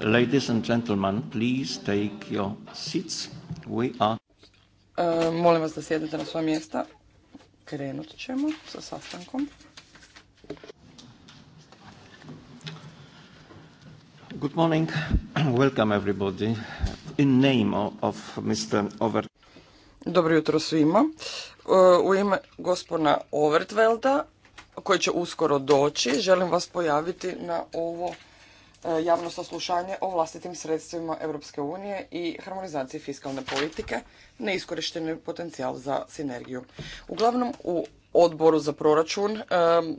Ladies and gentlemen, please take your seats. We are... E, molim vas da sjedete na svoje mjesta. Krenut ćemo sa sastankom. Good morning. Welcome everybody. In name of Mr. Over... Dobro jutro svima. E, u ime gospona Overtvelda, koji će uskoro doći, želim vas pojaviti na ovo E, javno saslušanje o vlastitim sredstvima Europske unije i harmonizaciji fiskalne politike, neiskorišteni potencijal za sinergiju. Uglavnom u odboru za proračun e,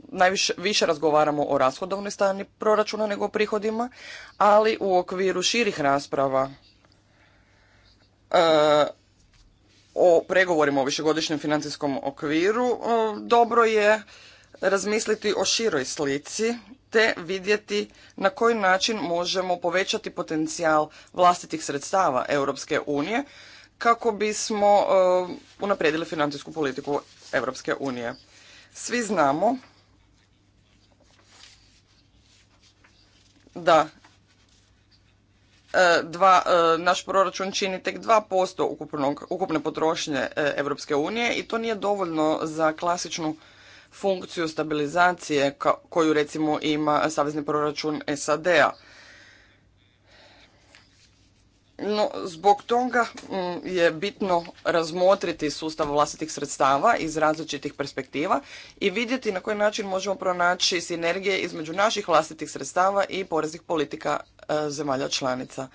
najviše više razgovaramo o rashodovnoj strani proračuna nego o prihodima, ali u okviru širih rasprava e, o pregovorima o višegodišnjem financijskom okviru dobro je razmisliti o široj slici te vidjeti na koji način možemo povećati potencijal vlastitih sredstava Europske unije kako bismo e, unaprijedili financijsku politiku Europske unije. Svi znamo da e, dva, e, naš proračun čini tek 2% ukupnog, ukupne potrošnje Europske unije i to nije dovoljno za klasičnu funkciju stabilizacije koju recimo ima savezni proračun SAD-a. No, zbog toga mm, je bitno razmotriti sustav vlastitih sredstava iz različitih perspektiva i vidjeti na koji način možemo pronaći sinergije između naših vlastitih sredstava i poreznih politika e, zemalja članica.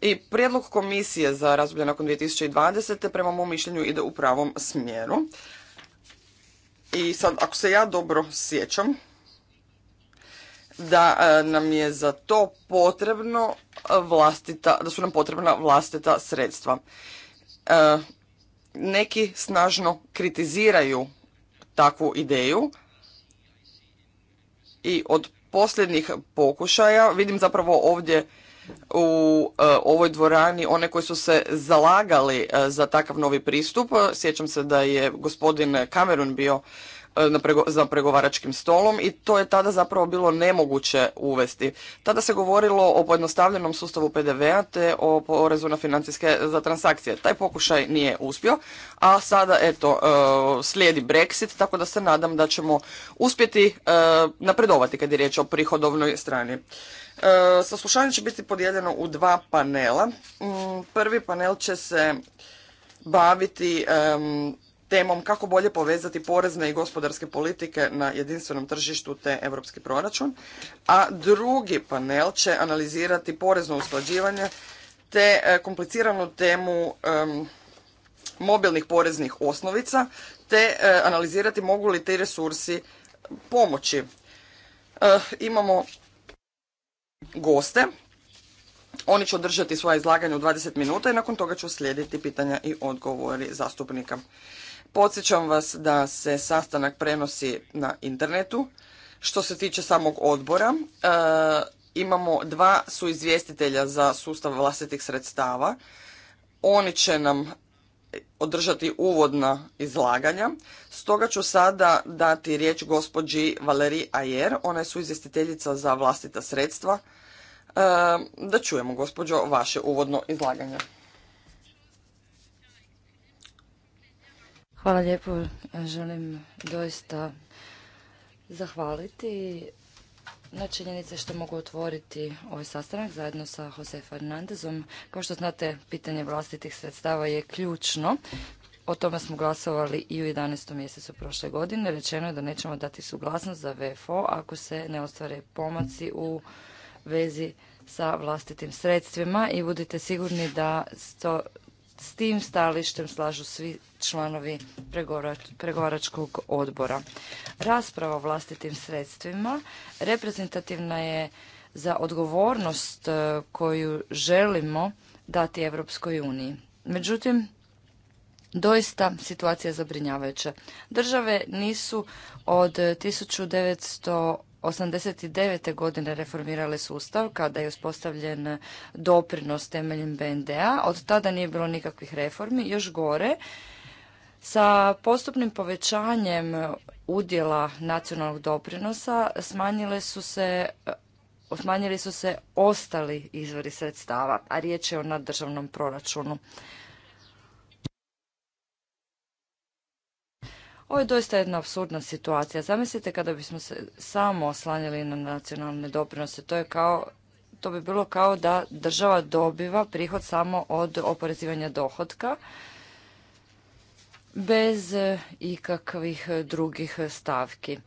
I prijedlog komisije za razdoblje nakon 2020. prema mom mišljenju ide u pravom smjeru, i sad, ako se ja dobro sjećam, da e, nam je za to potrebno e, vlastita, da su nam potrebna vlastita sredstva. E, neki snažno kritiziraju takvu ideju i od posljednjih pokušaja vidim zapravo ovdje u e, ovoj dvorani one koji su se zalagali e, za takav novi pristup. Sjećam se da je gospodin Cameron bio E, za pregovaračkim stolom i to je tada zapravo bilo nemoguće uvesti. Tada se govorilo o pojednostavljenom sustavu PDV-a te o porezu na financijske e, za transakcije. Taj pokušaj nije uspio, a sada eto e, slijedi Brexit, tako da se nadam da ćemo uspjeti napredovati kad je riječ o prihodovnoj strani. Saslušanje će biti podijeljeno u dva panela. Mm, prvi panel će se baviti temom kako bolje povezati porezne i gospodarske politike na jedinstvenom tržištu te europski proračun, a drugi panel će analizirati porezno usklađivanje te e, kompliciranu temu mobilnih poreznih osnovica te e, analizirati mogu li ti resursi pomoći. E, imamo goste. Oni će održati svoje izlaganje u 20 minuta i nakon toga ću slijediti pitanja i odgovori zastupnika. Podsjećam vas da se sastanak prenosi na internetu. Što se tiče samog odbora, e, imamo dva su izvjestitelja za sustav vlastitih sredstava. Oni će nam održati uvodna izlaganja. Stoga ću sada dati riječ gospođi valeri Ajer, ona je su izvjestiteljica za vlastita sredstva. E, da čujemo, gospođo, vaše uvodno izlaganje. Hvala lijepo. Želim doista zahvaliti na činjenice što mogu otvoriti ovaj sastanak zajedno sa Jose Fernandezom. Kao što znate, pitanje vlastitih sredstava je ključno. O tome smo glasovali i u 11. mjesecu prošle godine. Rečeno je da nećemo dati suglasnost za VFO ako se ne ostvare pomaci u vezi sa vlastitim sredstvima i budite sigurni da s tim stalištem slažu svi članovi pregovaračkog odbora. Rasprava o vlastitim sredstvima reprezentativna je za odgovornost e, koju želimo dati Evropskoj uniji. Međutim, doista situacija je zabrinjavajuća. Države nisu od 1900 89. godine reformirale sustav kada je uspostavljen doprinos temeljem BND-a. Od tada nije bilo nikakvih reformi. Još gore, sa postupnim povećanjem udjela nacionalnog doprinosa smanjile su se smanjili su se ostali izvori sredstava, a riječ je o naddržavnom proračunu. Ovo je doista jedna absurdna situacija. Zamislite kada bismo se samo oslanjali na nacionalne doprinose. To je kao to bi bilo kao da država dobiva prihod samo od oporezivanja dohotka bez e, ikakvih drugih stavki.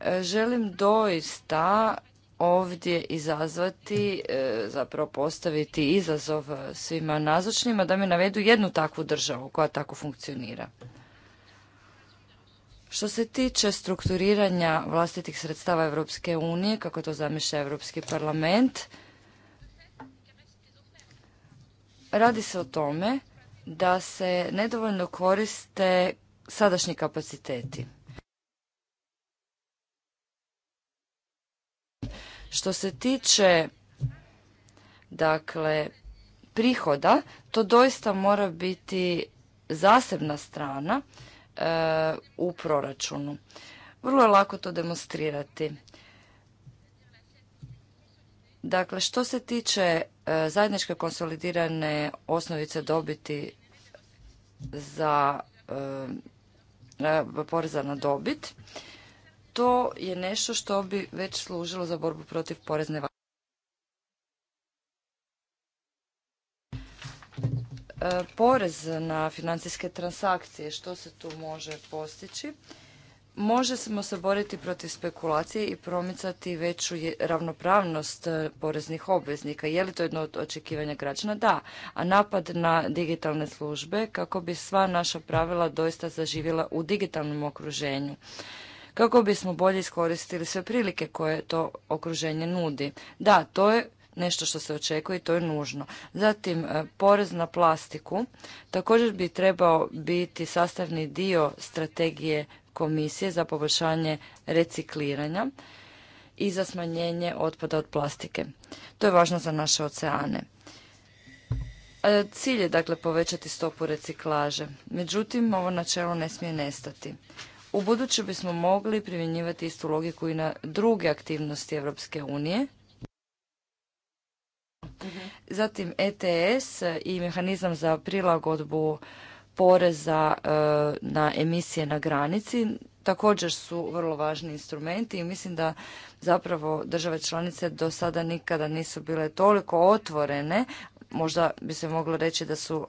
E, želim doista ovdje izazvati, e, zapravo postaviti izazov svima nazočnima da mi navedu jednu takvu državu koja tako funkcionira. Što se tiče strukturiranja vlastitih sredstava Europske unije, kako to zamišlja Europski parlament, radi se o tome da se nedovoljno koriste sadašnji kapaciteti. Što se tiče dakle prihoda, to doista mora biti zasebna strana E, u proračunu. Vrlo je lako to demonstrirati. Dakle, što se tiče e, zajedničke konsolidirane osnovice dobiti e, za poreza na dobit, to je nešto što bi već služilo za borbu protiv porezne E, porez na financijske transakcije. Što se tu može postići? smo se boriti protiv spekulacije i promicati veću ravnopravnost e, poreznih obveznika. Je li to jedno od očekivanja građana? Da. A napad na digitalne službe kako bi sva naša pravila doista zaživjela u digitalnom okruženju kako bismo bolje iskoristili sve prilike koje to okruženje nudi. Da, to je nešto što se očekuje i to je nužno. Zatim, e, porez na plastiku također bi trebao biti sastavni dio strategije komisije za poboljšanje recikliranja i za smanjenje otpada od plastike. To je važno za naše oceane. E, cilj je dakle povećati stopu reciklaže. Međutim, ovo načelo ne smije nestati. U buduću bismo mogli primjenjivati istu logiku i na druge aktivnosti Europske unije, Mhm. Zatim ETS i mehanizam za prilagodbu poreza e, na emisije na granici također su vrlo važni instrumenti i mislim da zapravo države članice do sada nikada nisu bile toliko otvorene. Možda bi se moglo reći da su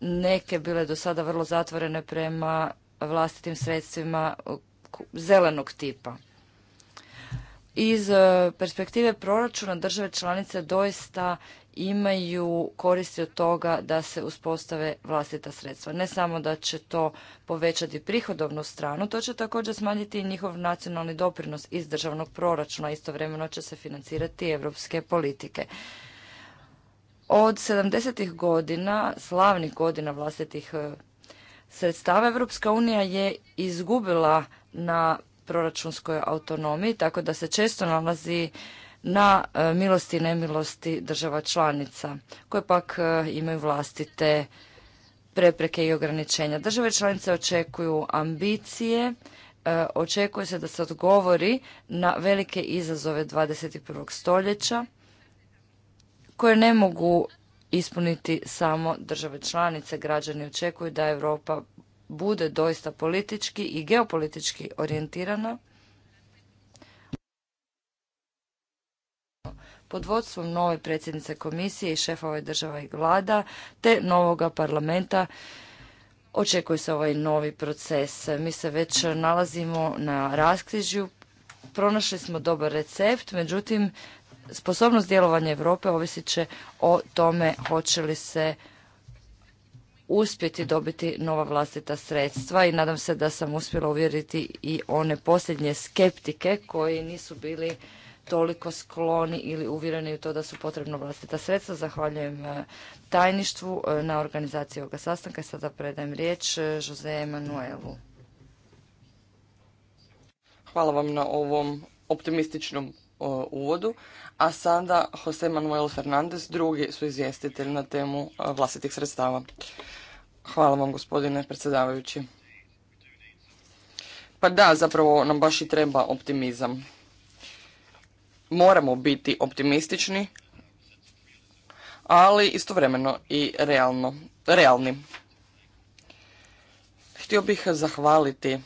neke bile do sada vrlo zatvorene prema vlastitim sredstvima e, zelenog tipa iz e, perspektive proračuna države članice doista imaju koristi od toga da se uspostave vlastita sredstva. Ne samo da će to povećati prihodovnu stranu, to će također smanjiti i njihov nacionalni doprinos iz državnog proračuna. Istovremeno će se financirati evropske politike. Od 70. godina, slavnih godina vlastitih e, sredstava, Evropska unija je izgubila na proračunskoj autonomiji, tako da se često nalazi na e, milosti i nemilosti država članica, koje pak e, imaju vlastite prepreke i ograničenja. Države članice očekuju ambicije, e, očekuje se da se odgovori na velike izazove 21. stoljeća koje ne mogu ispuniti samo države članice. Građani očekuju da Europa bude doista politički i geopolitički orijentirana pod vodstvom nove predsjednice komisije i šefove država i vlada te novoga parlamenta očekuje se ovaj novi proces. Mi se već nalazimo na raskrižju, pronašli smo dobar recept, međutim sposobnost djelovanja Europe ovisit će o tome hoće li se uspjeti dobiti nova vlastita sredstva i nadam se da sam uspjela uvjeriti i one posljednje skeptike koji nisu bili toliko skloni ili uvjereni u to da su potrebna vlastita sredstva. Zahvaljujem e, tajništvu e, na organizaciji ovoga sastanka. Sada predajem riječ e, Jose Emanuelu. Hvala vam na ovom optimističnom uvodu. A sada Jose Manuel Fernandez, drugi su izvjestitelj na temu vlastitih sredstava. Hvala vam gospodine predsjedavajući. Pa da, zapravo nam baš i treba optimizam. Moramo biti optimistični, ali istovremeno i realno, realni. Htio bih zahvaliti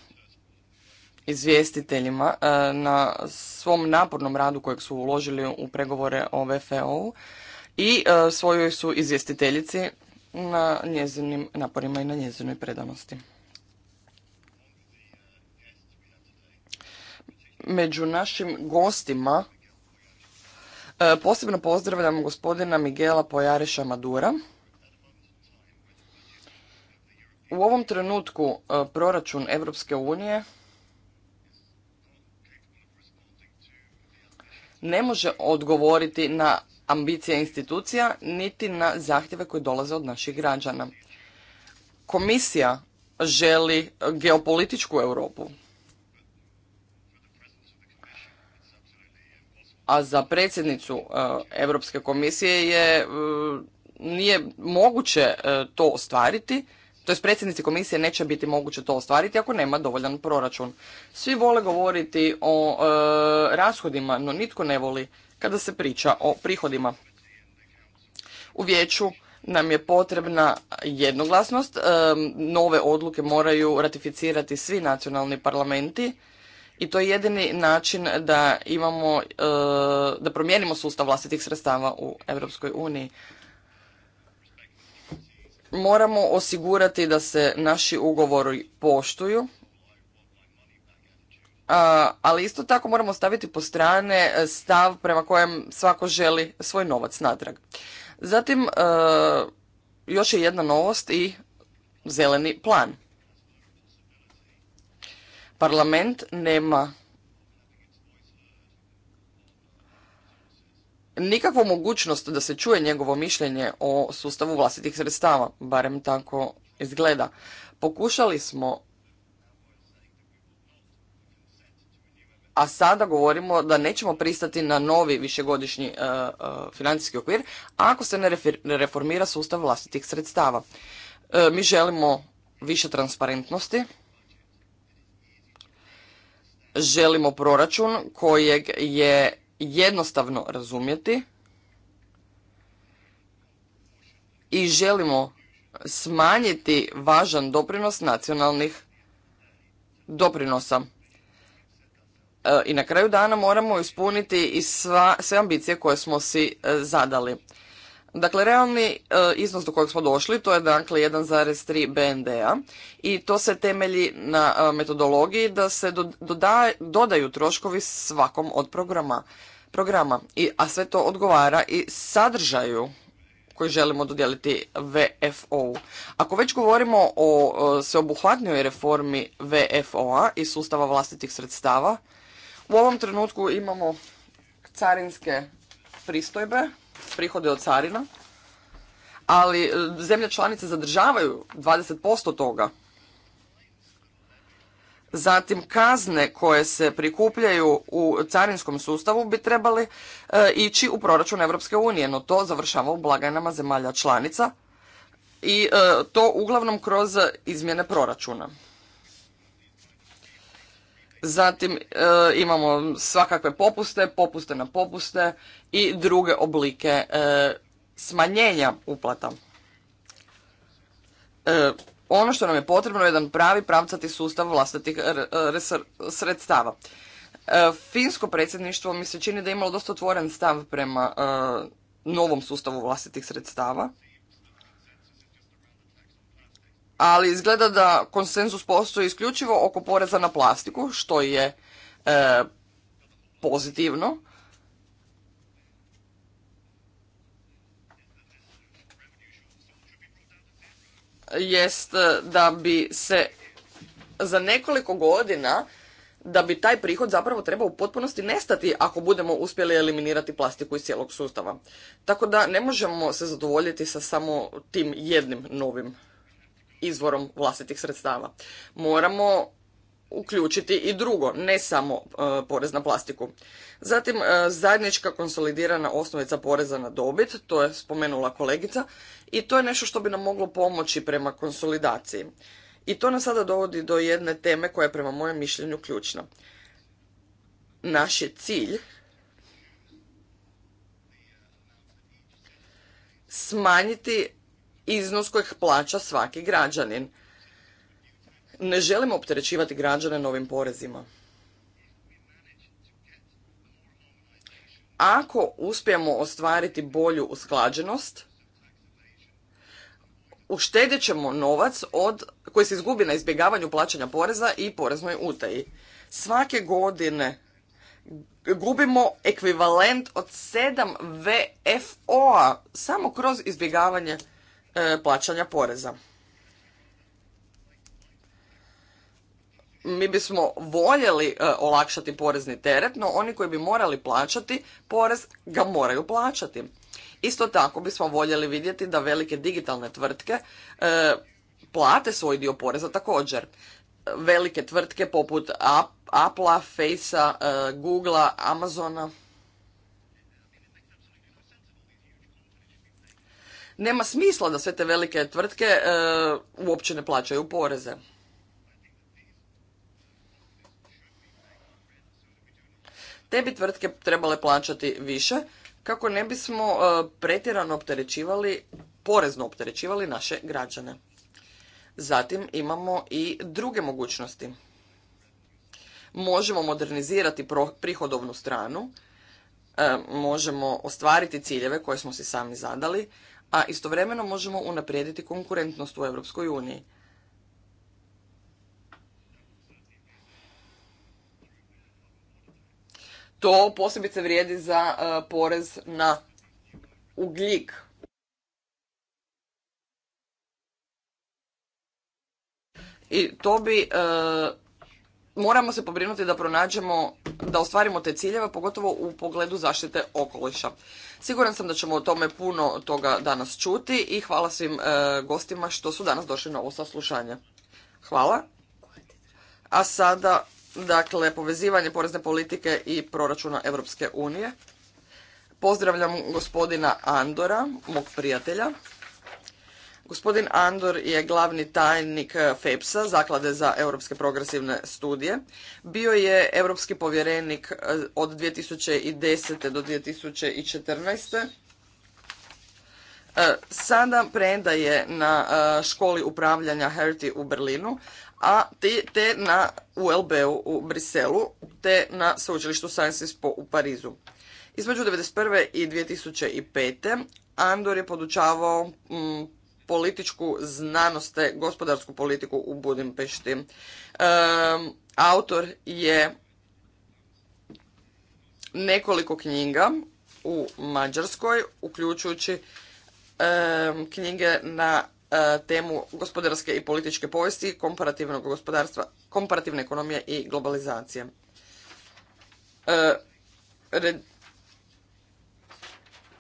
izvjestiteljima e, na svom napornom radu kojeg su uložili u pregovore o VFO-u i e, svojoj su izvjestiteljici na njezinim naporima i na njezinoj predanosti. Među našim gostima e, posebno pozdravljam gospodina Miguela Pojareša Madura. U ovom trenutku e, proračun Europske unije ne može odgovoriti na ambicija institucija, niti na zahtjeve koji dolaze od naših građana. Komisija želi geopolitičku Europu. A za predsjednicu e, Europske komisije je e, nije moguće e, to ostvariti, to je predsjednici komisije neće biti moguće to ostvariti ako nema dovoljan proračun. Svi vole govoriti o rashodima, no nitko ne voli kada se priča o prihodima. U vijeću nam je potrebna jednoglasnost. E, nove odluke moraju ratificirati svi nacionalni parlamenti i to je jedini način da imamo, e, da promijenimo sustav vlastitih sredstava u Europskoj uniji. Moramo osigurati da se naši ugovori poštuju ali isto tako moramo staviti po strane e, stav prema kojem svako želi svoj novac natrag. Zatim, e, još je jedna novost i zeleni plan. Parlament nema nikakvu mogućnost da se čuje njegovo mišljenje o sustavu vlastitih sredstava, barem tako izgleda. Pokušali smo a sada govorimo da nećemo pristati na novi višegodišnji e, e, financijski okvir ako se ne, reformira sustav vlastitih sredstava. E, mi želimo više transparentnosti, želimo proračun kojeg je jednostavno razumjeti i želimo smanjiti važan doprinos nacionalnih doprinosa E, i na kraju dana moramo ispuniti i sve ambicije koje smo si e, zadali. Dakle, realni e, iznos do kojeg smo došli, to je dakle 1,3 BND-a i to se temelji na metodologiji da se dodaju troškovi svakom od programa, programa. I, a sve to odgovara i sadržaju koji želimo dodijeliti vfo Ako već govorimo o sveobuhvatnoj reformi VFO-a i sustava vlastitih sredstava, u ovom trenutku imamo carinske pristojbe, prihode od carina, ali e, zemlje članice zadržavaju 20% toga. Zatim kazne koje se prikupljaju u carinskom sustavu bi trebali e, ići u proračun Europske unije, no to završava u blagajnama zemalja članica i e, to uglavnom kroz izmjene proračuna. Zatim e, imamo svakakve popuste, popuste na popuste i druge oblike e, smanjenja uplata. E, ono što nam je potrebno je jedan pravi pravcati sustav vlastitih sredstava. Finsko predsjedništvo mi se čini da je imalo dosta otvoren stav prema novom sustavu vlastitih sredstava ali izgleda da konsenzus postoji isključivo oko poreza na plastiku, što je e, pozitivno. Jest e, da bi se za nekoliko godina da bi taj prihod zapravo trebao u potpunosti nestati ako budemo uspjeli eliminirati plastiku iz cijelog sustava. Tako da ne možemo se zadovoljiti sa samo tim jednim novim izvorom vlastitih sredstava. Moramo uključiti i drugo, ne samo e, porez na plastiku. Zatim e, zajednička konsolidirana osnovica poreza na dobit, to je spomenula kolegica i to je nešto što bi nam moglo pomoći prema konsolidaciji. I to nas sada dovodi do jedne teme koja je prema mojem mišljenju ključna. Naš je cilj smanjiti iznos kojeg plaća svaki građanin. Ne želimo opterećivati građane novim porezima. Ako uspijemo ostvariti bolju usklađenost, uštedjet ćemo novac od, koji se izgubi na izbjegavanju plaćanja poreza i poreznoj utaji. Svake godine gubimo ekvivalent od 7 VFO-a samo kroz izbjegavanje E, plaćanja poreza. Mi bismo voljeli e, olakšati porezni teret, no oni koji bi morali plaćati porez ga moraju plaćati. Isto tako bismo voljeli vidjeti da velike digitalne tvrtke e, plate svoj dio poreza također. Velike tvrtke poput Apple, Facea, Googlea, Amazona nema smisla da sve te velike tvrtke e, uopće ne plaćaju poreze. Te bi tvrtke trebale plaćati više kako ne bismo e, pretjerano opterećivali, porezno opterećivali naše građane. Zatim imamo i druge mogućnosti. Možemo modernizirati prihodovnu stranu, e, možemo ostvariti ciljeve koje smo si sami zadali, a istovremeno možemo unaprijediti konkurentnost u Europskoj uniji. To posebice vrijedi za e, porez na ugljik. I to bi e, moramo se pobrinuti da pronađemo, da ostvarimo te ciljeve, pogotovo u pogledu zaštite okoliša. Siguran sam da ćemo o tome puno toga danas čuti i hvala svim e, gostima što su danas došli na ovo saslušanje. Hvala. A sada, dakle, povezivanje porezne politike i proračuna Europske unije. Pozdravljam gospodina Andora, mog prijatelja. Gospodin Andor je glavni tajnik eh, FEPSA, Zaklade za europske progresivne studije. Bio je europski povjerenik eh, od 2010. do 2014. Eh, sada je na školi upravljanja Hertie u Berlinu, a te, te na ULB-u u Briselu, te na sveučilištu Sciences Po u Parizu. Između 1991. i 2005. Andor je podučavao mm, političku znanost te gospodarsku politiku u Budimpešti. E, autor je nekoliko knjiga u Mađarskoj, uključujući e, knjige na e, temu gospodarske i političke povijesti, komparativnog gospodarstva, komparativne ekonomije i globalizacije. E, red,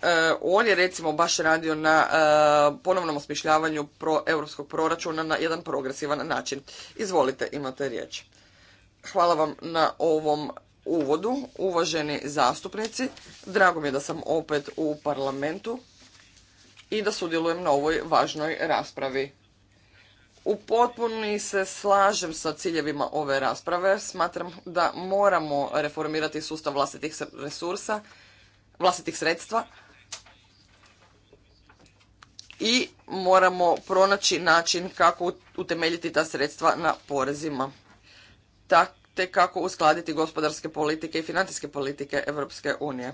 E, on je recimo baš radio na e, ponovnom osmišljavanju pro europskog proračuna na jedan progresivan način. Izvolite, imate riječ. Hvala vam na ovom uvodu, uvaženi zastupnici. Drago mi je da sam opet u parlamentu i da sudjelujem na ovoj važnoj raspravi. U potpuni se slažem sa ciljevima ove rasprave. Smatram da moramo reformirati sustav vlastitih resursa, vlastitih sredstva, i moramo pronaći način kako utemeljiti ta sredstva na porezima te kako uskladiti gospodarske politike i financijske politike Europske unije.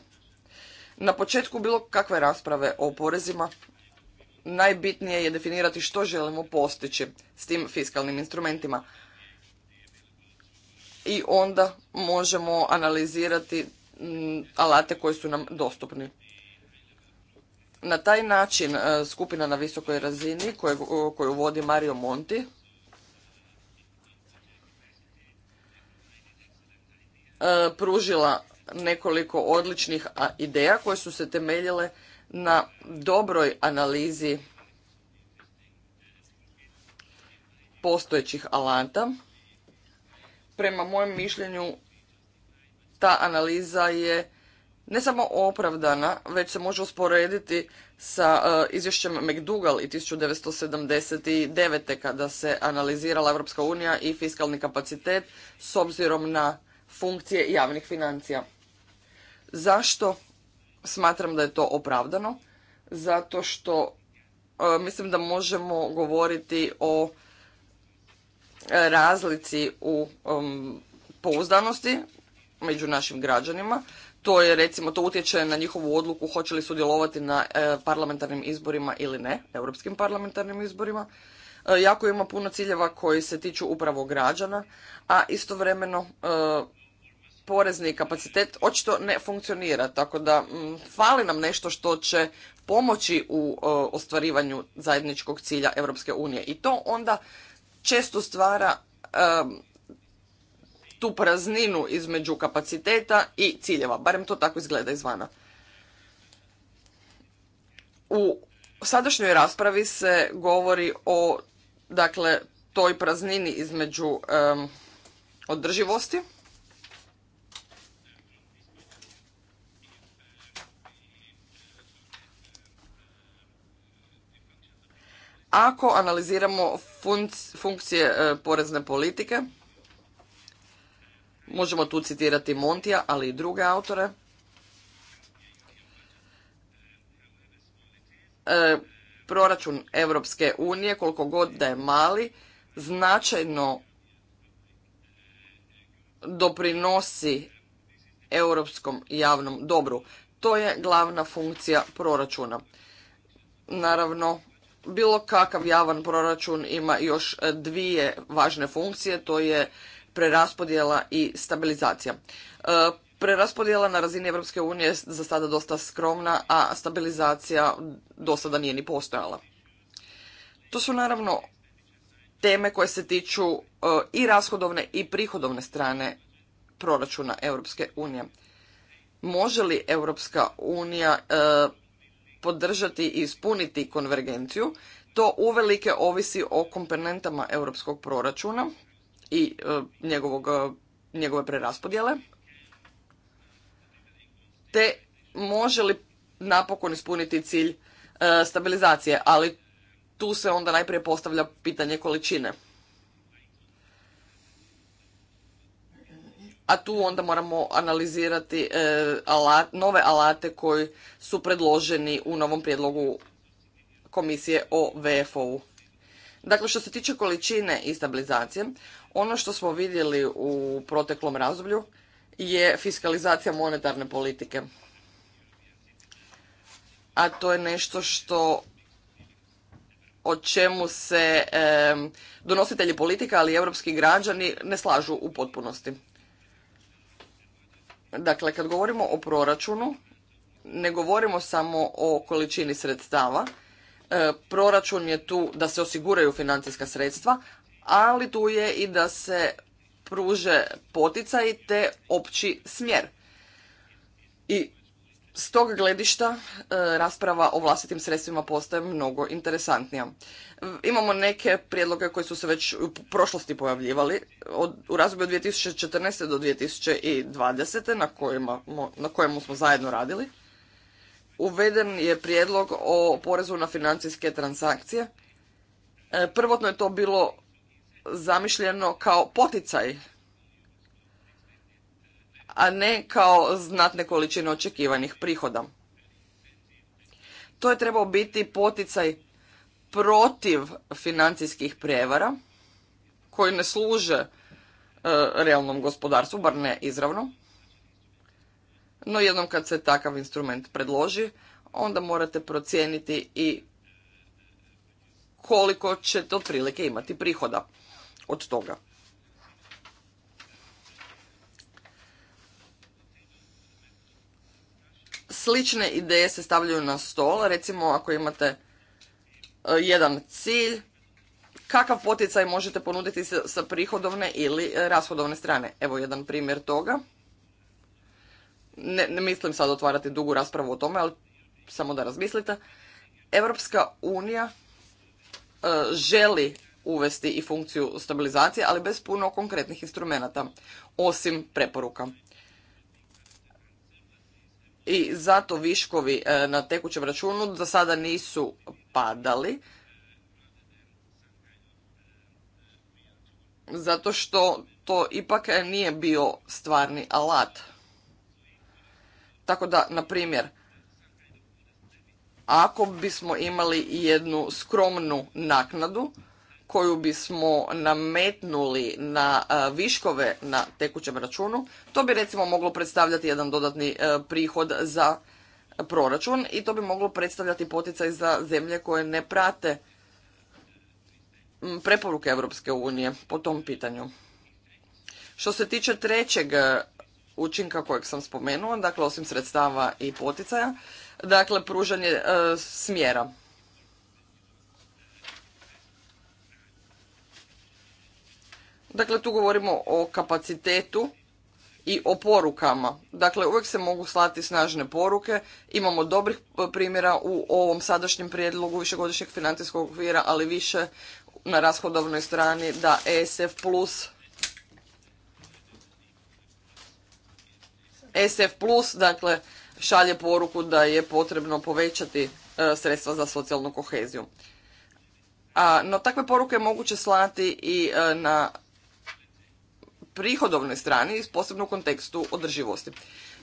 Na početku bilo kakve rasprave o porezima najbitnije je definirati što želimo postići s tim fiskalnim instrumentima. I onda možemo analizirati mm, alate koji su nam dostupni. Na taj način e, skupina na visokoj razini e, koju, vodi Mario Monti e, pružila nekoliko odličnih ideja koje su se temeljile na dobroj analizi postojećih alanta. Prema mojem mišljenju ta analiza je ne samo opravdana, već se može usporediti sa e, izvješćem McDougall i 1979. kada se analizirala Europska unija i fiskalni kapacitet s obzirom na funkcije javnih financija. Zašto smatram da je to opravdano? Zato što e, mislim da možemo govoriti o e, razlici u pouzdanosti među našim građanima to je recimo to utječe na njihovu odluku hoće li sudjelovati na e, parlamentarnim izborima ili ne, europskim parlamentarnim izborima. E, jako ima puno ciljeva koji se tiču upravo građana, a istovremeno e, porezni kapacitet očito ne funkcionira, tako da fali nam nešto što će pomoći u ostvarivanju zajedničkog cilja Europske unije i to onda često stvara tu prazninu između kapaciteta i ciljeva. Barem to tako izgleda izvana. U sadašnjoj raspravi se govori o dakle, toj praznini između održivosti Ako analiziramo funkcije e, porezne politike, Možemo tu citirati Montija, ali i druge autore. E, proračun Europske unije, koliko god da je mali, značajno doprinosi europskom javnom dobru. To je glavna funkcija proračuna. Naravno, bilo kakav javan proračun ima još dvije važne funkcije, to je preraspodjela i stabilizacija. E, preraspodjela na razini Europske unije je za sada dosta skromna, a stabilizacija do sada nije ni postojala. To su naravno teme koje se tiču e, i rashodovne i prihodovne strane proračuna Europske unije. Može li Europska unija e, podržati i ispuniti konvergenciju? To uvelike ovisi o komponentama europskog proračuna – i e, njegovog, e, njegove preraspodjele, te može li napokon ispuniti cilj e, stabilizacije, ali tu se onda najprije postavlja pitanje količine. a tu onda moramo analizirati nove alate koji su predloženi u novom prijedlogu komisije o VFO-u. Dakle, što se tiče količine i stabilizacije, ono što smo vidjeli u proteklom razdoblju je fiskalizacija monetarne politike. A to je nešto što o čemu se donositelji politika, ali i europski građani ne slažu u potpunosti. Dakle, kad govorimo o proračunu, ne govorimo samo o količini sredstava. E, proračun je tu da se osiguraju financijska sredstva, ali tu je i da se pruže poticaj te opći smjer. I s tog gledišta e, rasprava o vlastitim sredstvima postaje mnogo interesantnija. Imamo neke prijedloge koji su se već u prošlosti pojavljivali od, u razdoblju od 2014. do 2020. Na, kojima, na kojemu smo zajedno radili. Uveden je prijedlog o porezu na financijske transakcije. E, prvotno je to bilo zamišljeno kao poticaj, a ne kao znatne količine očekivanih prihoda. To je trebao biti poticaj protiv financijskih prijevara koji ne služe e, realnom gospodarstvu, bar ne izravno. No jednom kad se takav instrument predloži, onda morate procijeniti i koliko će to prilike imati prihoda od toga. Slične ideje se stavljaju na stol, recimo ako imate e, jedan cilj, kakav poticaj možete ponuditi sa prihodovne ili e, rashodovne strane. Evo jedan primjer toga. Ne, ne mislim sad otvarati dugu raspravu o tome, ali samo da razmislite. Europska unija e, želi uvesti i funkciju stabilizacije, ali bez puno konkretnih instrumenata, osim preporuka. I zato viškovi e, na tekućem računu za sada nisu padali, zato što to ipak nije bio stvarni alat. Tako da, na primjer, ako bismo imali jednu skromnu naknadu, koju bismo nametnuli na e, viškove na tekućem računu, to bi recimo moglo predstavljati jedan dodatni e, prihod za proračun i to bi moglo predstavljati poticaj za zemlje koje ne prate preporuke Europske unije po tom pitanju. Što se tiče trećeg e, učinka kojeg sam spomenula, dakle osim sredstava i poticaja, dakle pružanje smjera. Dakle, tu govorimo o kapacitetu i o porukama. Dakle, uvijek se mogu slati snažne poruke. Imamo dobrih primjera u ovom sadašnjem prijedlogu višegodišnjeg financijskog okvira, ali više na rashodovnoj strani da ESF plus e SF plus, dakle, šalje poruku da je potrebno povećati e, sredstva za socijalnu koheziju. no takve poruke moguće slati i e, na prihodovnoj strani, posebno u kontekstu održivosti.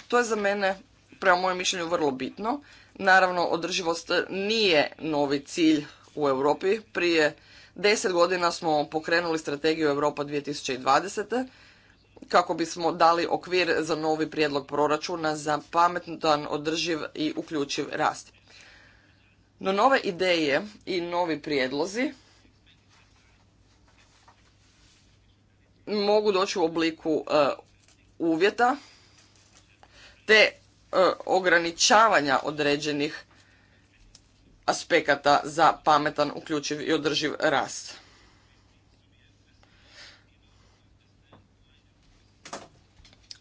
To je za mene, prema mojem mišljenju, vrlo bitno. Naravno, održivost nije novi cilj u Europi. Prije deset godina smo pokrenuli strategiju Europa 2020 kako bismo dali okvir za novi prijedlog proračuna za pametan, održiv i uključiv rast. No nove ideje i novi prijedlozi mogu doći u obliku e, uvjeta te e, ograničavanja određenih aspekata za pametan, uključiv i održiv rast.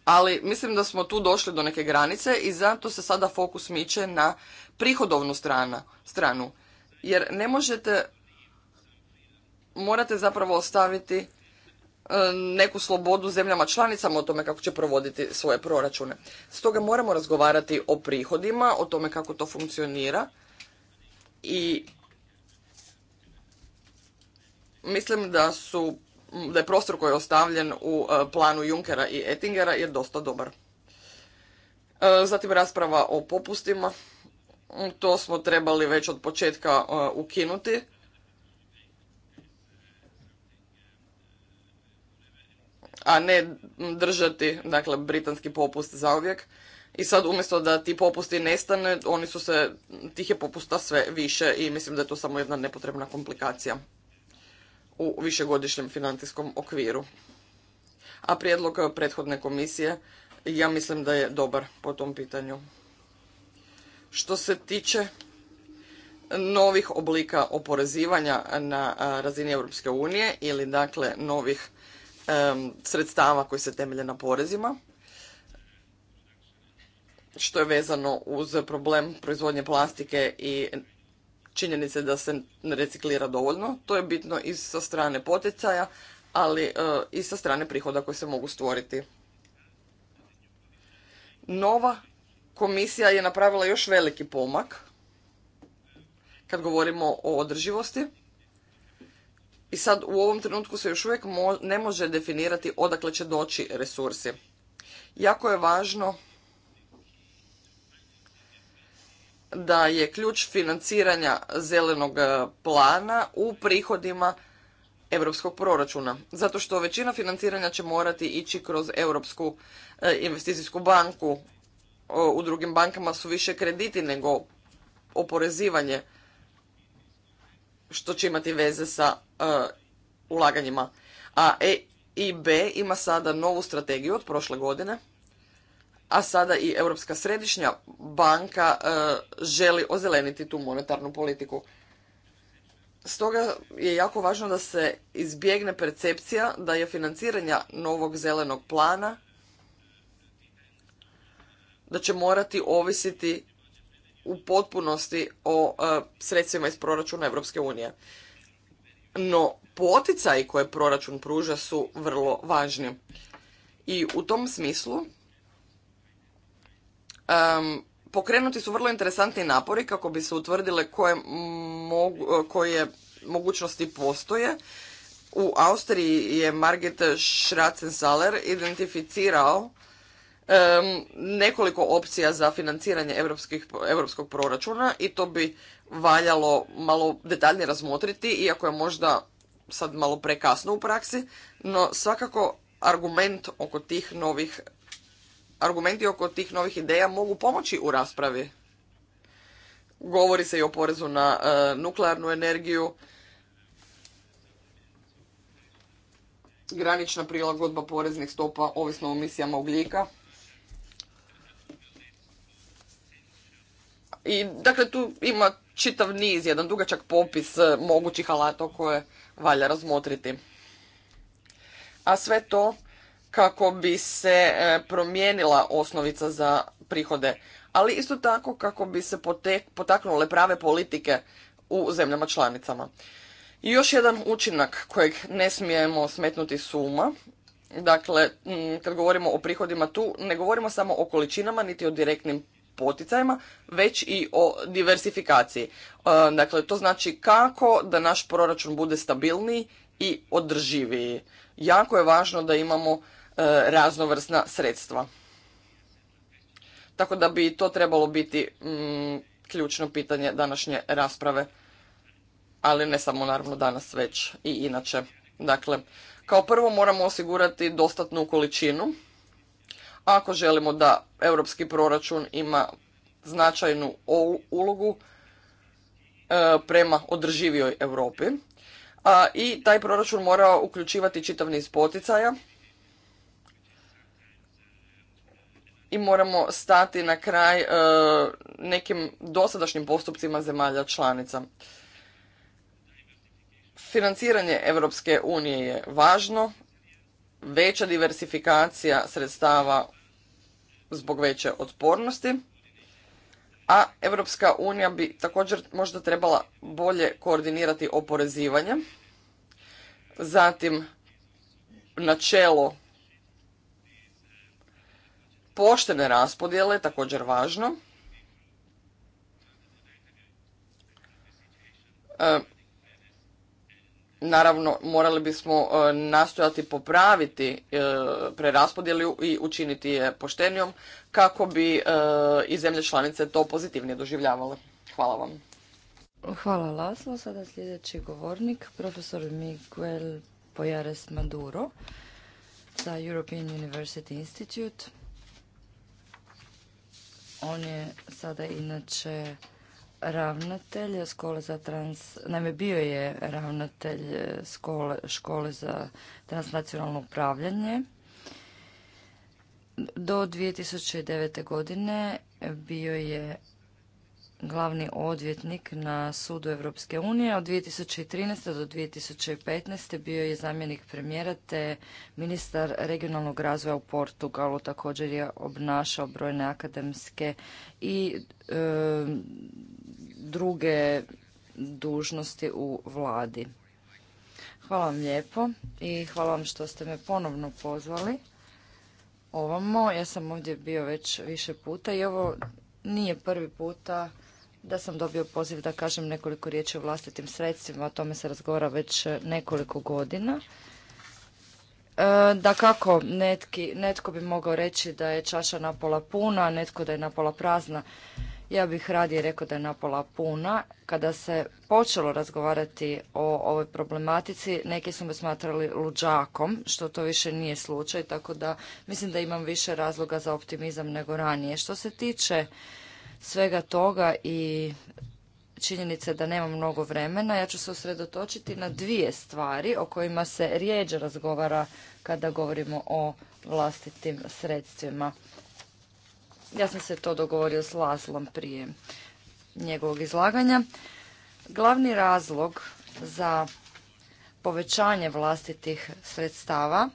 Ali mislim da smo tu došli do neke granice i zato se sada fokus miče na prihodovnu strana, stranu. Jer ne možete, morate zapravo ostaviti E, neku slobodu zemljama članicama o tome kako će provoditi svoje proračune. Stoga moramo razgovarati o prihodima, o tome kako to funkcionira i mislim da su da je prostor koji je ostavljen u e, planu Junkera i Ettingera je dosta dobar. E, zatim rasprava o popustima. To smo trebali već od početka ukinuti a ne držati dakle britanski popust zauvijek. I sad umjesto da ti popusti nestane, oni su se, tih je popusta sve više i mislim da je to samo jedna nepotrebna komplikacija u višegodišnjem financijskom okviru. A prijedlog prethodne komisije ja mislim da je dobar po tom pitanju. Što se tiče novih oblika oporezivanja na razini Europske unije ili dakle novih sredstava koji se temelje na porezima, što je vezano uz problem proizvodnje plastike i činjenice da se ne reciklira dovoljno. To je bitno i sa strane poticaja, ali e, i sa strane prihoda koji se mogu stvoriti. Nova komisija je napravila još veliki pomak kad govorimo o održivosti i sad u ovom trenutku se još uvijek ne može definirati odakle će doći resursi. Jako je važno da je ključ financiranja zelenog e, plana u prihodima europskog proračuna. Zato što većina financiranja će morati ići kroz Europsku e, investicijsku banku. U drugim bankama su više krediti nego oporezivanje, što će imati veze sa E, ulaganjima. A EIB ima sada novu strategiju od prošle godine, a sada i Europska središnja banka e, želi ozeleniti tu monetarnu politiku. Stoga je jako važno da se izbjegne percepcija da je financiranja novog zelenog plana da će morati ovisiti u potpunosti o e, sredstvima iz proračuna Europske unije no poticaji koje proračun pruža su vrlo važni. I u tom smislu um, pokrenuti su vrlo interesantni napori kako bi se utvrdile koje, mogu, koje mogućnosti postoje. U Austriji je Margit Schratzensaler identificirao nekoliko opcija za financiranje europskog proračuna i to bi valjalo malo detaljnije razmotriti, iako je možda sad malo prekasno u praksi, no svakako argument oko tih novih argumenti oko tih novih ideja mogu pomoći u raspravi. Govori se i o porezu na e, nuklearnu energiju, granična prilagodba poreznih stopa ovisno o emisijama ugljika. I, dakle, tu ima čitav niz, jedan dugačak popis e, mogućih alata koje valja razmotriti. A sve to kako bi se e, promijenila osnovica za prihode, ali isto tako kako bi se potaknule prave politike u zemljama članicama. I još jedan učinak kojeg ne smijemo smetnuti suma, dakle kad govorimo o prihodima tu ne govorimo samo o količinama niti o direktnim poticajima, već i o diversifikaciji. E, dakle, to znači kako da naš proračun bude stabilniji i održiviji. Jako je važno da imamo e, raznovrsna sredstva. Tako da bi to trebalo biti mm, ključno pitanje današnje rasprave, ali ne samo naravno danas već i inače. Dakle, kao prvo moramo osigurati dostatnu količinu ako želimo da europski proračun ima značajnu ulogu e, prema održivijoj Europi i taj proračun mora uključivati čitav niz poticaja i moramo stati na kraj e, nekim dosadašnjim postupcima zemalja članica. Financiranje Europske unije je važno, veća diversifikacija sredstava zbog veće otpornosti, a Europska unija bi također možda trebala bolje koordinirati oporezivanje, zatim načelo poštene raspodjele također važno. E, Naravno, morali bismo e, nastojati popraviti e, preraspodjelu i učiniti je poštenijom kako bi e, i zemlje članice to pozitivnije doživljavale. Hvala vam. Hvala Laslo. Sada sljedeći govornik, profesor Miguel Pojares Maduro sa European University Institute. On je sada inače ravnatelj škole za trans... Naime, bio je ravnatelj e, škole, za transnacionalno upravljanje. Do 2009. godine bio je glavni odvjetnik na sudu Europske unije. Od 2013. do 2015. bio je zamjenik premijera te ministar regionalnog razvoja u Portugalu. Također je obnašao brojne akademske i e, druge dužnosti u vladi. Hvala vam lijepo i hvala vam što ste me ponovno pozvali ovamo. Ja sam ovdje bio već više puta i ovo nije prvi puta da sam dobio poziv da kažem nekoliko riječi o vlastitim sredstvima. O tome se razgovara već nekoliko godina. E, da kako, netki, netko bi mogao reći da je čaša napola puna, netko da je napola prazna. Ja bih radije rekao da je napola puna. Kada se počelo razgovarati o ovoj problematici, neki su me smatrali luđakom, što to više nije slučaj, tako da mislim da imam više razloga za optimizam nego ranije. Što se tiče svega toga i činjenice da nemam mnogo vremena, ja ću se usredotočiti na dvije stvari o kojima se rijeđe razgovara kada govorimo o vlastitim sredstvima. Ja sam se to dogovorio s Laslom prije njegovog izlaganja. Glavni razlog za povećanje vlastitih sredstava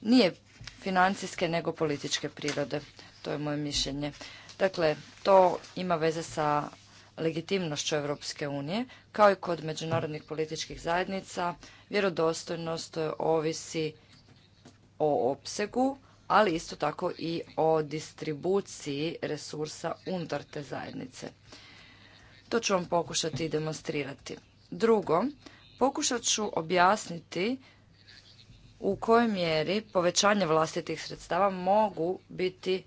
nije financijske nego političke prirode. To je moje mišljenje. Dakle, to ima veze sa legitimnošću Europske unije, kao i kod međunarodnih političkih zajednica, vjerodostojnost ovisi o opsegu ali isto tako i o distribuciji resursa unutar te zajednice. To ću vam pokušati demonstrirati. Drugo, pokušat ću objasniti u kojoj mjeri povećanje vlastitih sredstava mogu biti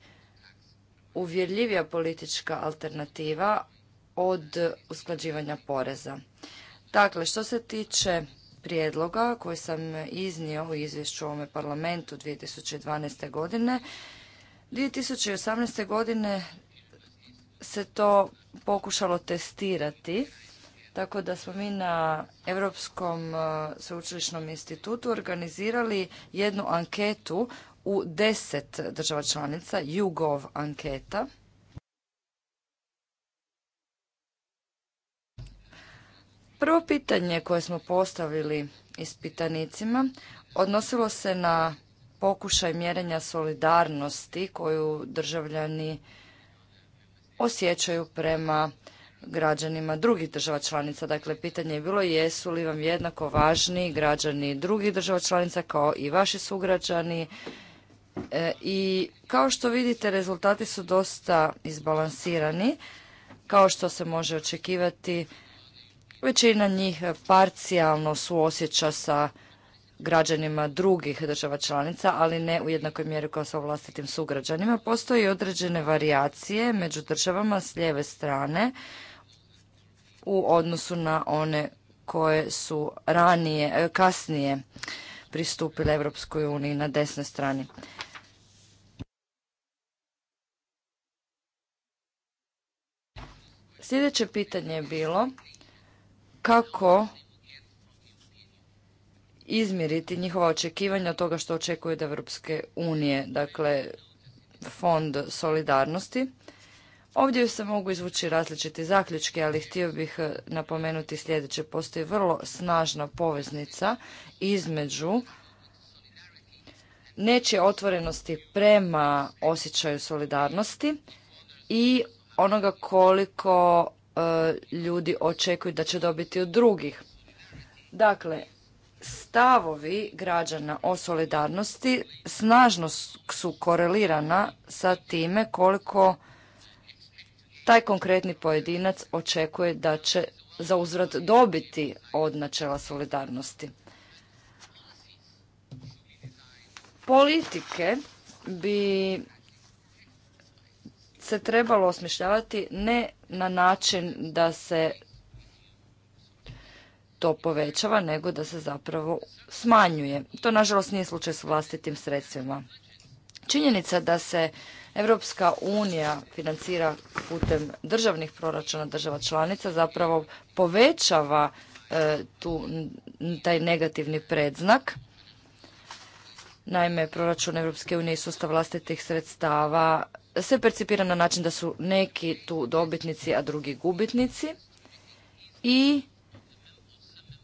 uvjerljivija politička alternativa od usklađivanja poreza. Dakle, što se tiče prijedloga koje sam iznio u izvješću ovome parlamentu 2012. godine. 2018. godine se to pokušalo testirati, tako da smo mi na Europskom e, sveučilišnom institutu organizirali jednu anketu u deset država članica, Jugov anketa. Prvo pitanje koje smo postavili ispitanicima odnosilo se na pokušaj mjerenja solidarnosti koju državljani osjećaju prema građanima drugih država članica. Dakle, pitanje je bilo jesu li vam jednako važni građani drugih država članica kao i vaši sugrađani. E, I kao što vidite, rezultati su dosta izbalansirani, kao što se može očekivati Većina njih parcijalno suosjeća sa građanima drugih država članica, ali ne u jednakoj mjeri kao sa vlastitim sugrađanima. Postoje određene varijacije među državama s lijeve strane u odnosu na one koje su ranije, e, kasnije pristupile Europskoj uniji na desnoj strani. Sljedeće pitanje je bilo kako izmjeriti njihova očekivanja od toga što očekuje od Europske unije, dakle fond solidarnosti. Ovdje se mogu izvući različiti zaključke, ali htio bih eh, napomenuti sljedeće. Postoji vrlo snažna poveznica između nečije otvorenosti prema osjećaju solidarnosti i onoga koliko E, ljudi očekuju da će dobiti od drugih. Dakle, stavovi građana o solidarnosti snažno su korelirana sa time koliko taj konkretni pojedinac očekuje da će za uzvrat dobiti od načela solidarnosti. Politike bi se trebalo osmišljavati ne na način da se to povećava, nego da se zapravo smanjuje. To, nažalost, nije slučaj s vlastitim sredstvima. Činjenica da se Europska unija financira putem državnih proračuna država članica zapravo povećava e, tu, taj negativni predznak. Naime, proračun Europske unije i sustav vlastitih sredstava se percipira na način da su neki tu dobitnici, a drugi gubitnici i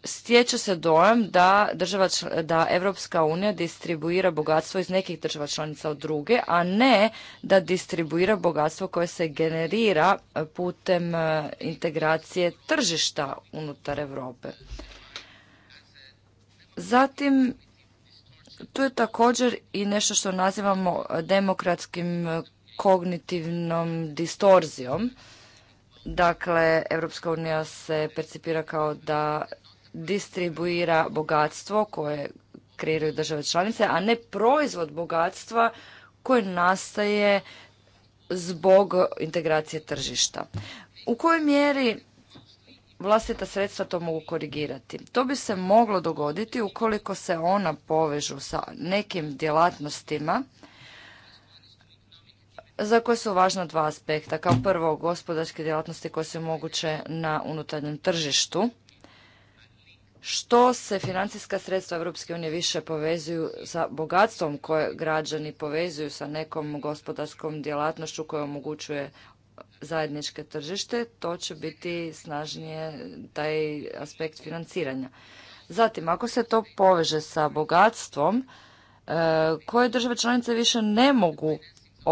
stječe se dojam da država, da Evropska unija distribuira bogatstvo iz nekih država članica od druge, a ne da distribuira bogatstvo koje se generira e, putem e, integracije tržišta unutar Europe. Zatim, tu je također i nešto što nazivamo demokratskim e, kognitivnom distorzijom. Dakle, Europska unija se percipira kao da distribuira bogatstvo koje kreiraju države članice, a ne proizvod bogatstva koje nastaje zbog integracije tržišta. U kojoj mjeri vlastita sredstva to mogu korigirati? To bi se moglo dogoditi ukoliko se ona povežu sa nekim djelatnostima za koje su važna dva aspekta. Kao prvo, gospodarske djelatnosti koje su moguće na unutarnjem tržištu. Što se financijska sredstva Europske unije više povezuju sa bogatstvom koje građani povezuju sa nekom gospodarskom djelatnošću koja omogućuje zajedničke tržište, to će biti snažnije taj aspekt financiranja. Zatim, ako se to poveže sa bogatstvom, e, koje države članice više ne mogu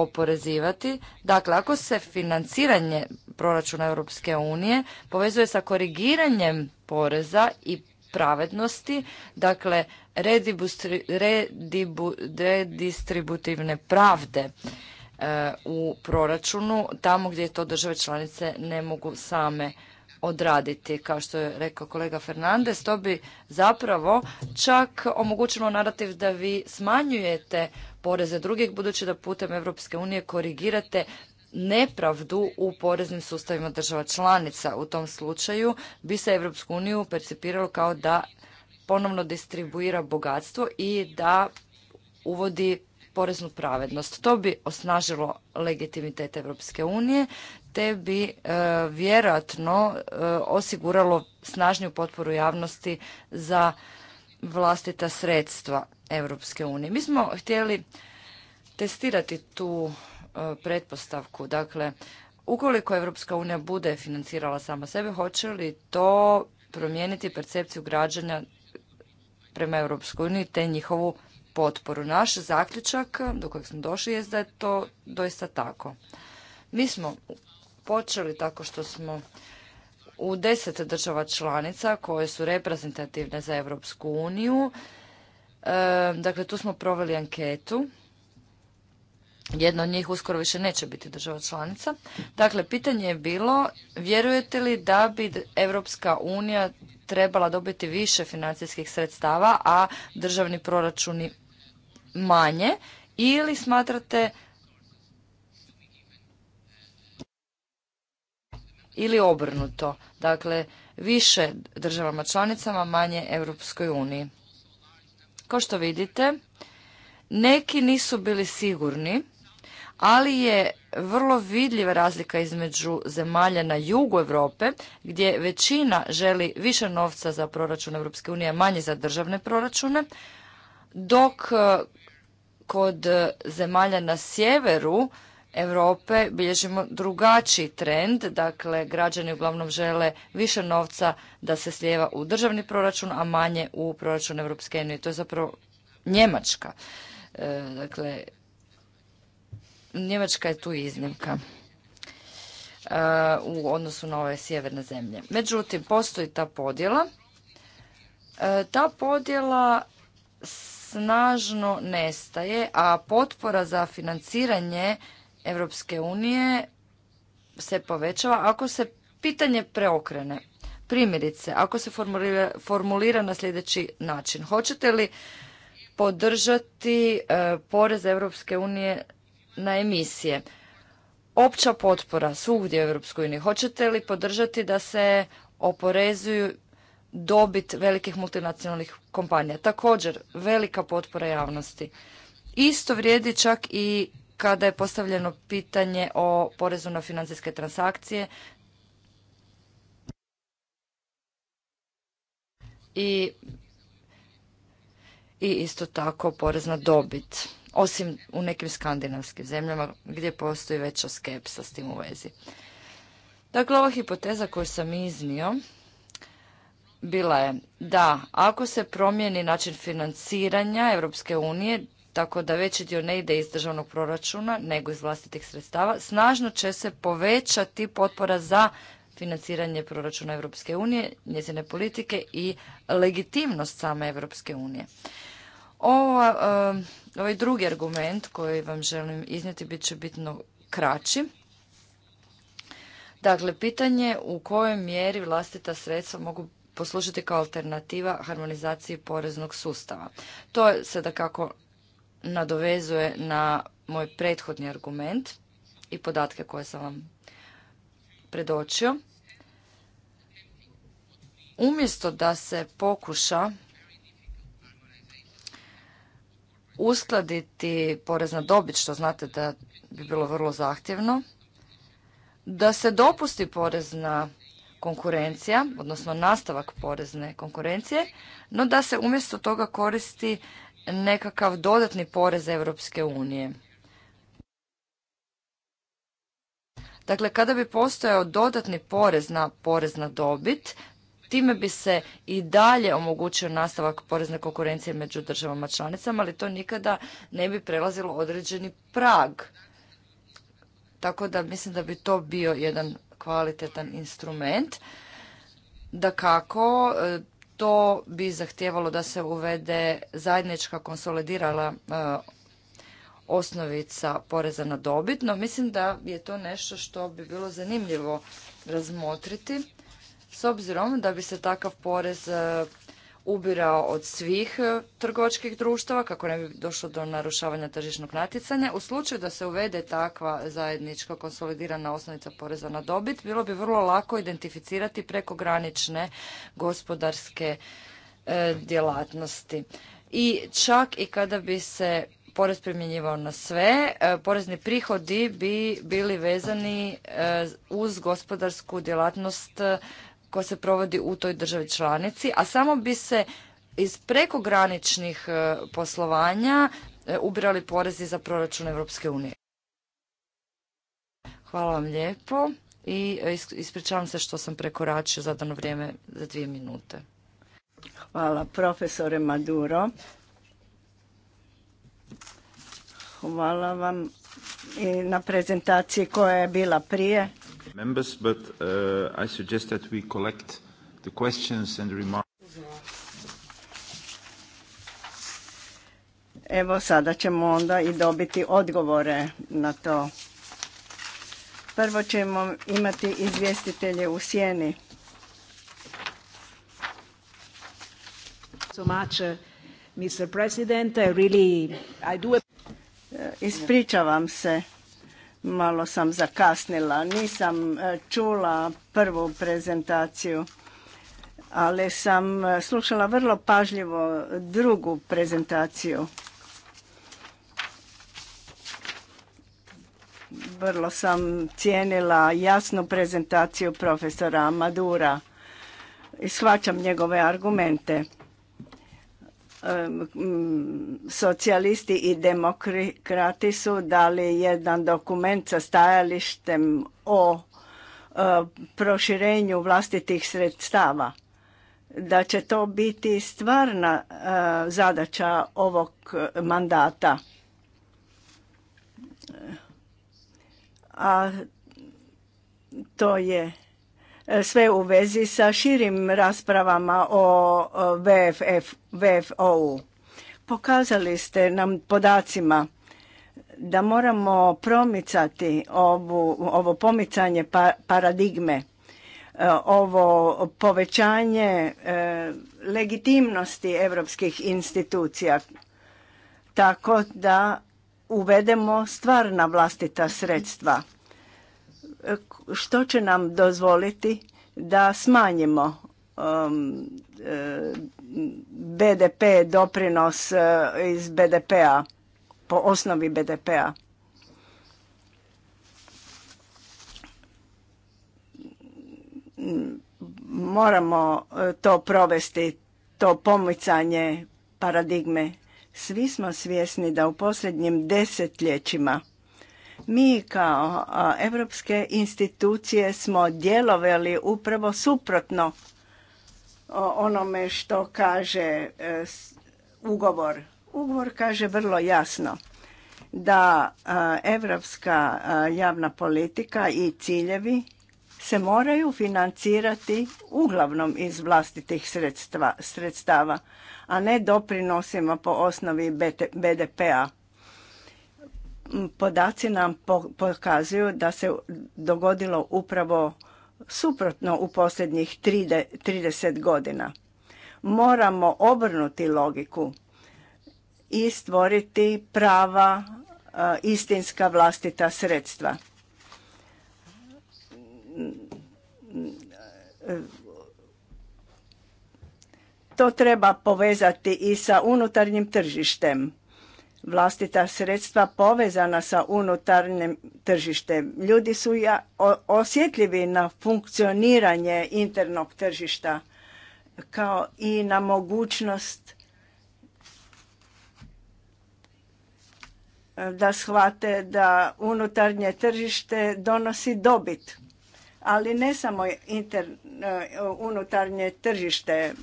oporezivati. Dakle, ako se financiranje proračuna Europske unije povezuje sa korigiranjem poreza i pravednosti, dakle redistributivne pravde e, u proračunu, tamo gdje to države članice ne mogu same odraditi, kao što je rekao kolega Fernandez, to bi zapravo čak omogućilo narativ da vi smanjujete poreze drugih, budući da putem Europske unije korigirate nepravdu u poreznim sustavima država članica. U tom slučaju bi se Europsku uniju percipiralo kao da ponovno distribuira bogatstvo i da uvodi poreznu pravednost. To bi osnažilo legitimitet Europske unije te bi e, vjerojatno e, osiguralo snažniju potporu javnosti za vlastita sredstva. Europske unije. Mi smo htjeli testirati tu e, pretpostavku. Dakle, ukoliko Europska unija bude financirala sama sebe, hoće li to promijeniti percepciju građanja prema Europskoj uniji te njihovu potporu. Naš zaključak do kojeg smo došli je da je to doista tako. Mi smo počeli tako što smo u deset država članica koje su reprezentativne za Europsku uniju Dakle, tu smo proveli anketu. Jedna od njih uskoro više neće biti država članica. Dakle, pitanje je bilo, vjerujete li da bi Europska unija trebala dobiti više financijskih sredstava, a državni proračuni manje? Ili smatrate ili obrnuto, dakle više državama članicama, manje Europskoj uniji. Kao što vidite, neki nisu bili sigurni, ali je vrlo vidljiva razlika između zemalja na jugu Europe gdje većina želi više novca za proračun Europske unije, manje za državne proračune, dok eh, kod eh, zemalja na sjeveru Europe bilježimo drugačiji trend, dakle građani uglavnom žele više novca da se slijeva u državni proračun, a manje u proračun Europske unije. To je zapravo Njemačka. E, dakle, Njemačka je tu iznimka e, u odnosu na ove sjeverne zemlje. Međutim, postoji ta podjela. E, ta podjela snažno nestaje, a potpora za financiranje Europske unije se povećava ako se pitanje preokrene. Primjerice, ako se formulira, na sljedeći način. Hoćete li podržati e, porez Europske unije na emisije? Opća potpora svugdje u Europskoj uniji. Hoćete li podržati da se oporezuju dobit velikih multinacionalnih kompanija? Također, velika potpora javnosti. Isto vrijedi čak i kada je postavljeno pitanje o porezu na financijske transakcije i i isto tako porez na dobit, osim u nekim skandinavskim zemljama gdje postoji veća skepsa s tim u vezi. Dakle, ova hipoteza koju sam iznio bila je da ako se promijeni način financiranja Europske unije, tako da veći dio ne ide iz državnog proračuna nego iz vlastitih sredstava, snažno će se povećati potpora za financiranje proračuna Europske unije, njezine politike i legitimnost same Europske unije. Eh, ovaj drugi argument koji vam želim iznijeti bit će bitno kraći. Dakle, pitanje u kojoj mjeri vlastita sredstva mogu poslušati kao alternativa harmonizaciji poreznog sustava. To se da kako nadovezuje na moj prethodni argument i podatke koje sam vam predočio. Umjesto da se pokuša uskladiti porez na dobit, što znate da bi bilo vrlo zahtjevno, da se dopusti porezna konkurencija, odnosno nastavak porezne konkurencije, no da se umjesto toga koristi nekakav dodatni porez Europske unije. Dakle, kada bi postojao dodatni porez na porez na dobit, time bi se i dalje omogućio nastavak porezne konkurencije među državama članicama, ali to nikada ne bi prelazilo određeni prag. Tako da mislim da bi to bio jedan kvalitetan instrument. Da kako, to bi zahtijevalo da se uvede zajednička konsolidirala e, osnovica poreza na dobit, no mislim da je to nešto što bi bilo zanimljivo razmotriti s obzirom da bi se takav porez e, ubirao od svih e, trgovačkih društava kako ne bi došlo do narušavanja tržišnog natjecanja. U slučaju da se uvede takva zajednička konsolidirana osnovica poreza na dobit, bilo bi vrlo lako identificirati prekogranične gospodarske e, djelatnosti. I čak i kada bi se porez primjenjivao na sve, e, porezni prihodi bi bili vezani uz gospodarsku djelatnost koja se provodi u toj državi članici, a samo bi se iz prekograničnih e, poslovanja e, ubirali porezi za proračun Europske unije. Hvala vam lijepo i e, ispričavam se što sam prekoračio zadano vrijeme za dvije minute. Hvala profesore Maduro. Hvala vam i na prezentaciji koja je bila prije members, but uh, I suggest that we collect the questions and remarks. Evo sada ćemo onda i dobiti odgovore na to. Prvo ćemo imati izvjestitelje u sjeni. So much, uh, Mr. President, I really, I do... Ispričavam se. Malo sam zakasnila, nisam e, čula prvu prezentaciju, ali sam e, slušala vrlo pažljivo drugu prezentaciju. Vrlo sam cijenila jasnu prezentaciju profesora Madura i shvaćam njegove argumente socijalisti i demokrati su dali jedan dokument sa stajalištem o e, proširenju vlastitih sredstava da će to biti stvarna e, zadaća ovog mandata a to je sve u vezi sa širim raspravama o VFF, Pokazali ste nam podacima da moramo promicati ovu, ovo pomicanje pa, paradigme, e, ovo povećanje e, legitimnosti europskih institucija tako da uvedemo stvarna vlastita sredstva što će nam dozvoliti da smanjimo um, e, BDP doprinos e, iz BDP-a po osnovi BDP-a. Moramo e, to provesti, to pomicanje paradigme. Svi smo svjesni da u posljednjim desetljećima mi kao evropske institucije smo djelovali upravo suprotno onome što kaže e, ugovor. Ugovor kaže vrlo jasno da evropska javna politika i ciljevi se moraju financirati uglavnom iz vlastitih sredstava, a ne doprinosima po osnovi BDP-a. Podaci nam pokazuju da se dogodilo upravo suprotno u posljednjih 30 godina. Moramo obrnuti logiku i stvoriti prava istinska vlastita sredstva. To treba povezati i sa unutarnjim tržištem vlastita sredstva povezana sa unutarnjim tržištem. Ljudi su ja osjetljivi na funkcioniranje internog tržišta kao i na mogućnost e, da shvate da unutarnje tržište donosi dobit. Ali ne samo e, unutarnje tržište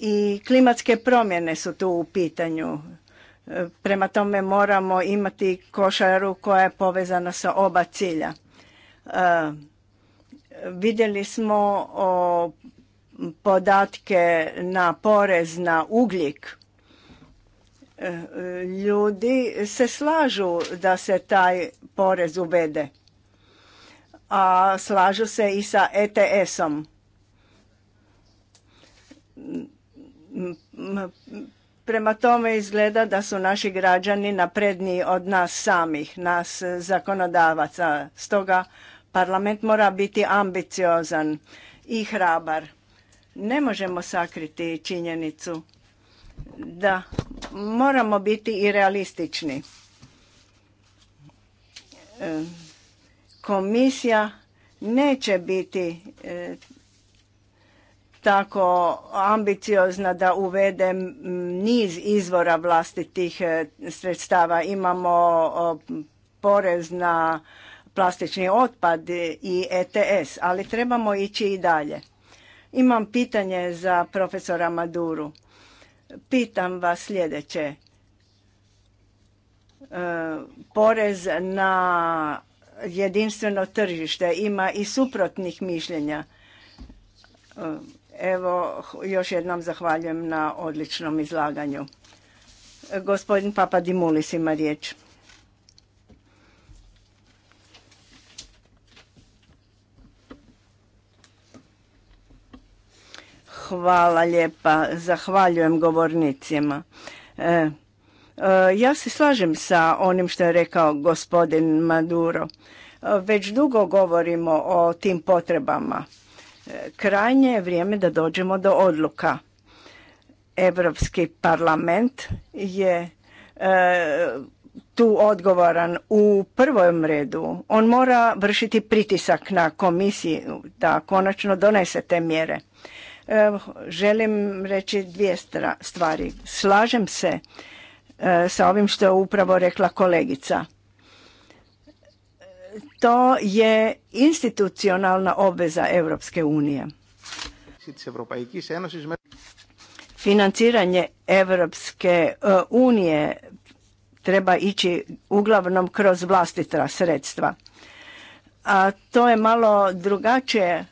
i klimatske promjene su tu u pitanju. E, prema tome moramo imati košaru koja je povezana sa oba cilja. E, vidjeli smo podatke na porez na ugljik. E, ljudi se slažu da se taj porez uvede, a slažu se i sa ETS-om Prema tome izgleda da su naši građani napredniji od nas samih, nas zakonodavaca. Stoga parlament mora biti ambiciozan i hrabar. Ne možemo sakriti činjenicu da moramo biti i realistični. E, komisija neće biti e, tako ambiciozna da uvede niz izvora vlastitih e, sredstava. Imamo porez na plastični otpad i ETS, ali trebamo ići i dalje. Imam pitanje za profesora Maduru. Pitam vas sljedeće. E, porez na jedinstveno tržište ima i suprotnih mišljenja. E, Evo, još jednom zahvaljujem na odličnom izlaganju. Gospodin Papa Dimulis ima riječ. Hvala lijepa. Zahvaljujem govornicima. E, e, ja se slažem sa onim što je rekao gospodin Maduro. E, već dugo govorimo o tim potrebama. Krajnje je vrijeme da dođemo do odluka. Europski parlament je e, tu odgovoran u prvom redu. On mora vršiti pritisak na komisiju da konačno donese te mjere. E, želim reći dvije stvari. Slažem se e, sa ovim što je upravo rekla kolegica to je institucionalna obveza Europske unije. Financiranje Europske e, unije treba ići uglavnom kroz vlastitra sredstva. A to je malo drugačije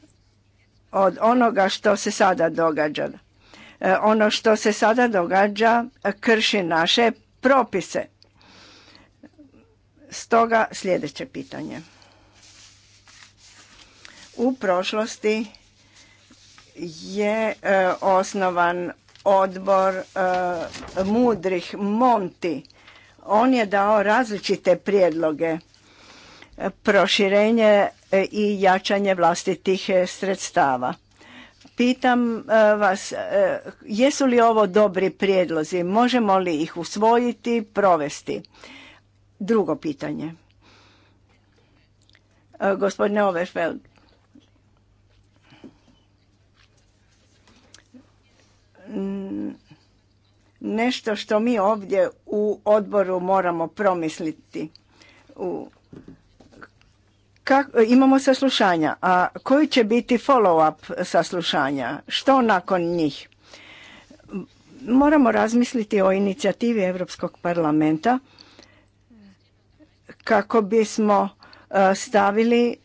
od onoga što se sada događa. E, ono što se sada događa krši naše propise Stoga sljedeće pitanje. U prošlosti je e, osnovan odbor e, mudrih Monti. On je dao različite prijedloge proširenje e, i jačanje vlastitih e, sredstava. Pitam vas, jesu li ovo dobri prijedlozi? Možemo li ih usvojiti, provesti? Drugo pitanje. E, gospodine Overfeld, nešto što mi ovdje u odboru moramo promisliti. U, kak, imamo saslušanja, a koji će biti follow-up saslušanja? Što nakon njih? Moramo razmisliti o inicijativi Europskog parlamenta kako bismo e, stavili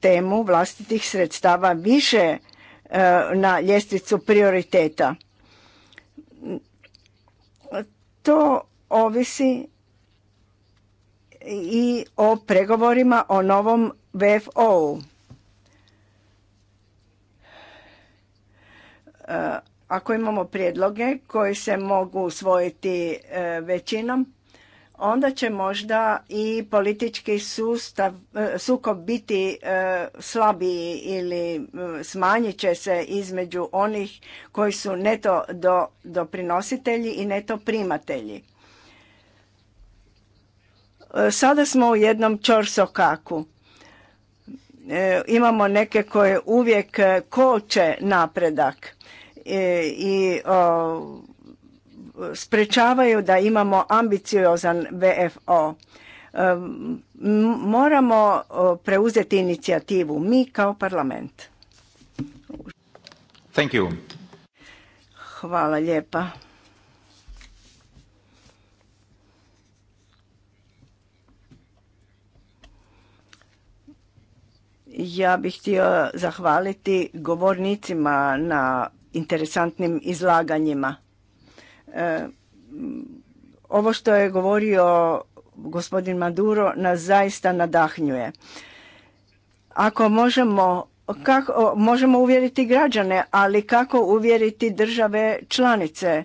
temu vlastitih sredstava više e, na ljestvicu prioriteta. To ovisi i o pregovorima o novom VFO-u. E, ako imamo prijedloge koji se mogu usvojiti većinom, onda će možda i politički sustav, e, sukob biti e, slabiji ili e, smanjit će se između onih koji su neto do, doprinositelji i neto primatelji. Sada smo u jednom čorsokaku. Imamo neke koje uvijek koče napredak i, sprečavaju da imamo ambiciozan VFO. Moramo preuzeti inicijativu, mi kao parlament. Hvala lijepa. Ja bih htio zahvaliti govornicima na interesantnim izlaganjima. E, ovo što je govorio gospodin Maduro nas zaista nadahnjuje. Ako možemo kako možemo uvjeriti građane, ali kako uvjeriti države članice?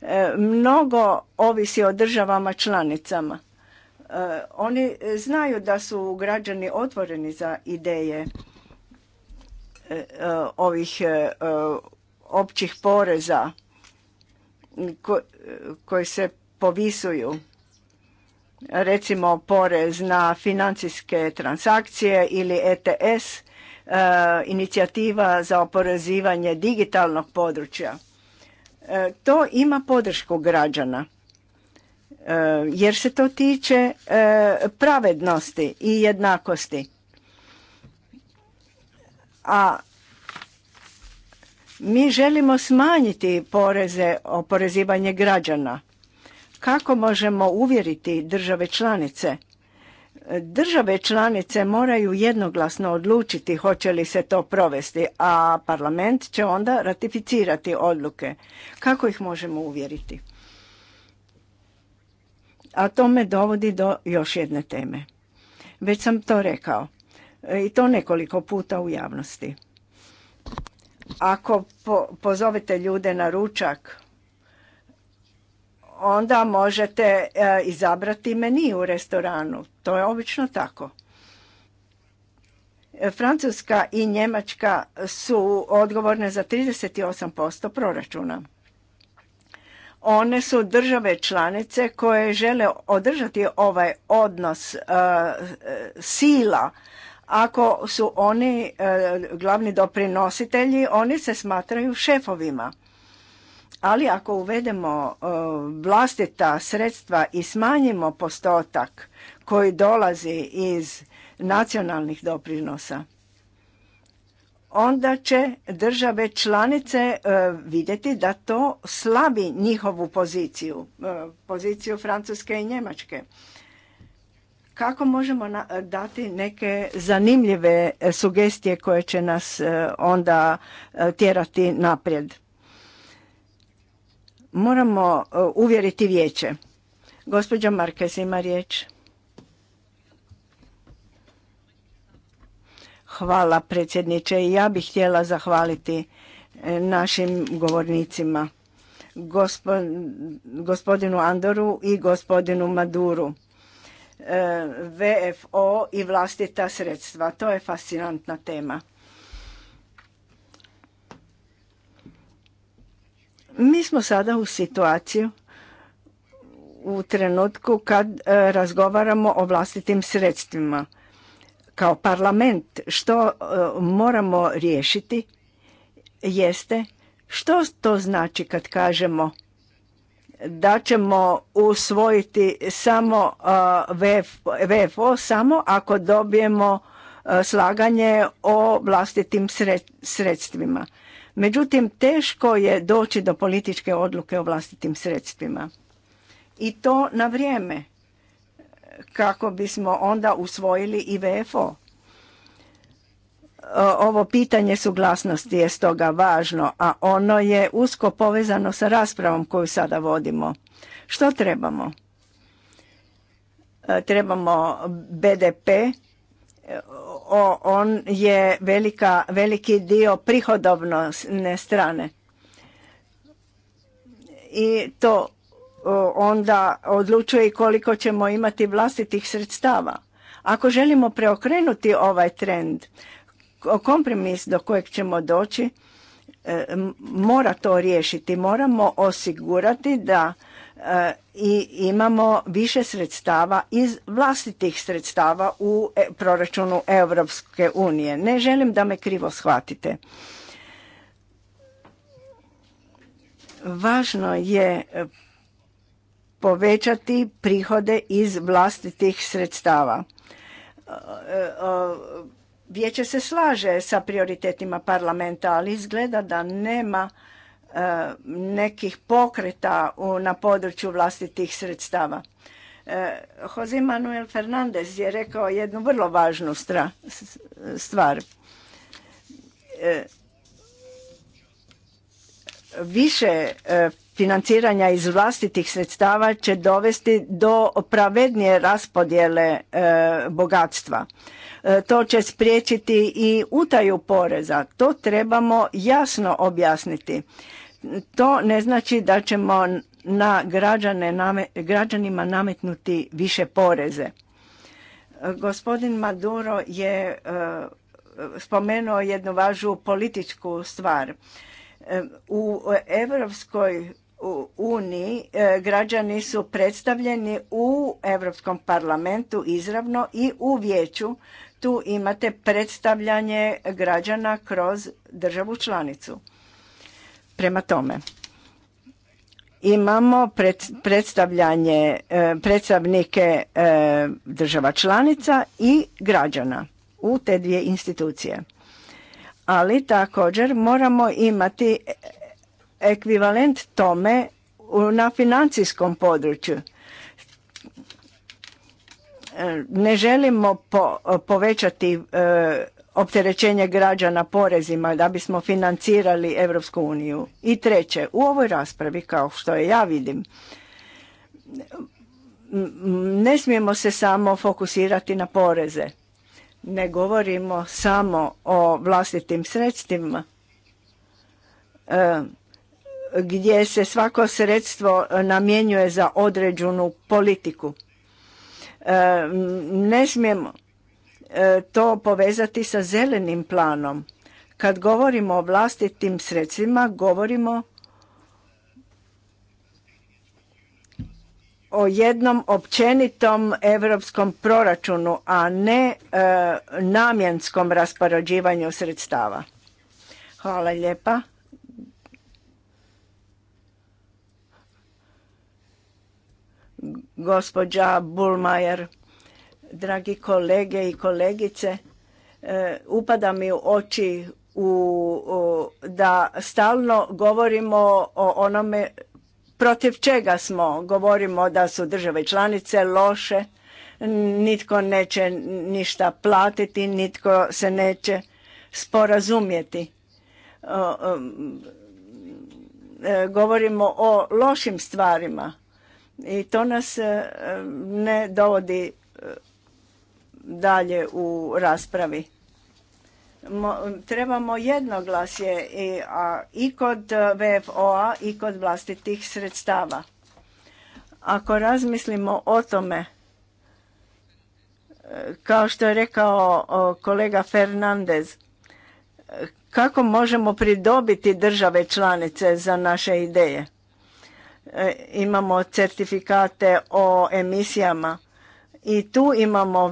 E, mnogo ovisi o državama članicama. E, oni znaju da su građani otvoreni za ideje ovih općih poreza koji se povisuju recimo porez na financijske transakcije ili ETS, e, inicijativa za oporezivanje digitalnog područja. E, to ima podršku građana e, jer se to tiče pravednosti i jednakosti. A mi želimo smanjiti poreze, oporezivanje građana. Kako možemo uvjeriti države članice? Države članice moraju jednoglasno odlučiti hoće li se to provesti, a parlament će onda ratificirati odluke. Kako ih možemo uvjeriti? A to me dovodi do još jedne teme. Već sam to rekao i to nekoliko puta u javnosti. Ako po, pozovete ljude na ručak, onda možete e, izabrati meni u restoranu. To je obično tako. Francuska i Njemačka su odgovorne za 38% proračuna. One su države članice koje žele održati ovaj odnos e, e, sila ako su oni e, glavni doprinositelji, oni se smatraju šefovima. Ali ako uvedemo e, vlastita sredstva i smanjimo postotak koji dolazi iz nacionalnih doprinosa, onda će države članice e, vidjeti da to slabi njihovu poziciju, poziciju Francuske i Njemačke kako možemo dati neke zanimljive e, sugestije koje će nas e, onda e, tjerati naprijed. Moramo uvjeriti vijeće. Gospođa Markez ima riječ. Hvala predsjedniče i ja bih htjela zahvaliti našim govornicima, gospodinu Andoru i gospodinu Maduru E, VFO i vlastita sredstva. To je fascinantna tema. Mi smo sada u situaciju u trenutku kad e, razgovaramo o vlastitim sredstvima. Kao parlament što e, moramo riješiti jeste što to znači kad kažemo da ćemo usvojiti samo VFO samo ako dobijemo slaganje o vlastitim sredstvima. Međutim, teško je doći do političke odluke o vlastitim sredstvima. I to na vrijeme kako bismo onda usvojili i VFO. E, ovo pitanje suglasnosti je stoga važno, a ono je usko povezano sa raspravom koju sada vodimo. Što trebamo? E, trebamo BDP, e, on je velika, veliki dio prihodovne strane. I to onda odlučuje koliko ćemo imati vlastitih sredstava. Ako želimo preokrenuti ovaj trend, kompromis do kojeg ćemo doći e, mora to riješiti. Moramo osigurati da e, i imamo više sredstava iz vlastitih sredstava u e, proračunu Europske unije. Ne želim da me krivo shvatite. Važno je povećati prihode iz vlastitih sredstava Vijeće se slaže sa prioritetima parlamenta, ali izgleda da nema e, nekih pokreta na području vlastitih sredstava. E, Jose Manuel Fernandez je rekao jednu vrlo važnu stvar. E, više financiranja iz vlastitih sredstava će dovesti do pravednije raspodjele e, bogatstva. E, to će spriječiti i utaju poreza. To trebamo jasno objasniti. To ne znači da ćemo na građane, građanima nametnuti više poreze. E, gospodin Maduro je spomenuo jednu važnu političku stvar u Europskoj uniji e, građani su predstavljeni u Europskom parlamentu izravno i u vijeću. Tu imate predstavljanje građana kroz državu članicu. Prema tome, imamo predstavljanje e, predstavnike e, država članica i građana u te dvije institucije. Ali također moramo imati ekvivalent tome na financijskom području. E, ne želimo povećati e, opterećenje građana porezima da bismo financirali Europsku uniju. I treće, u ovoj raspravi kao što je ja vidim, ne smijemo se samo fokusirati na poreze. Ne govorimo samo o vlastitim sredstvima. E, gdje se svako sredstvo namjenjuje za određenu politiku. E, ne smijem e, to povezati sa zelenim planom. Kad govorimo o vlastitim sredstvima, govorimo o jednom općenitom europskom proračunu, a ne e, namjenskom raspoređivanju sredstava. Hvala lijepa. gospođa Bulmajer, dragi kolege i kolegice, e, upada mi u oči u, da stalno govorimo o onome protiv čega smo. Govorimo da su države članice loše, nitko neće ništa platiti, nitko se neće sporazumjeti. E, govorimo o lošim stvarima i to nas e, ne dovodi e, dalje u raspravi. trebamo jednoglasje i, a, i kod VFO-a i kod vlastitih sredstava. Ako razmislimo o tome, e, kao što je rekao kolega Fernandez, kako možemo pridobiti države članice za naše ideje? E, imamo certifikate o emisijama i tu imamo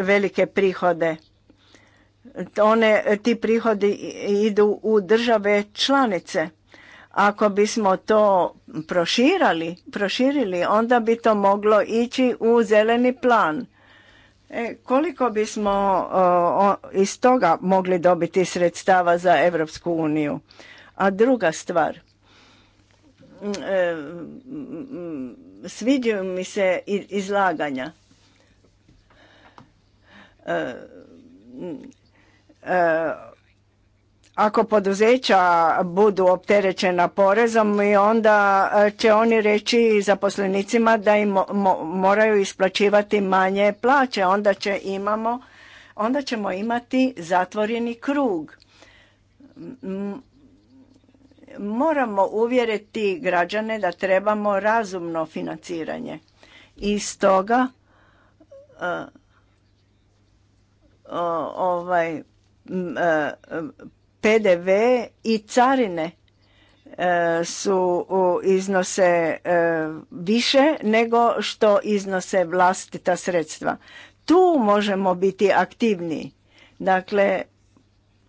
velike prihode. One, ti prihodi idu u države članice. Ako bismo to proširali, proširili, onda bi to moglo ići u zeleni plan. E, koliko bismo iz toga mogli dobiti sredstava za Europsku uniju? A druga stvar, Mm, e, sviđaju mi se izlaganja. E, mm, e, ako poduzeća budu opterećena porezom i onda će oni reći zaposlenicima da im moraju isplaćivati manje plaće, onda će imamo onda ćemo imati zatvoreni krug moramo uvjeriti građane da trebamo razumno financiranje. I stoga e, ovaj e, PDV i carine e, su iznose više nego što iznose vlastita sredstva. Tu možemo biti aktivniji. Dakle,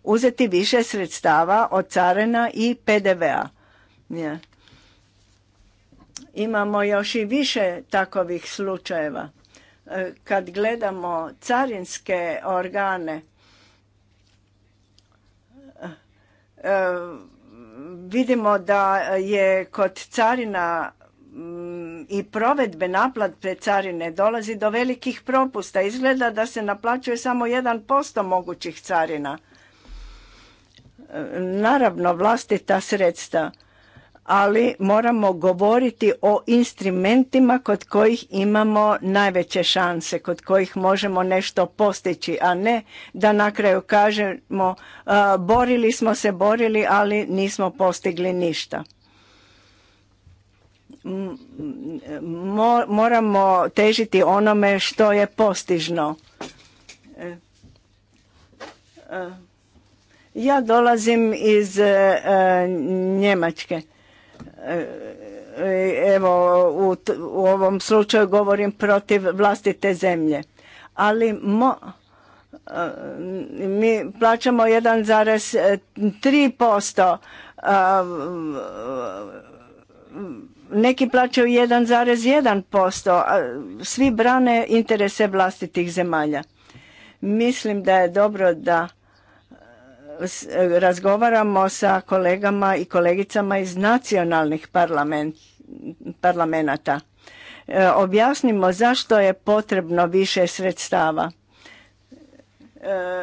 uzeti više sredstava od carina i PDV-a. Imamo još i više takovih slučajeva. E, kad gledamo carinske organe, e, e, vidimo da je kod carina mm, i provedbe naplate carine dolazi do velikih propusta. Izgleda da se naplaćuje samo 1% mogućih carina naravno vlastita sredstva, ali moramo govoriti o instrumentima kod kojih imamo najveće šanse, kod kojih možemo nešto postići, a ne da na kraju kažemo borili smo se, borili, ali nismo postigli ništa moramo težiti onome što je postižno. E, e, ja dolazim iz e, e, Njemačke. E, evo, u, ovom slučaju govorim protiv vlastite zemlje. Ali mi plaćamo 1,3%, neki plaćaju 1,1%, svi brane interese vlastitih zemalja. Mislim da je dobro da razgovaramo sa kolegama i kolegicama iz nacionalnih parlamenata. E, objasnimo zašto je potrebno više sredstava. E,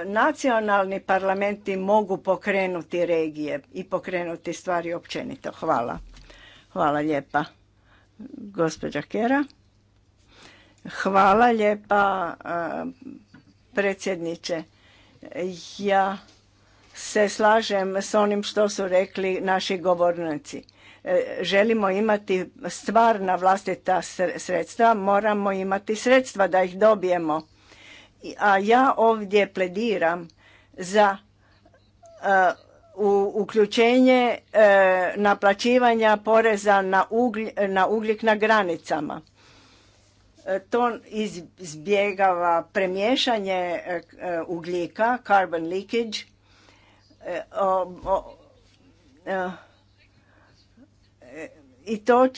nacionalni parlamenti mogu pokrenuti regije i pokrenuti stvari općenito. Hvala. Hvala lijepa. Gospođa Kera. Hvala lijepa e, predsjedniče. Ja se slažem s onim što su rekli naši govornici. E, želimo imati stvarna vlastita sredstva, moramo imati sredstva da ih dobijemo. A ja ovdje plediram za e, uključenje e, naplaćivanja poreza na, uglj, na ugljik na granicama. to izbjegava premješanje ugljika, carbon leakage, E, e, i to e,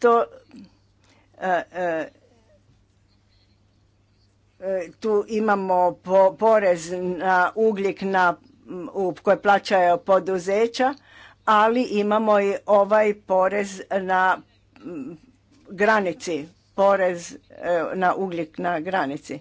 to tu imamo porez na ugljik na, u koje plaćaju poduzeća, ali imamo i ovaj porez na granici, porez na ugljik na granici.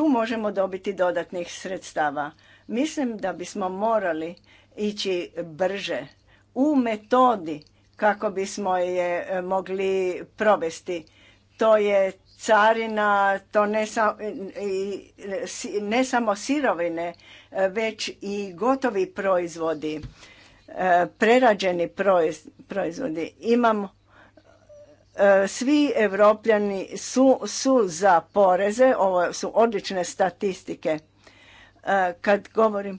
tu možemo dobiti dodatnih sredstava. Mislim da bismo morali ići brže u metodi kako bismo je e, mogli provesti. To je carina, to ne, sa, e, ne samo sirovine, e, već i gotovi proizvodi, prerađeni proizvodi. Imamo E, svi evropljani su, su za poreze, ovo su odlične statistike e, kad govorim.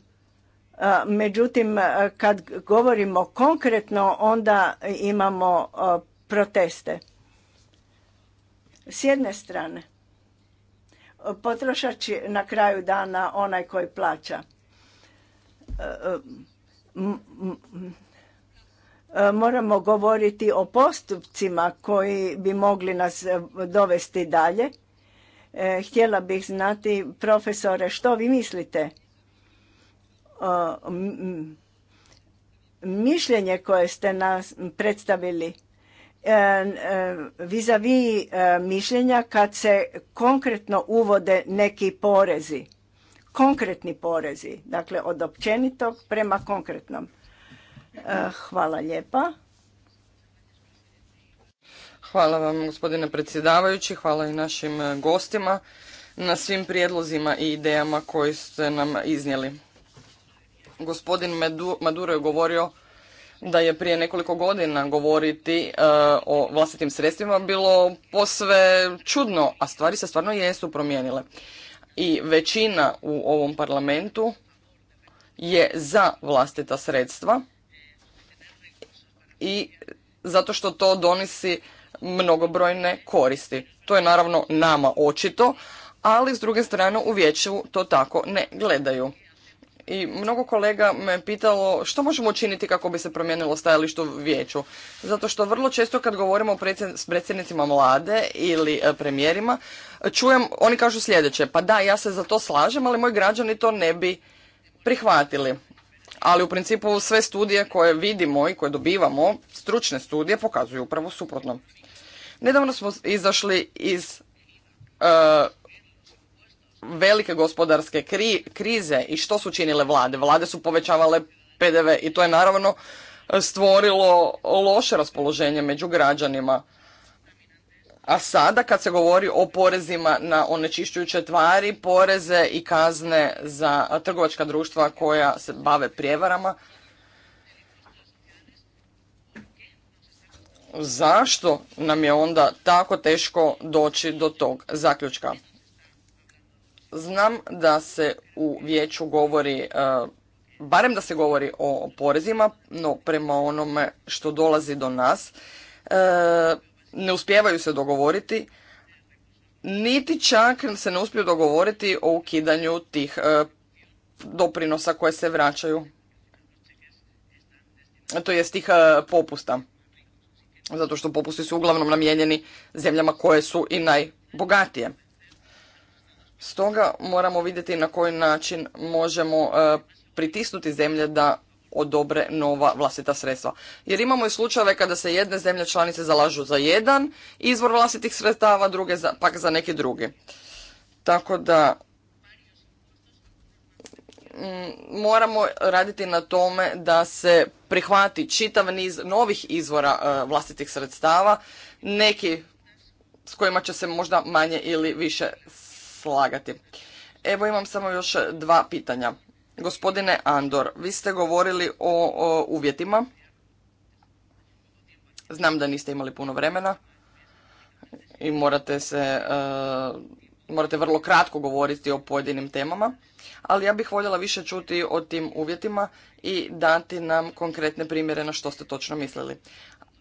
E, međutim, kad govorimo konkretno, onda imamo proteste. S jedne strane, potrošač na kraju dana onaj koji plaća. E, moramo govoriti o postupcima koji bi mogli nas e, dovesti dalje. E, htjela bih znati, profesore, što vi mislite? Mišljenje koje ste nas predstavili vizavi mišljenja kad se konkretno uvode neki porezi, konkretni porezi, dakle od općenitog prema konkretnom. Eh, hvala lijepa. Hvala vam gospodine predsjedavajući, hvala i našim eh, gostima na svim prijedlozima i idejama koje ste nam iznijeli. Gospodin Maduro je govorio da je prije nekoliko godina govoriti eh, o vlastitim sredstvima bilo posve čudno, a stvari se stvarno jesu promijenile. I većina u ovom parlamentu je za vlastita sredstva i zato što to donosi mnogobrojne koristi. To je naravno nama očito, ali s druge strane u vijeću to tako ne gledaju. I mnogo kolega me pitalo što možemo učiniti kako bi se promijenilo stajalište u vijeću. Zato što vrlo često kad govorimo s predsjednicima mlade ili e, premijerima, čujem, oni kažu sljedeće, pa da, ja se za to slažem, ali moji građani to ne bi prihvatili ali u principu sve studije koje vidimo i koje dobivamo, stručne studije, pokazuju upravo suprotno. Nedavno smo izašli iz e, velike gospodarske krize i što su činile vlade? Vlade su povećavale PDV i to je naravno stvorilo loše raspoloženje među građanima a sada kad se govori o porezima na onečišćujuće tvari, poreze i kazne za trgovačka društva koja se bave prijevarama, zašto nam je onda tako teško doći do tog zaključka? Znam da se u vijeću govori, e, barem da se govori o porezima, no prema onome što dolazi do nas, e, ne uspijevaju se dogovoriti, niti čak se ne uspiju dogovoriti o ukidanju tih e, doprinosa koje se vraćaju. To jest tih e, popusta. Zato što popusti su uglavnom namijenjeni zemljama koje su i najbogatije. Stoga moramo vidjeti na koji način možemo e, pritisnuti zemlje da odobre nova vlastita sredstva. Jer imamo i slučajeve kada se jedne zemlje članice zalažu za jedan izvor vlastitih sredstava, druge za, pak za neki drugi. Tako da mm, moramo raditi na tome da se prihvati čitav niz novih izvora e, vlastitih sredstava, neki s kojima će se možda manje ili više slagati. Evo imam samo još dva pitanja. Gospodine Andor, vi ste govorili o, uvjetima. Znam da niste imali puno vremena i morate se e, morate vrlo kratko govoriti o pojedinim temama, ali ja bih voljela više čuti o tim uvjetima i dati nam konkretne primjere na što ste točno mislili.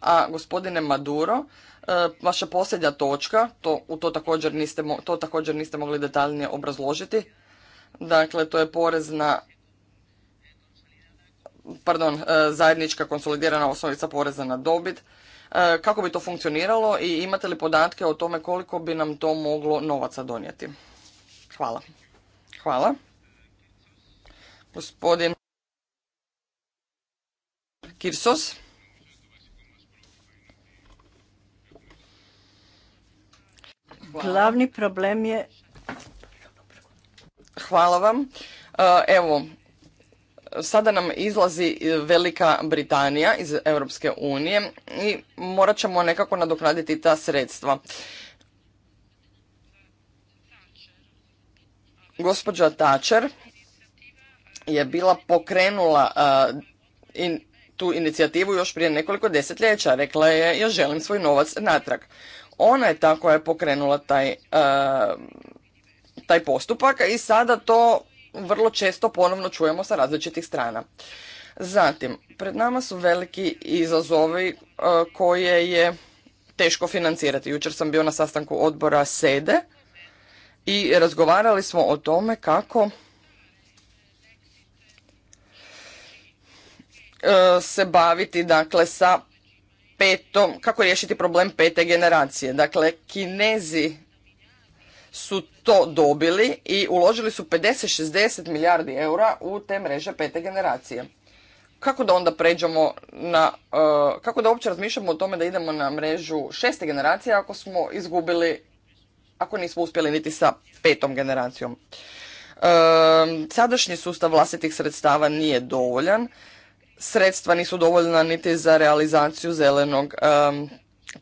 A gospodine Maduro, e, vaša posljednja točka, to, to također niste, to također niste mogli detaljnije obrazložiti, Dakle, to je porez na pardon, e, zajednička konsolidirana osnovica poreza na dobit. E, kako bi to funkcioniralo i imate li podatke o tome koliko bi nam to moglo novaca donijeti? Hvala. Hvala. Gospodin Kirsos. Glavni problem je Hvala vam. E, evo, sada nam izlazi Velika Britanija iz Europske unije i morat ćemo nekako nadoknaditi ta sredstva. Gospođa Thatcher je bila pokrenula e, tu inicijativu još prije nekoliko desetljeća. Rekla je ja želim svoj novac natrag. Ona je ta koja je pokrenula taj e, taj postupak i sada to vrlo često ponovno čujemo sa različitih strana. Zatim, pred nama su veliki izazovi e, koje je teško financirati. Jučer sam bio na sastanku odbora SEDE i razgovarali smo o tome kako e, se baviti dakle sa petom, kako riješiti problem pete generacije. Dakle, kinezi su to dobili i uložili su 50-60 milijardi eura u te mreže pete generacije. Kako da onda pređemo na, e, kako da uopće razmišljamo o tome da idemo na mrežu šeste generacije ako smo izgubili, ako nismo uspjeli niti sa petom generacijom. E, sadašnji sustav vlastitih sredstava nije dovoljan. Sredstva nisu dovoljna niti za realizaciju zelenog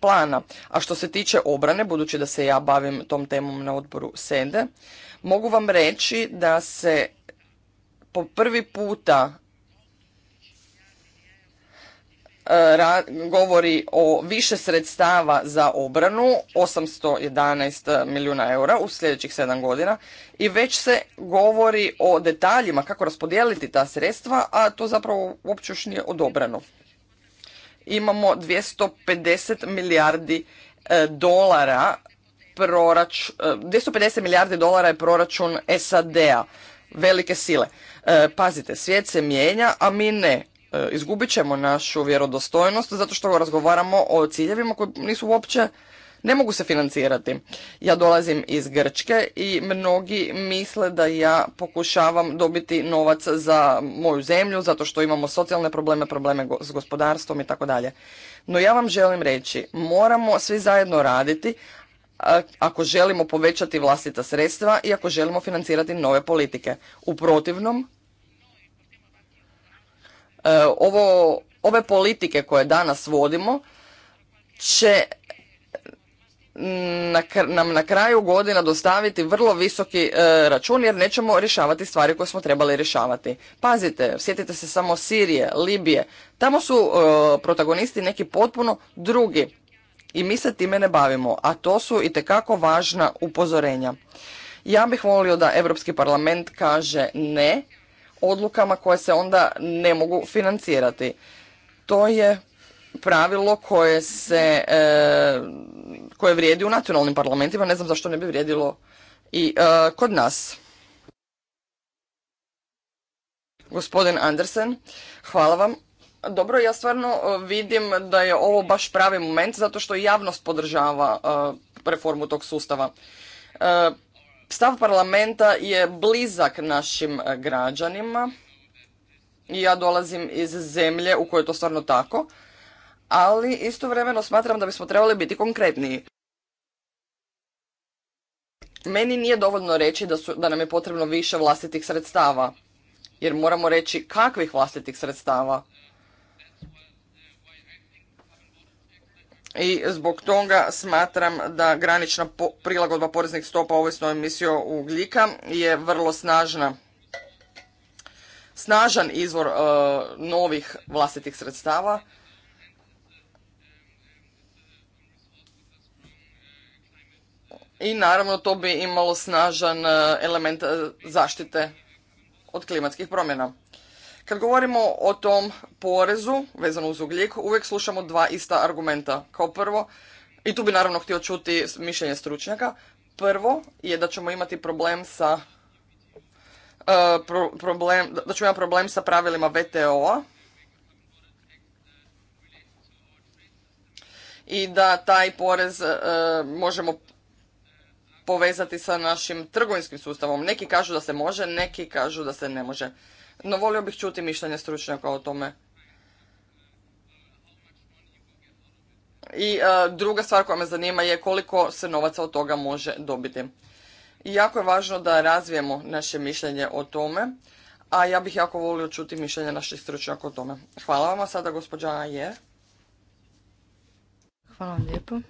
plana. A što se tiče obrane, budući da se ja bavim tom temom na odboru SEDE, mogu vam reći da se po prvi puta e, govori o više sredstava za obranu, 811 milijuna eura u sljedećih 7 godina i već se govori o detaljima kako raspodijeliti ta sredstva, a to zapravo uopće još nije odobrano imamo 250 milijardi e, dolara proračun, 250 e, milijardi dolara je proračun SAD-a, velike sile. E, pazite, svijet se mijenja, a mi ne. Izgubit ćemo našu vjerodostojnost zato što razgovaramo o ciljevima koji nisu uopće ne mogu se financirati. Ja dolazim iz Grčke i mnogi misle da ja pokušavam dobiti novac za moju zemlju zato što imamo socijalne probleme, probleme s gospodarstvom i tako dalje. No ja vam želim reći, moramo svi zajedno raditi ako želimo povećati vlastita sredstva i ako želimo financirati nove politike. U protivnom, e, ovo, ove politike koje danas vodimo će nam na kraju godina dostaviti vrlo visoki e, račun jer nećemo rješavati stvari koje smo trebali rješavati. Pazite, sjetite se samo Sirije, Libije, tamo su e, protagonisti neki potpuno drugi i mi se time ne bavimo, a to su i tekako važna upozorenja. Ja bih volio da Europski parlament kaže ne odlukama koje se onda ne mogu financirati. To je pravilo koje se e, koje vrijedi u nacionalnim parlamentima, ne znam zašto ne bi vrijedilo i e, kod nas. Gospodin Andersen, hvala vam. Dobro, ja stvarno e, vidim da je ovo baš pravi moment zato što javnost podržava reformu tog sustava. Stav parlamenta je blizak našim građanima i ja dolazim iz zemlje u kojoj je to stvarno tako ali istovremeno smatram da bismo trebali biti konkretniji. Meni nije dovoljno reći da, su, da nam je potrebno više vlastitih sredstava, jer moramo reći kakvih vlastitih sredstava. i zbog toga smatram da granična prilagodba poreznih stopa ovisno o emisiju ugljika je vrlo snažna. Snažan izvor e, novih vlastitih sredstava i naravno to bi imalo snažan e, element e, zaštite od klimatskih promjena. Kad govorimo o tom porezu vezano uz ugljik, uvijek slušamo dva ista argumenta. Kao prvo, i tu bi naravno htio čuti mišljenje stručnjaka, prvo je da ćemo imati problem sa e, problem, da ćemo imati problem sa pravilima VTO-a i da taj porez možemo povezati sa našim trgovinskim sustavom. Neki kažu da se može, neki kažu da se ne može. No volio bih čuti mišljenje stručnjaka o tome. I e, druga stvar koja me zanima je koliko se novaca od toga može dobiti. I jako je važno da razvijemo naše mišljenje o tome, a ja bih jako volio čuti mišljenje naših stručnjaka o tome. Hvala vam, sada gospođa je. Hvala vam lijepo.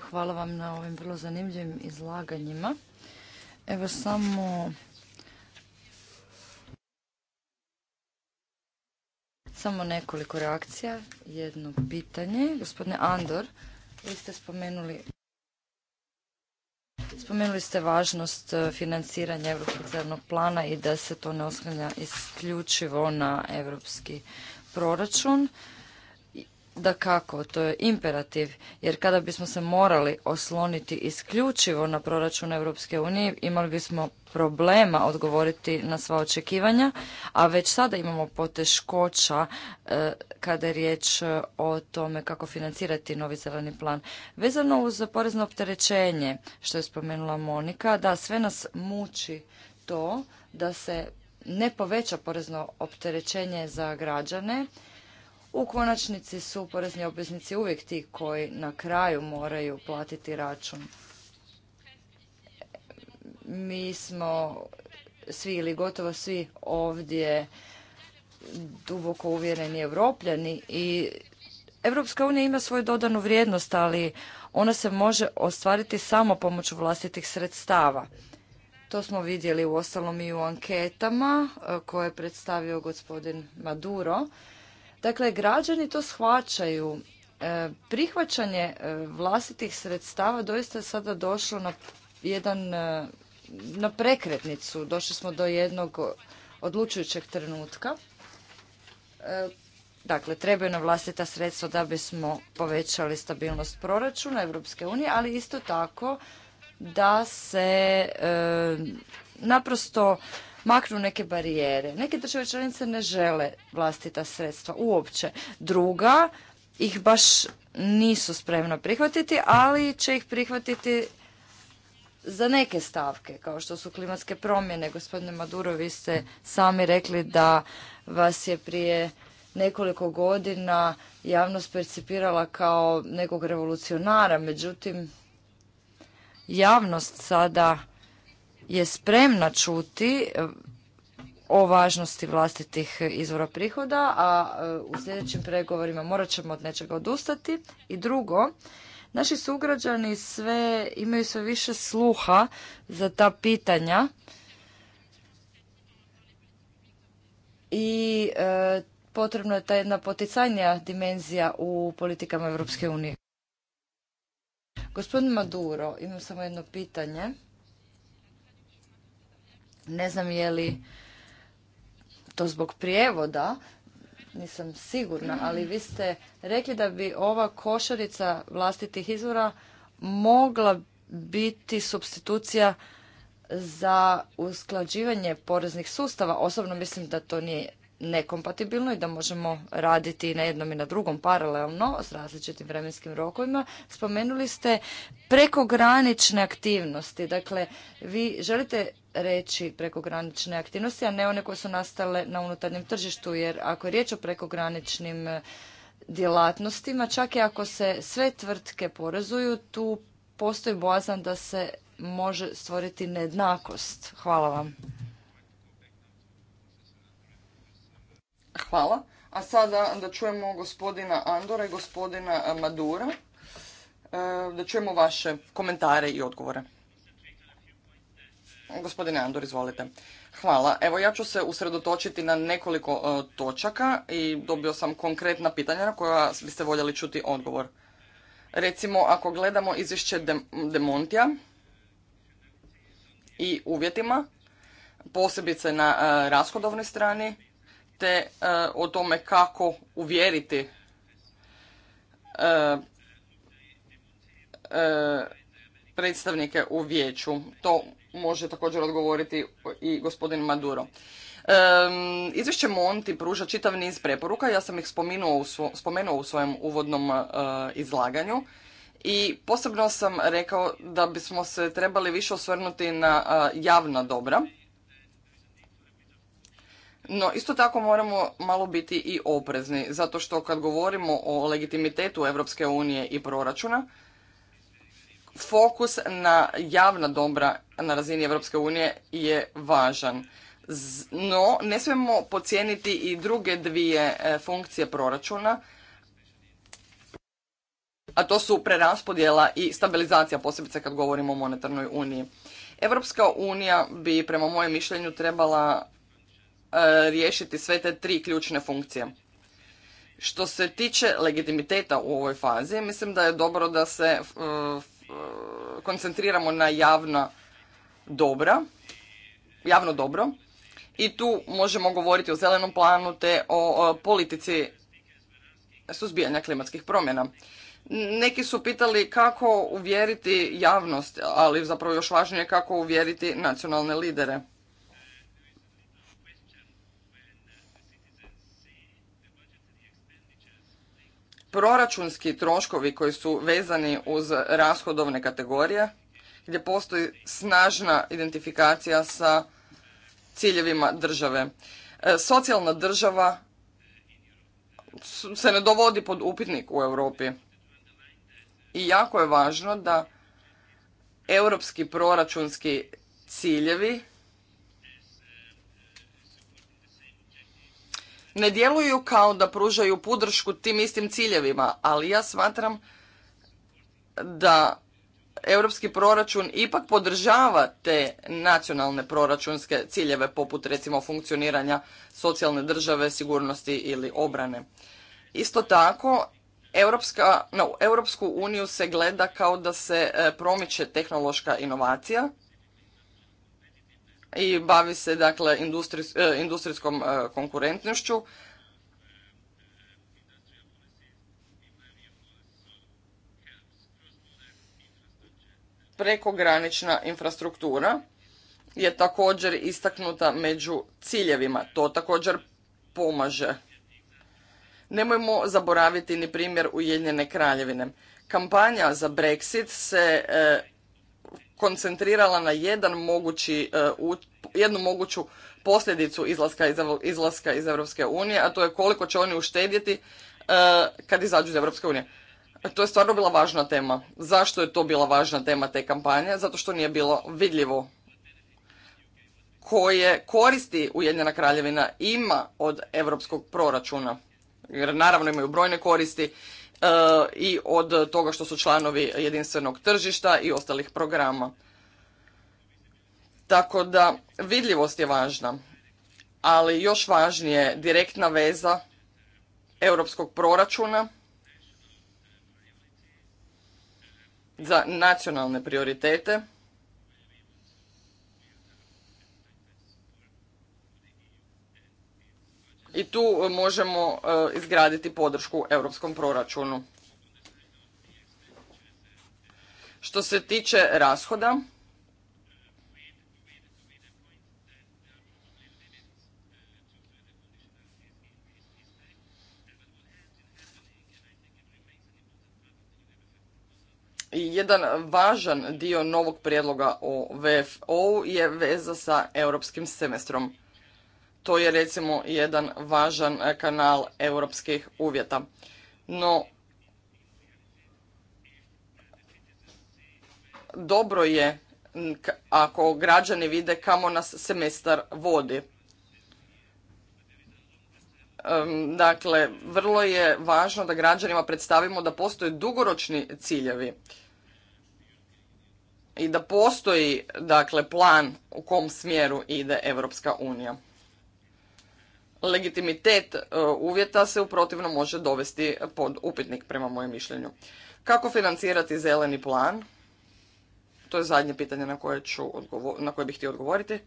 Hvala vam na ovim vrlo zanimljivim izlaganjima. Evo samo... Samo nekoliko reakcija, jedno pitanje. Gospodine Andor, vi ste spomenuli Spomenuli ste važnost e, financiranja Europskog zelenog plana i da se to ne oslanja isključivo na europski proračun. Da kako, to je imperativ, jer kada bismo se morali osloniti isključivo na proračun Europske unije, imali bismo problema odgovoriti na sva očekivanja, a već sada imamo poteškoća e, kada je riječ e, o tome kako financirati novi zeleni plan. Vezano uz porezno opterećenje, što je spomenula Monika, da sve nas muči to da se ne poveća porezno opterećenje za građane, u konačnici su porezni obveznici uvijek ti koji na kraju moraju platiti račun. Mi smo svi ili gotovo svi ovdje duboko uvjereni evropljani i Evropska unija ima svoju dodanu vrijednost, ali ona se može ostvariti samo pomoću vlastitih sredstava. To smo vidjeli u ostalom i u anketama eh, koje je predstavio gospodin Maduro. Dakle, građani to shvaćaju. E, prihvaćanje e, vlastitih sredstava doista je sada došlo na jedan e, na prekretnicu. Došli smo do jednog odlučujućeg trenutka. Dakle, trebaju na vlastita sredstva da bismo povećali stabilnost proračuna Europske unije, ali isto tako da se naprosto maknu neke barijere. Neke države članice ne žele vlastita sredstva uopće. Druga ih baš nisu spremna prihvatiti, ali će ih prihvatiti za neke stavke, kao što su klimatske promjene. Gospodine Maduro, vi ste sami rekli da vas je prije nekoliko godina javnost percipirala kao nekog revolucionara, međutim javnost sada je spremna čuti eh, o važnosti vlastitih eh, izvora prihoda, a eh, u sljedećim pregovorima morat ćemo od nečega odustati. I drugo, naši sugrađani sve imaju sve više sluha za ta pitanja i e, potrebna je ta jedna poticajnija dimenzija u politikama Europske unije. Gospodin Maduro, imam samo jedno pitanje. Ne znam je li to zbog prijevoda, nisam sigurna, ali vi ste rekli da bi ova košarica vlastitih izvora mogla biti substitucija za usklađivanje poreznih sustava. Osobno mislim da to nije nekompatibilno i da možemo raditi na jednom i na drugom paralelno s različitim vremenskim rokovima. Spomenuli ste prekogranične aktivnosti. Dakle, vi želite reći prekogranične aktivnosti, a ne one koje su nastale na unutarnjem tržištu, jer ako je riječ o prekograničnim e, djelatnostima, čak i ako se sve tvrtke porezuju, tu postoji boazan da se može stvoriti nejednakost. Hvala vam. Hvala. A sada da čujemo gospodina Andora i gospodina Madura, e, da čujemo vaše komentare i odgovore. Gospodine Andor, izvolite. Hvala. Evo ja ću se usredotočiti na nekoliko e, točaka i dobio sam konkretna pitanja na koja biste voljeli čuti odgovor. Recimo, ako gledamo izvješće Demontija i uvjetima, posebice na e, rashodovnoj strani, te e, o tome kako uvjeriti predstavnike u vijeću. To može također odgovoriti i gospodin Maduro. Um, izvješće Monti pruža čitav niz preporuka, ja sam ih spomenuo u, spomenuo u svojem uvodnom e, izlaganju i posebno sam rekao da bismo se trebali više osvrnuti na e, javna dobra. No, isto tako moramo malo biti i oprezni, zato što kad govorimo o legitimitetu Europske unije i proračuna, fokus na javna dobra na razini Europske unije je važan. No, ne smijemo pocijeniti i druge dvije e, funkcije proračuna, a to su preraspodjela i stabilizacija, posebice kad govorimo o monetarnoj uniji. Europska unija bi, prema mojem mišljenju, trebala e, riješiti sve te tri ključne funkcije. Što se tiče legitimiteta u ovoj fazi, mislim da je dobro da se Eh, koncentriramo na javna dobra, javno dobro i tu možemo govoriti o zelenom planu te o, o politici suzbijanja klimatskih promjena. Neki su pitali kako uvjeriti javnost, ali zapravo još važnije kako uvjeriti nacionalne lidere. proračunski troškovi koji su vezani uz rashodovne kategorije, gdje postoji snažna identifikacija sa ciljevima države. E, socijalna država se ne dovodi pod upitnik u Europi. I jako je važno da europski proračunski ciljevi ne djeluju kao da pružaju podršku tim istim ciljevima, ali ja smatram da europski proračun ipak podržava te nacionalne proračunske ciljeve poput recimo funkcioniranja socijalne države, sigurnosti ili obrane. Isto tako, Europska, no, Europsku uniju se gleda kao da se e, promiče tehnološka inovacija i bavi se dakle e, industrijskom e, konkurentnošću. Prekogranična infrastruktura je također istaknuta među ciljevima. To također pomaže. Nemojmo zaboraviti ni primjer Ujedinjene kraljevine. Kampanja za Brexit se e, koncentrirala na jedan mogući, e, jednu moguću posljedicu izlaska iz, izlaska iz Europske unije, a to je koliko će oni uštedjeti e, kad izađu iz Europske unije. To je stvarno bila važna tema. Zašto je to bila važna tema te kampanje? Zato što nije bilo vidljivo koje koristi Ujedinjena kraljevina ima od europskog proračuna. Jer naravno imaju brojne koristi E, i od toga što su članovi jedinstvenog tržišta i ostalih programa. Tako da vidljivost je važna, ali još važnije direktna veza europskog proračuna za nacionalne prioritete i tu e, možemo e, izgraditi podršku europskom proračunu. Što se tiče rashoda, jedan važan dio novog prijedloga o VFO je veza sa europskim semestrom. To je recimo jedan važan e, kanal europskih uvjeta. No, dobro je ako građani vide kamo nas semestar vodi. Dakle, vrlo je važno da građanima predstavimo da postoje dugoročni ciljevi i da postoji dakle plan u kom smjeru ide Europska unija legitimitet e, uvjeta se u protivno može dovesti pod upitnik prema mojem mišljenju. Kako financirati zeleni plan? To je zadnje pitanje na koje, ću, na koje bih htio odgovoriti. E,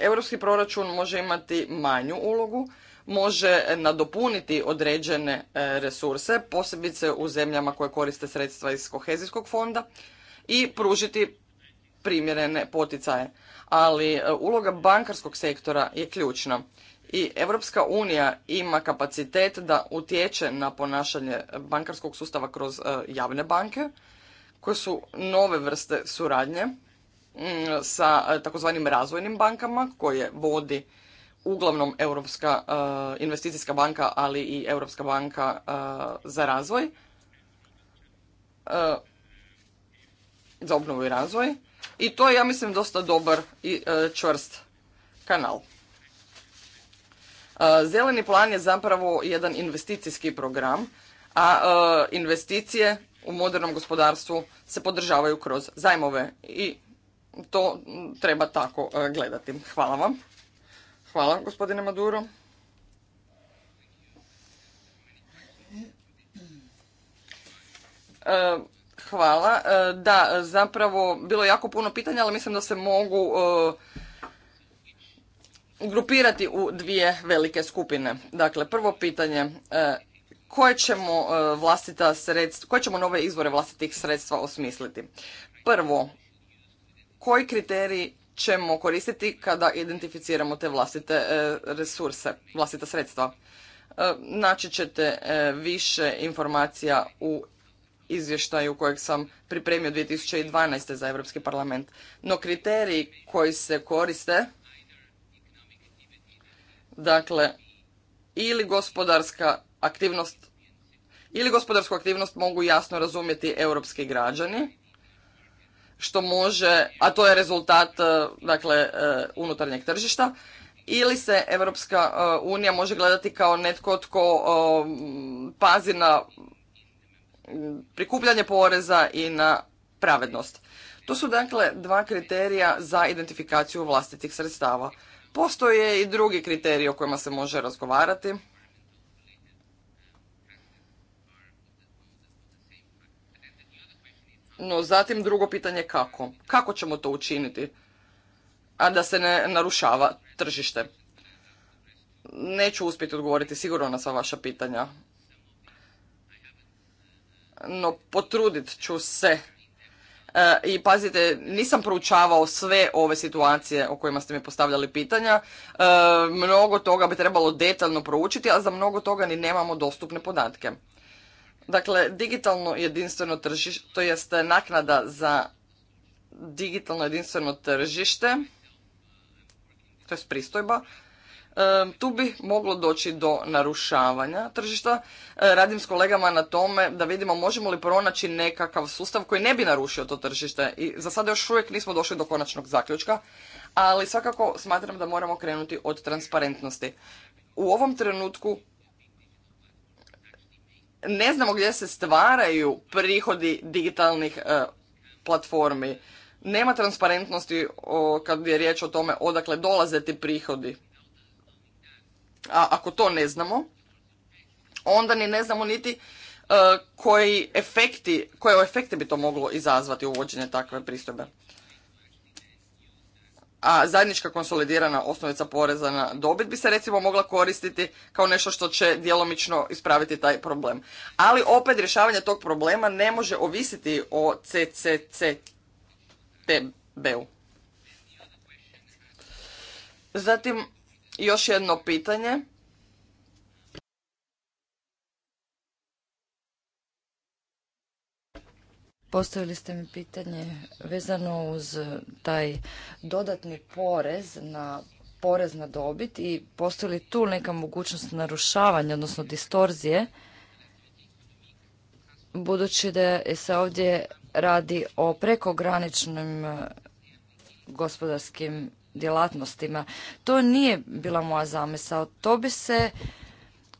europski proračun može imati manju ulogu, može nadopuniti određene e, resurse, posebice u zemljama koje koriste sredstva iz kohezijskog fonda i pružiti primjerene poticaje ali e, uloga bankarskog sektora je ključna i Europska unija ima kapacitet da utječe na ponašanje bankarskog sustava kroz e, javne banke koje su nove vrste suradnje sa e, takozvanim razvojnim bankama koje vodi uglavnom Europska investicijska banka, ali i Europska banka za razvoj, za obnovu i razvoj. I to je, ja mislim, dosta dobar i e, čvrst kanal. E, Zeleni plan je zapravo jedan investicijski program, a e, investicije u modernom gospodarstvu se podržavaju kroz zajmove i to treba tako gledati. Hvala vam. Hvala, gospodine Maduro. Hvala. E, da, zapravo bilo je jako puno pitanja, ali mislim da se mogu e, grupirati u dvije velike skupine. Dakle, prvo pitanje, e, koje ćemo vlastita sredstva, koje ćemo nove izvore vlastitih sredstva osmisliti? Prvo, koji kriteriji ćemo koristiti kada identificiramo te vlastite resurse, vlastita sredstva? Naći ćete više informacija u izvještaju kojeg sam pripremio 2012. za Europski parlament. No kriteriji koji se koriste, dakle, ili gospodarska aktivnost, ili gospodarsku aktivnost mogu jasno razumjeti europski građani, što može, a to je rezultat e, dakle, e, unutarnjeg tržišta, ili se Europska e, unija može gledati kao netko tko pazi na prikupljanje poreza i na pravednost. To su dakle dva kriterija za identifikaciju vlastitih sredstava. Postoje i drugi kriteriji o kojima se može razgovarati. No, zatim drugo pitanje kako? Kako ćemo to učiniti? A da se ne narušava tržište. Neću uspjeti odgovoriti sigurno na sva vaša pitanja no potrudit ću se. E, I pazite, nisam proučavao sve ove situacije o kojima ste mi postavljali pitanja. E, mnogo toga bi trebalo detaljno proučiti, a za mnogo toga ni nemamo dostupne podatke. Dakle, digitalno jedinstveno tržište, to jest naknada za digitalno jedinstveno tržište, to je pristojba, tu bi moglo doći do narušavanja tržišta. E, radim s kolegama na tome da vidimo možemo li pronaći nekakav sustav koji ne bi narušio to tržište. I za sada još uvijek nismo došli do konačnog zaključka, ali svakako smatram da moramo krenuti od transparentnosti. U ovom trenutku ne znamo gdje se stvaraju prihodi digitalnih e, platformi. Nema transparentnosti kad je riječ o tome odakle dolaze ti prihodi a ako to ne znamo, onda ni ne znamo niti e, koji efekti, koje efekte bi to moglo izazvati uvođenje takve pristojbe. A zajednička konsolidirana osnovica poreza na dobit bi se recimo mogla koristiti kao nešto što će djelomično ispraviti taj problem. Ali opet rješavanje tog problema ne može ovisiti o CCCTB-u. Zatim, još jedno pitanje. Postavili ste mi pitanje vezano uz taj dodatni porez na porez na dobit i postoji li tu neka mogućnost narušavanja, odnosno distorzije, budući da se ovdje radi o prekograničnim gospodarskim djelatnostima. To nije bila moja zamisao. To bi se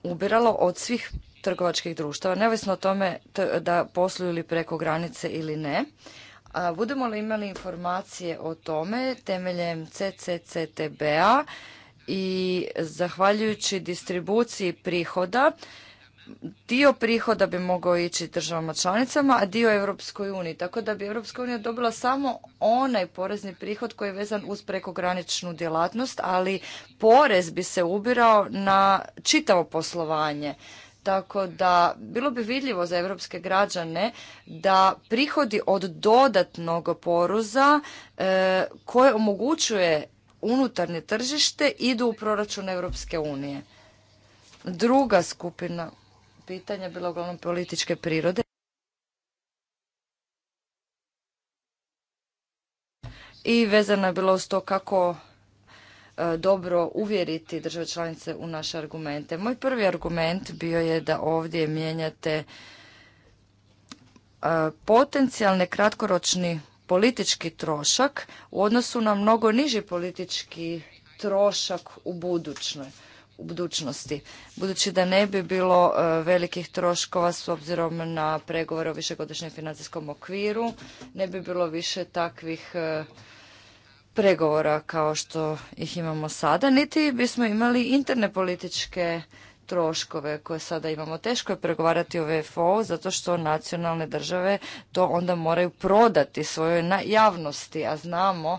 ubiralo od svih trgovačkih društava, neovisno o tome da posluju li preko granice ili ne. budemo li imali informacije o tome temeljem CCCTB-a i zahvaljujući distribuciji prihoda, dio prihoda bi mogao ići državama članicama, a dio Europskoj uniji. Tako da bi Europska unija dobila samo onaj porezni prihod koji je vezan uz prekograničnu djelatnost, ali porez bi se ubirao na čitavo poslovanje. Tako da bilo bi vidljivo za europske građane da prihodi od dodatnog poruza e, koje omogućuje unutarnje tržište idu u proračun Europske unije. Druga skupina pitanja bilo uglavnom političke prirode. I vezano je bilo uz to kako e, dobro uvjeriti države članice u naše argumente. Moj prvi argument bio je da ovdje mijenjate e, potencijalni kratkoročni politički trošak u odnosu na mnogo niži politički trošak u budućnoj u budućnosti. Budući da ne bi bilo e, velikih troškova s obzirom na pregovore o višegodišnjem financijskom okviru, ne bi bilo više takvih e, pregovora kao što ih imamo sada, niti bismo imali interne političke troškove koje sada imamo. Teško je pregovarati o VFO zato što nacionalne države to onda moraju prodati svojoj javnosti, a znamo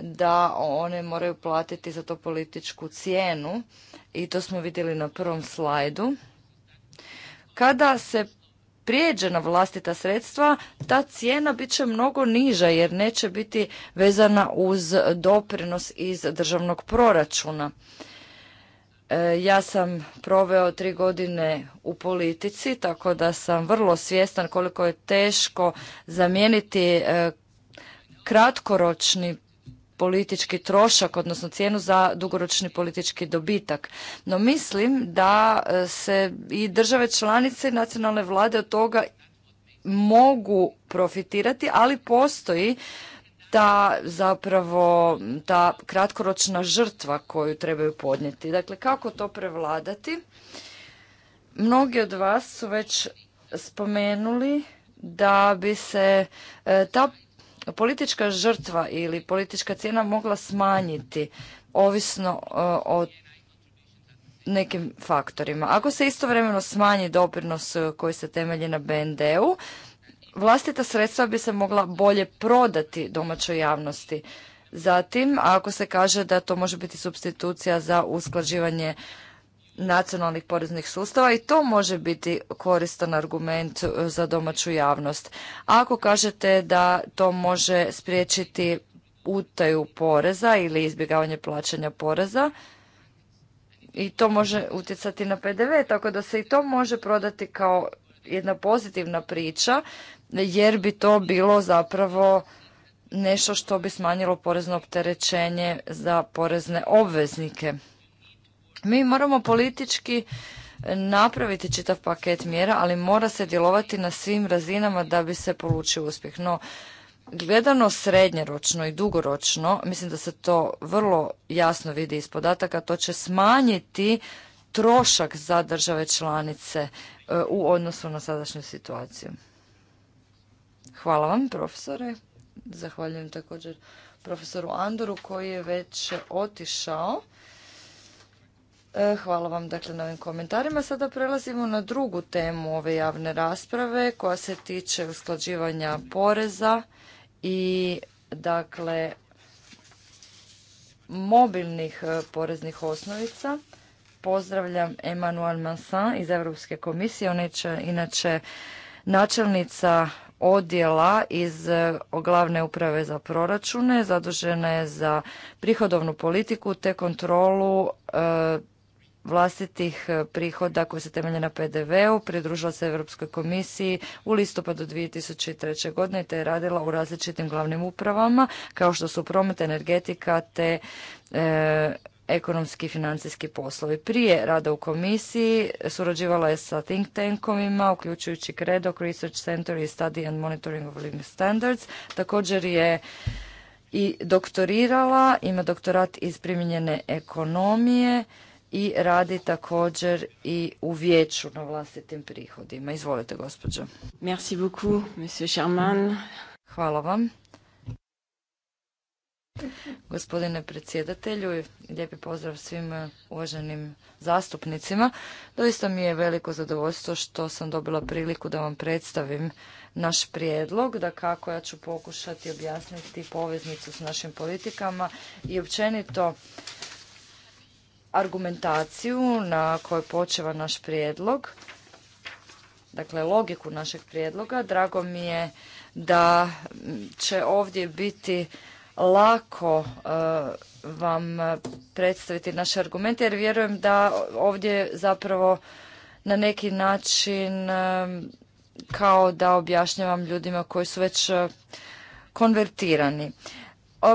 da one moraju platiti za to političku cijenu i to smo vidjeli na prvom slajdu. Kada se prijeđe na vlastita sredstva, ta cijena bit će mnogo niža jer neće biti vezana uz doprinos iz državnog proračuna. E, ja sam proveo tri godine u politici, tako da sam vrlo svjestan koliko je teško zamijeniti e, kratkoročni politički trošak, odnosno cijenu za dugoročni politički dobitak. No mislim da e, se i države članice i nacionalne vlade od toga mogu profitirati, ali postoji ta zapravo ta kratkoročna žrtva koju trebaju podnijeti. Dakle, kako to prevladati? Mnogi od vas su već spomenuli da bi se e, ta politička žrtva ili politička cijena mogla smanjiti ovisno e, o nekim faktorima. Ako se istovremeno smanji doprinos e, koji se temelji na BND-u, vlastita sredstva bi se mogla bolje prodati domaćoj javnosti. Zatim, ako se kaže da to može biti substitucija za usklađivanje nacionalnih poreznih sustava i to može biti koristan argument e, za domaću javnost. Ako kažete da to može spriječiti utaju poreza ili izbjegavanje plaćanja poreza i to može utjecati na PDV, tako da se i to može prodati kao jedna pozitivna priča jer bi to bilo zapravo nešto što bi smanjilo porezno opterećenje za porezne obveznike. Mi moramo politički napraviti čitav paket mjera, ali mora se djelovati na svim razinama da bi se polučio uspjeh. No, gledano srednjeročno i dugoročno, mislim da se to vrlo jasno vidi iz podataka, to će smanjiti trošak za države članice e, u odnosu na sadašnju situaciju. Hvala vam, profesore. Zahvaljujem također profesoru Andoru koji je već otišao. E, hvala vam dakle na ovim komentarima. Sada prelazimo na drugu temu ove javne rasprave koja se tiče usklađivanja poreza i dakle mobilnih e, poreznih osnovica. Pozdravljam Emmanuel Mansan iz Europske komisije. Ona je inače načelnica odjela iz e, glavne uprave za proračune. Zadužena je za prihodovnu politiku te kontrolu vlastitih e, prihoda koji se temelje na PDV-u, pridružila se Europskoj komisiji u listopadu 2003. godine te je radila u različitim glavnim upravama kao što su promet, energetika te e, ekonomski i financijski poslovi. Prije rada u komisiji surađivala je sa think tankovima, uključujući CREDOC Research Center i Study and Monitoring of Living Standards. Također je i doktorirala, ima doktorat iz primijenjene ekonomije i radi također i u vijeću na vlastitim prihodima. Izvolite, gospođo. Merci beaucoup, monsieur Charman. Hvala vam. Gospodine predsjedatelju, lijepi pozdrav svim eh, uvaženim zastupnicima. Doista mi je veliko zadovoljstvo što sam dobila priliku da vam predstavim naš prijedlog, da kako ja ću pokušati objasniti poveznicu s našim politikama i općenito argumentaciju na kojoj počeva naš prijedlog, dakle logiku našeg prijedloga. Drago mi je da će ovdje biti lako e, vam predstaviti naše argumente jer vjerujem da ovdje zapravo na neki način e, kao da objašnjavam ljudima koji su već e, konvertirani.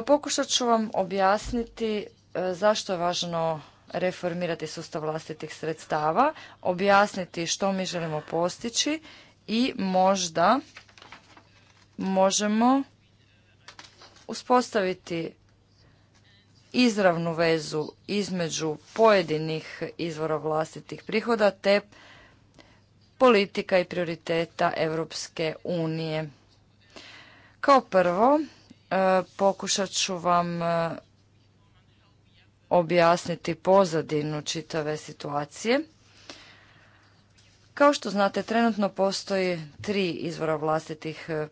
Pokušat ću vam objasniti zašto je važno reformirati sustav vlastitih sredstava, objasniti što mi želimo postići i možda možemo uspostaviti izravnu vezu između pojedinih izvora vlastitih prihoda te politika i prioriteta Europske unije. Kao prvo, e, pokušat ću vam e, objasniti pozadinu čitave situacije. Kao što znate, trenutno postoji tri izvora vlastitih e,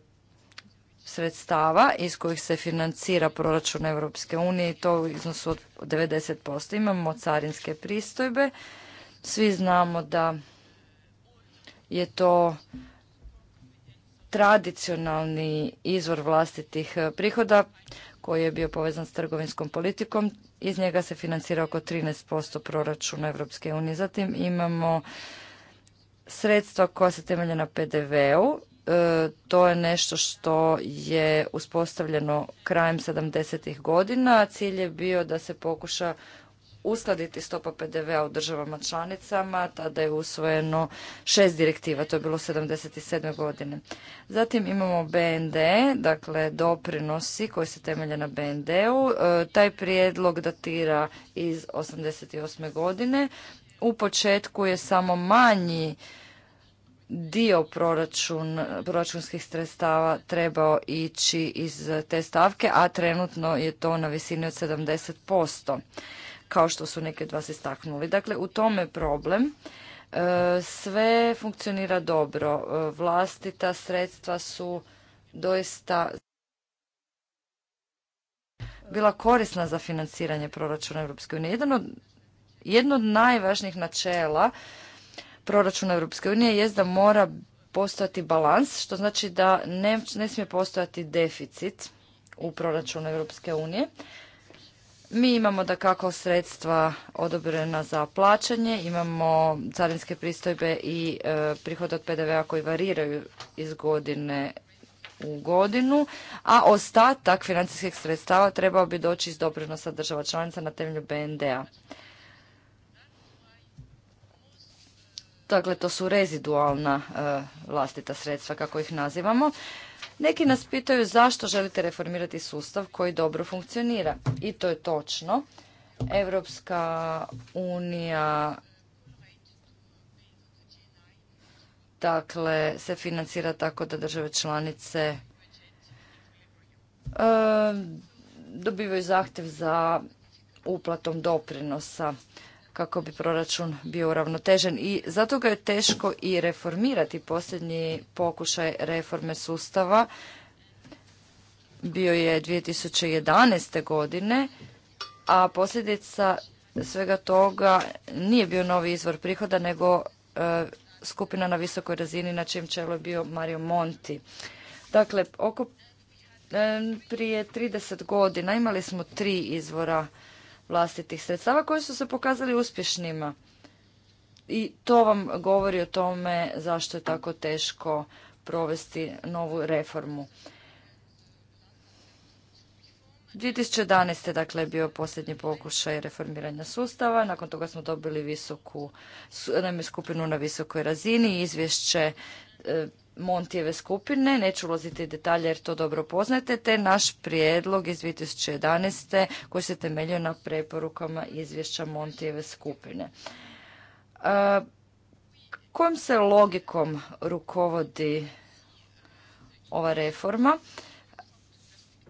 sredstava iz kojih se financira proračun Europske unije i to u iznosu od 90%. Imamo carinske pristojbe. Svi znamo da je to tradicionalni izvor vlastitih e, prihoda koji je bio povezan s trgovinskom politikom. Iz njega se financira oko 13% proračuna Europske unije. Zatim imamo sredstva koja se temelje na PDV-u. E, to je nešto što je uspostavljeno krajem 70. godina. Cilj je bio da se pokuša uskladiti stopa PDV-a u državama članicama, tada je usvojeno šest direktiva, to je bilo 77. godine. Zatim imamo BND, dakle doprinosi koji se temelje na BND-u. E, taj prijedlog datira iz 88. godine. U početku je samo manji dio proračun, proračunskih sredstava trebao ići iz te stavke, a trenutno je to na visini od 70% kao što su neke od vas istaknuli. Dakle, u tome problem. E, sve funkcionira dobro. E, vlastita sredstva su doista bila korisna za financiranje proračuna Europske unije. jedno od najvažnijih načela proračuna Europske unije je da mora postojati balans, što znači da ne, ne smije postojati deficit u proračunu Europske unije. Mi imamo da kako sredstva odobrena za plaćanje, imamo carinske pristojbe i e, prihod od PDV-a koji variraju iz godine u godinu, a ostatak financijskih sredstava trebao bi doći iz doprinosa država članica na temelju BND-a. Dakle, to su rezidualna e, vlastita sredstva, kako ih nazivamo. Neki nas pitaju zašto želite reformirati sustav koji dobro funkcionira. I to je točno. Evropska unija dakle, se financira tako da države članice e, dobivaju zahtjev za uplatom doprinosa kako bi proračun bio uravnotežen i zato ga je teško i reformirati. Posljednji pokušaj reforme sustava bio je 2011. godine, a posljedica svega toga nije bio novi izvor prihoda, nego e, skupina na visokoj razini na čijem čelu je bio Mario Monti. Dakle, oko e, prije 30 godina imali smo tri izvora vlastitih sredstava koji su se pokazali uspješnima. I to vam govori o tome zašto je tako teško provesti novu reformu. 2011. dakle je bio posljednji pokušaj reformiranja sustava. Nakon toga smo dobili visoku skupinu na visokoj razini, izvješće e, Montijeve skupine, neću ulaziti detalje jer to dobro poznate, te naš prijedlog iz 2011. koji se temeljio na preporukama izvješća Montijeve skupine. E, kojom se logikom rukovodi ova reforma?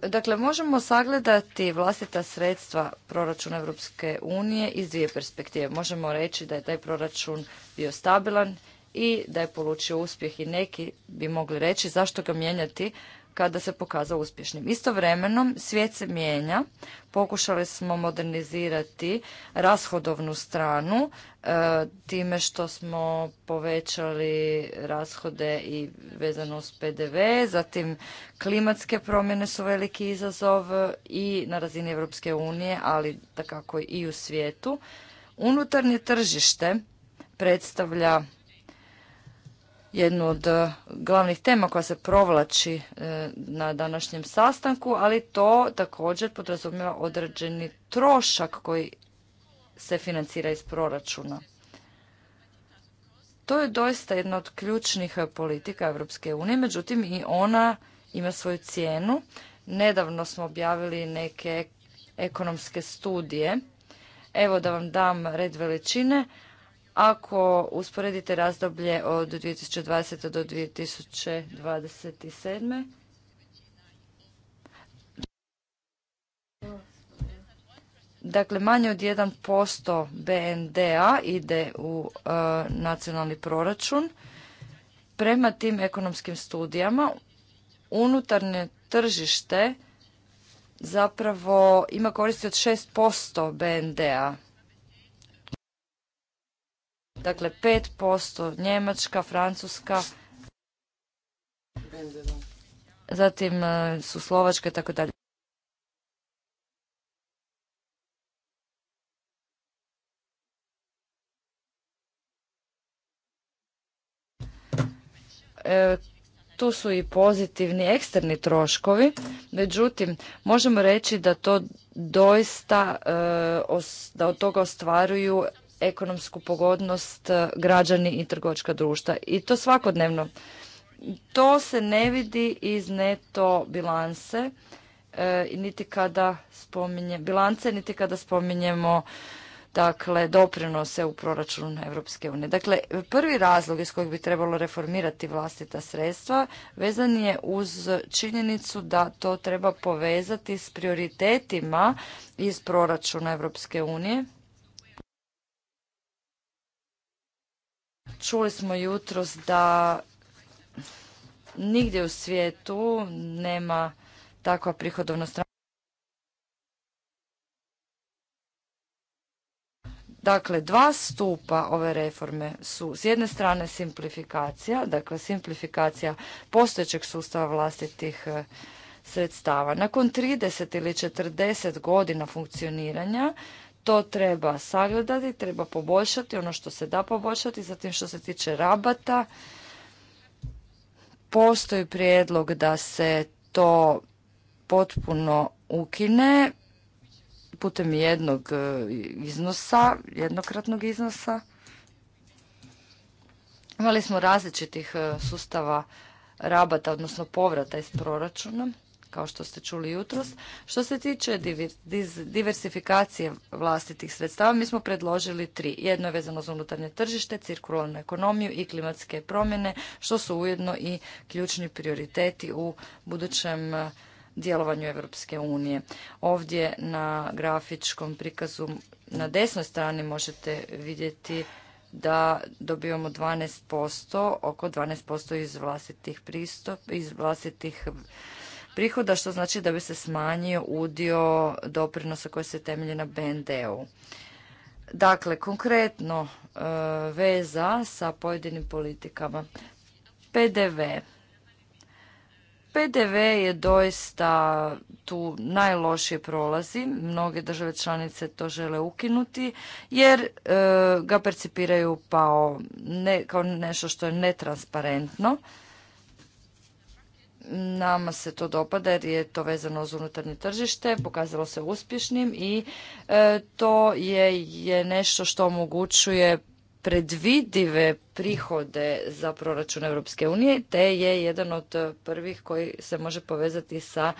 Dakle, možemo sagledati vlastita sredstva proračuna Europske unije iz dvije perspektive. Možemo reći da je taj proračun bio stabilan i da je polučio uspjeh i neki bi mogli reći zašto ga mijenjati kada se pokazao uspješnim. Istovremeno svijet se mijenja, pokušali smo modernizirati rashodovnu stranu e, time što smo povećali rashode i vezano uz PDV, zatim klimatske promjene su veliki izazov i na razini Europske unije, ali takako i u svijetu. Unutarnje tržište predstavlja jednu od e, glavnih tema koja se provlači e, na današnjem sastanku, ali to također podrazumijeva određeni trošak koji se financira iz proračuna. To je doista jedna od ključnih politika Europske unije, međutim i ona ima svoju cijenu. Nedavno smo objavili neke ekonomske studije. Evo da vam dam red veličine. Ako usporedite razdoblje od 2020. do 2027. Dakle, manje od 1% BND-a ide u e, nacionalni proračun. Prema tim ekonomskim studijama unutarnje tržište zapravo ima koristi od 6% BND-a Dakle, 5% Njemačka, Francuska, zatim e, su Slovačka i tako dalje. E, tu su i pozitivni eksterni troškovi, međutim možemo reći da to doista e, da od toga ostvaruju ekonomsku pogodnost e, građani i trgovačka društva i to svakodnevno. To se ne vidi iz neto bilance e, niti kada spominje bilance, niti kada spominjemo dakle doprinose u proračun Europske unije. Dakle, prvi razlog iz kojeg bi trebalo reformirati vlastita sredstva vezan je uz činjenicu da to treba povezati s prioritetima iz proračuna Europske unije Čuli smo jutros da nigdje u svijetu nema takva prihodovna strana. Dakle, dva stupa ove reforme su s jedne strane simplifikacija, dakle simplifikacija postojećeg sustava vlastitih eh, sredstava. Nakon 30 ili 40 godina funkcioniranja to treba sagledati, treba poboljšati ono što se da poboljšati, zatim što se tiče rabata, postoji prijedlog da se to potpuno ukine putem jednog e, iznosa, jednokratnog iznosa. Imali smo različitih e, sustava rabata, odnosno povrata iz proračuna kao što ste čuli jutros. Što se tiče diversifikacije vlastitih sredstava, mi smo predložili tri. Jedno je vezano za unutarnje tržište, cirkularnu ekonomiju i klimatske promjene, što su ujedno i ključni prioriteti u budućem e, djelovanju Europske unije. Ovdje na grafičkom prikazu na desnoj strani možete vidjeti da dobivamo 12%, oko 12% iz vlastitih pristop iz vlastitih prihoda, što znači da bi se smanjio udio doprinosa koji se temelji na BND-u. Dakle, konkretno e, veza sa pojedinim politikama. PDV. PDV je doista tu najlošije prolazi. Mnoge države članice to žele ukinuti jer e, ga percipiraju kao nešto što je netransparentno Nama se to dopada jer je to vezano uz unutarnje tržište, pokazalo se uspješnim i e, to je, je nešto što omogućuje predvidive prihode za proračun Europske unije, te je jedan od prvih koji se može povezati sa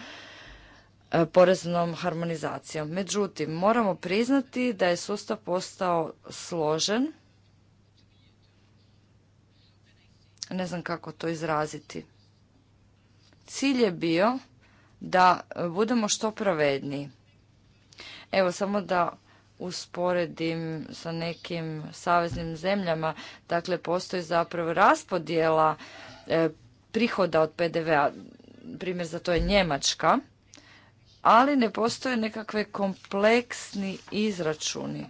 e, poreznom harmonizacijom. Međutim, moramo priznati da je sustav postao složen. Ne znam kako to izraziti. Cilj je bio da e, budemo što pravedniji. Evo samo da usporedim sa nekim saveznim zemljama, dakle postoji zapravo raspodjela e, prihoda od PDV-a, primjer za to je Njemačka, ali ne postoje nekakve kompleksni izračuni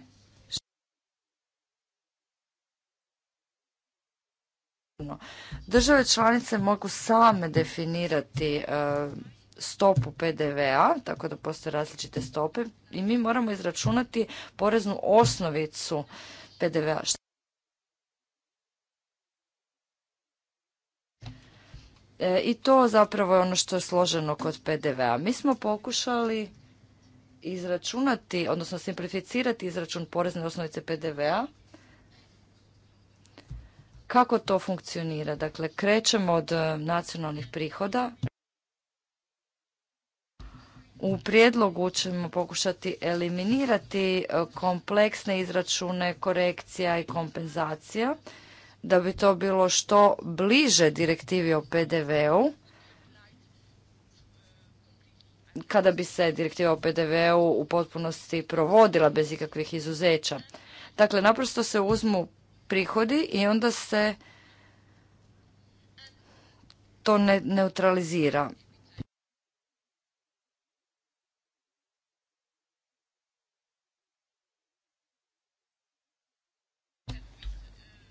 Države članice mogu same definirati e, stopu PDV-a, tako da postoje različite stope i mi moramo izračunati poreznu osnovicu PDV-a. E, I to zapravo je ono što je složeno kod PDV-a. Mi smo pokušali izračunati, odnosno simplificirati izračun porezne osnovice PDV-a kako to funkcionira? Dakle, krećemo od e, nacionalnih prihoda. U prijedlogu ćemo pokušati eliminirati e, kompleksne izračune korekcija i kompenzacija da bi to bilo što bliže direktivi o PDV-u. Kada bi se direktiva o PDV-u u potpunosti provodila bez ikakvih izuzeća. Dakle, naprosto se uzmu prihodi i onda se to ne neutralizira.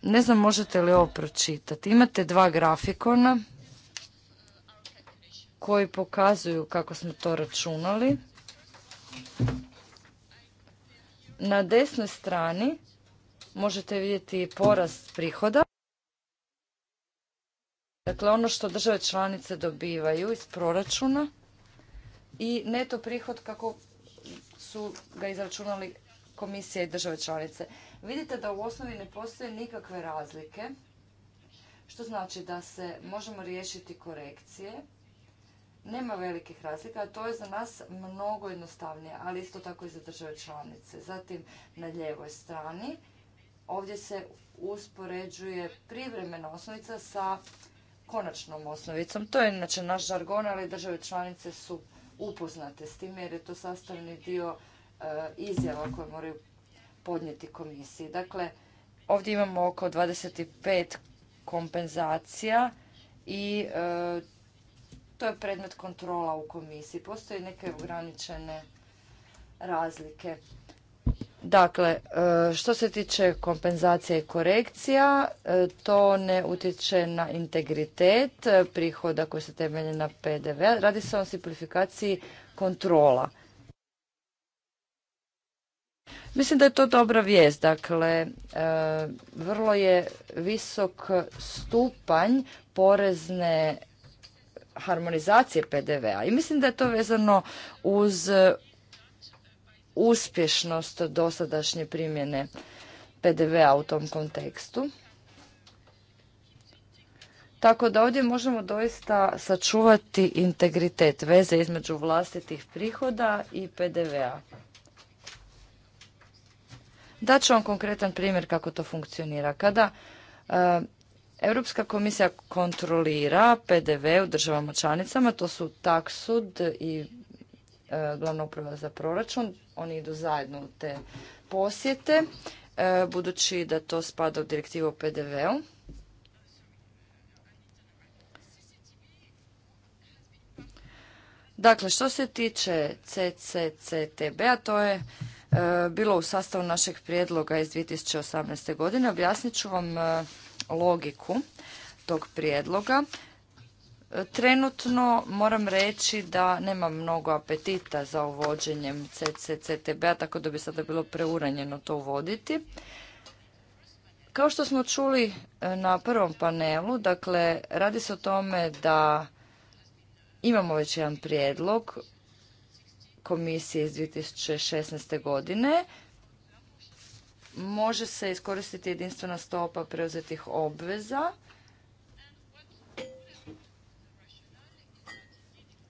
Ne znam možete li ovo pročitati. Imate dva grafikona koji pokazuju kako smo to računali. Na desnoj strani možete vidjeti porast prihoda. Dakle, ono što države članice dobivaju iz proračuna i neto prihod kako su ga izračunali komisija i države članice. Vidite da u osnovi ne postoje nikakve razlike, što znači da se možemo riješiti korekcije. Nema velikih razlika, a to je za nas mnogo jednostavnije, ali isto tako i za države članice. Zatim na ljevoj strani ovdje se uspoređuje privremena osnovica sa konačnom osnovicom. To je inače naš žargon, ali države članice su upoznate s tim jer je to sastavni dio e, izjava koje moraju podnijeti komisiji. Dakle, ovdje imamo oko 25 kompenzacija i e, to je predmet kontrola u komisiji. Postoje neke ograničene razlike. Dakle, e, što se tiče kompenzacije i korekcija, e, to ne utječe na integritet prihoda koji se temelje na PDV. Radi se o simplifikaciji kontrola. Mislim da je to dobra vijest. Dakle, e, vrlo je visok stupanj porezne harmonizacije PDV-a i mislim da je to vezano uz uspješnost dosadašnje primjene PDV-a u tom kontekstu. Tako da ovdje možemo doista sačuvati integritet veze između vlastitih prihoda i PDV-a. Daću vam konkretan primjer kako to funkcionira. Kada eh, Europska komisija kontrolira PDV u državama članicama, to su taksud i E, glavna uprava za proračun. Oni idu zajedno u te posjete, e, budući da to spada u direktivu o PDV-u. Dakle, što se tiče CCCTB-a, to je e, bilo u sastavu našeg prijedloga iz 2018. godine. Objasnit ću vam logiku tog prijedloga. Trenutno moram reći da nema mnogo apetita za uvođenjem CCCTB-a, tako da bi sada bilo preuranjeno to uvoditi. Kao što smo čuli e, na prvom panelu, dakle, radi se o tome da imamo već jedan prijedlog komisije iz 2016. godine. Može se iskoristiti jedinstvena stopa preuzetih obveza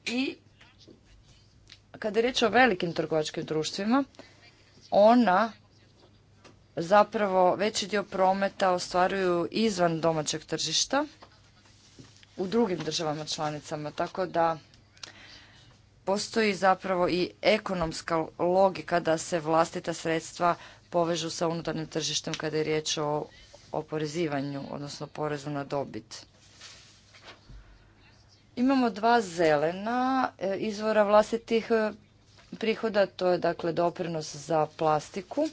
I kada je riječ o velikim trgovačkim društvima, ona zapravo veći dio prometa ostvaruju izvan domaćeg tržišta u drugim državama članicama, tako da postoji zapravo i ekonomska logika da se vlastita sredstva povežu sa unutarnjim tržištem kada je riječ o oporezivanju, odnosno porezu na dobit. Imamo dva zelena e, izvora vlastitih e, prihoda, to je dakle doprinos za plastiku.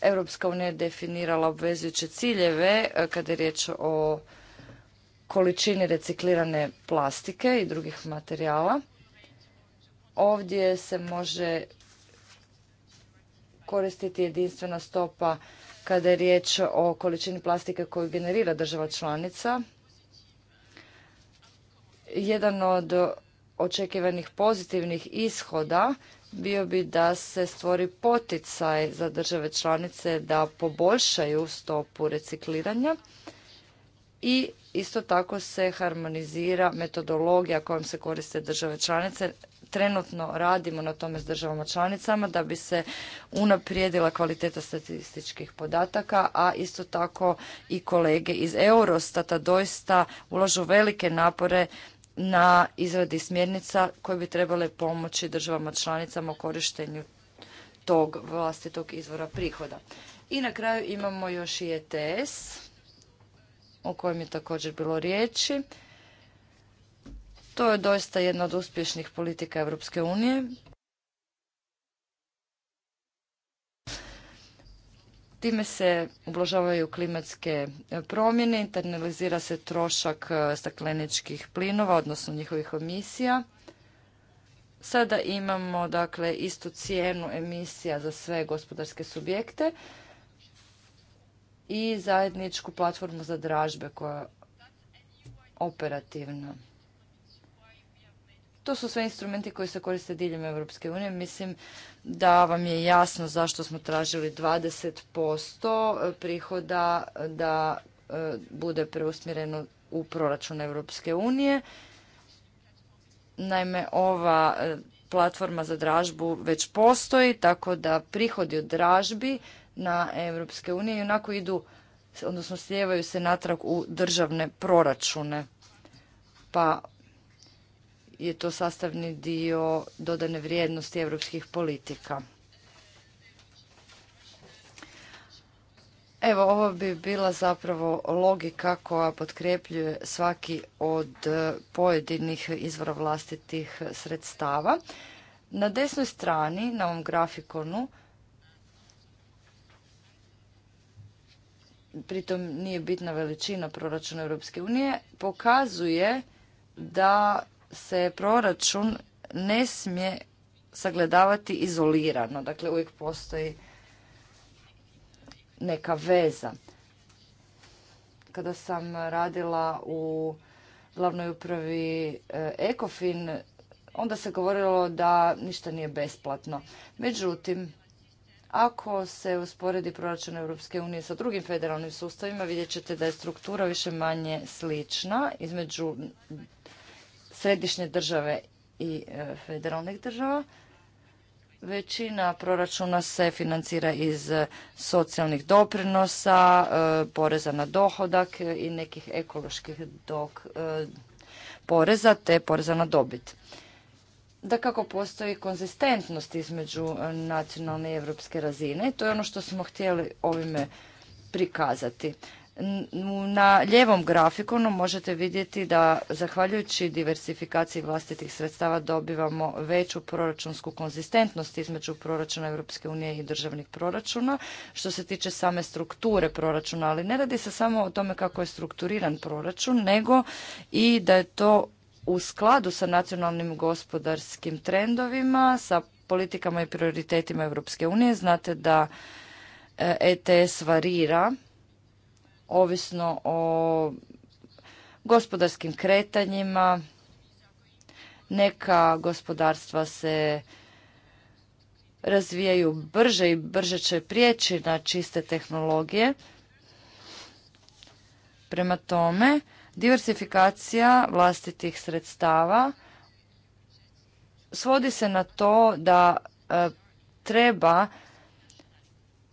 Europska unija je definirala obvezujuće ciljeve e, kada je riječ o količini reciklirane plastike i drugih materijala. Ovdje se može koristiti jedinstvena stopa kada je riječ o količini plastike koju generira država članica jedan od očekivanih pozitivnih ishoda bio bi da se stvori poticaj za države članice da poboljšaju stopu recikliranja i isto tako se harmonizira metodologija kojom se koriste države članice. Trenutno radimo na tome s državama članicama da bi se unaprijedila kvaliteta statističkih podataka, a isto tako i kolege iz Eurostata doista ulažu velike napore na izradi smjernica koje bi trebale pomoći državama članicama u korištenju tog vlastitog izvora prihoda. I na kraju imamo još i ETS o kojem je također bilo riječi. To je doista jedna od uspješnih politika Europske unije. Time se ublažavaju klimatske e, promjene, internalizira se trošak e, stakleničkih plinova, odnosno njihovih emisija. Sada imamo dakle istu cijenu emisija za sve gospodarske subjekte i zajedničku platformu za dražbe koja je operativna. To su sve instrumenti koji se koriste diljem Europske unije. Mislim da vam je jasno zašto smo tražili 20% prihoda da e, bude preusmjereno u proračun Europske unije. Naime, ova e, platforma za dražbu već postoji, tako da prihodi od dražbi na Europske unije i onako idu, odnosno slijevaju se natrag u državne proračune. Pa je to sastavni dio dodane vrijednosti europskih politika. Evo, ovo bi bila zapravo logika koja potkrepljuje svaki od e, pojedinih izvora vlastitih sredstava. Na desnoj strani, na ovom grafikonu, pritom nije bitna veličina proračuna Europske unije, pokazuje da se proračun ne smije sagledavati izolirano. Dakle, uvijek postoji neka veza. Kada sam radila u glavnoj upravi e, ECOFIN, onda se govorilo da ništa nije besplatno. Međutim, ako se usporedi proračun Europske unije sa drugim federalnim sustavima, vidjet ćete da je struktura više manje slična između središnje države i e, federalnih država. Većina proračuna se financira iz e, socijalnih doprinosa, e, poreza na dohodak i nekih ekoloških poreza te poreza na dobit. Da kako postoji konzistentnost između nacionalne i evropske razine to je ono što smo htjeli ovime prikazati. Na ljevom grafikonu možete vidjeti da zahvaljujući diversifikaciji vlastitih sredstava dobivamo veću proračunsku konzistentnost između proračuna Europske unije i državnih proračuna što se tiče same strukture proračuna, ali ne radi se samo o tome kako je strukturiran proračun, nego i da je to u skladu sa nacionalnim gospodarskim trendovima, sa politikama i prioritetima Europske unije. Znate da ETS e varira ovisno o gospodarskim kretanjima. Neka gospodarstva se razvijaju brže i brže će prijeći na čiste tehnologije. Prema tome, diversifikacija vlastitih sredstava svodi se na to da e, treba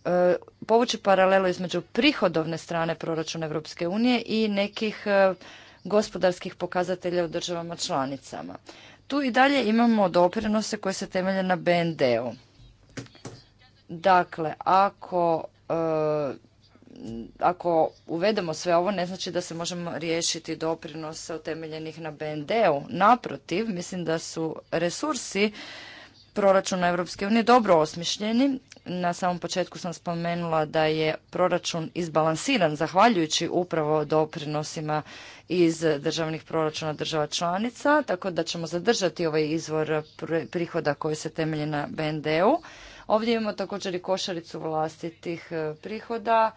E, povući paralelu između prihodovne strane proračuna Europske unije i nekih e, gospodarskih pokazatelja u državama članicama. Tu i dalje imamo doprinose koje se temelje na BND-u. Dakle, ako e, ako uvedemo sve ovo, ne znači da se možemo riješiti doprinosa utemeljenih na BND-u. Naprotiv, mislim da su resursi proračuna Europske unije dobro osmišljeni. Na samom početku sam spomenula da je proračun izbalansiran zahvaljujući upravo doprinosima iz državnih proračuna država članica, tako da ćemo zadržati ovaj izvor prihoda koji se temelji na BND-u. Ovdje imamo također i košaricu vlastitih e, prihoda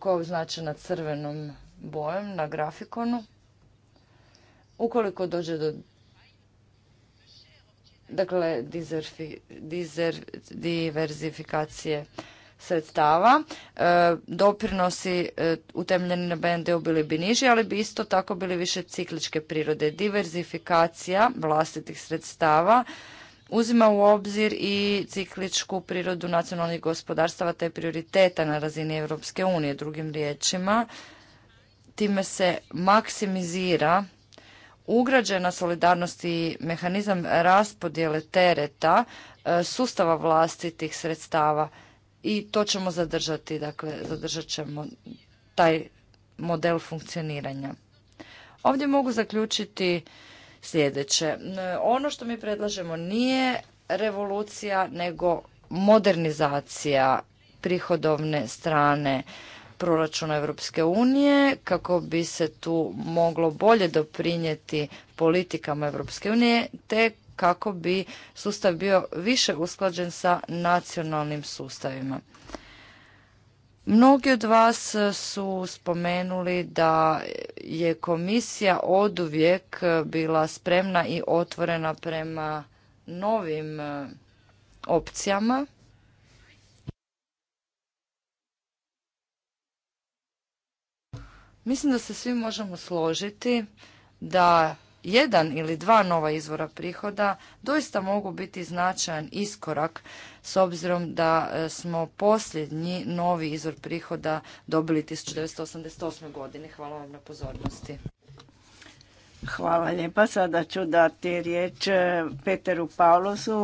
koja je označena crvenom bojem na grafikonu. Ukoliko dođe do dakle, diverzifikacije sredstava, e, doprinosi e, utemljeni na BND-u bili bi niži, ali bi isto tako bili više cikličke prirode. Diverzifikacija vlastitih sredstava uzima u obzir i cikličku prirodu nacionalnih gospodarstava te prioriteta na razini Europske unije. Drugim riječima, time se maksimizira ugrađena solidarnost i mehanizam raspodjele tereta e, sustava vlastitih sredstava i to ćemo zadržati, dakle zadržat ćemo taj model funkcioniranja. Ovdje mogu zaključiti sljedeće. E, ono što mi predlažemo nije revolucija, nego modernizacija prihodovne strane proračuna Europske unije kako bi se tu moglo bolje doprinijeti politikama Europske unije te kako bi sustav bio više usklađen sa nacionalnim sustavima. Mnogi od vas su spomenuli da je komisija oduvijek bila spremna i otvorena prema novim opcijama Mislim da se svi možemo složiti da jedan ili dva nova izvora prihoda doista mogu biti značajan iskorak s obzirom da e, smo posljednji novi izvor prihoda dobili 1988. godine. Hvala vam na pozornosti. Hvala lijepa. Sada ću dati riječ e, Peteru Paulosu.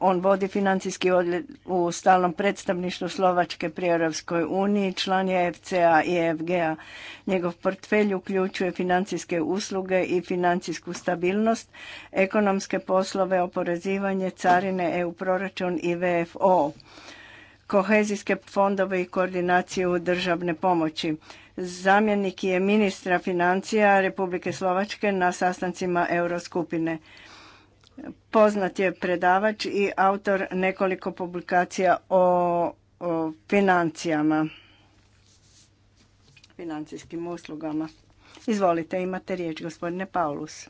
On vodi financijski odljed u stalnom predstavništvu Slovačke pri Europskoj uniji. Član je FCA i fga a Njegov portfelj uključuje financijske usluge i financijsku stabilnost, ekonomske poslove, oporezivanje, carine, EU proračun i VFO kohezijske fondove i koordinaciju državne pomoći. Zamjenik je ministra financija Republike Slovačke na sastancima Euroskupine. Poznat je predavač i autor nekoliko publikacija o, financijama, financijskim uslugama. Izvolite, imate riječ, gospodine Paulus.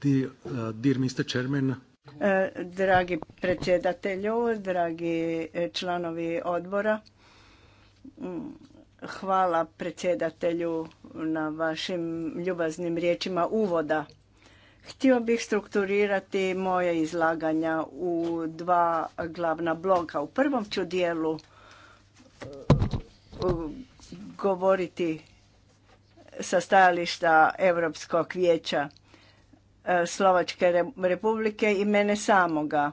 Dear, Mr. Uh, chairman, E, dragi predsjedatelju, dragi e, članovi odbora, hvala predsjedatelju na vašim ljubaznim riječima uvoda. Htio bih strukturirati moje izlaganja u dva glavna bloka. U prvom ću dijelu e, govoriti sa stajališta Europskog vijeća E, Slovačke republike i mene samoga.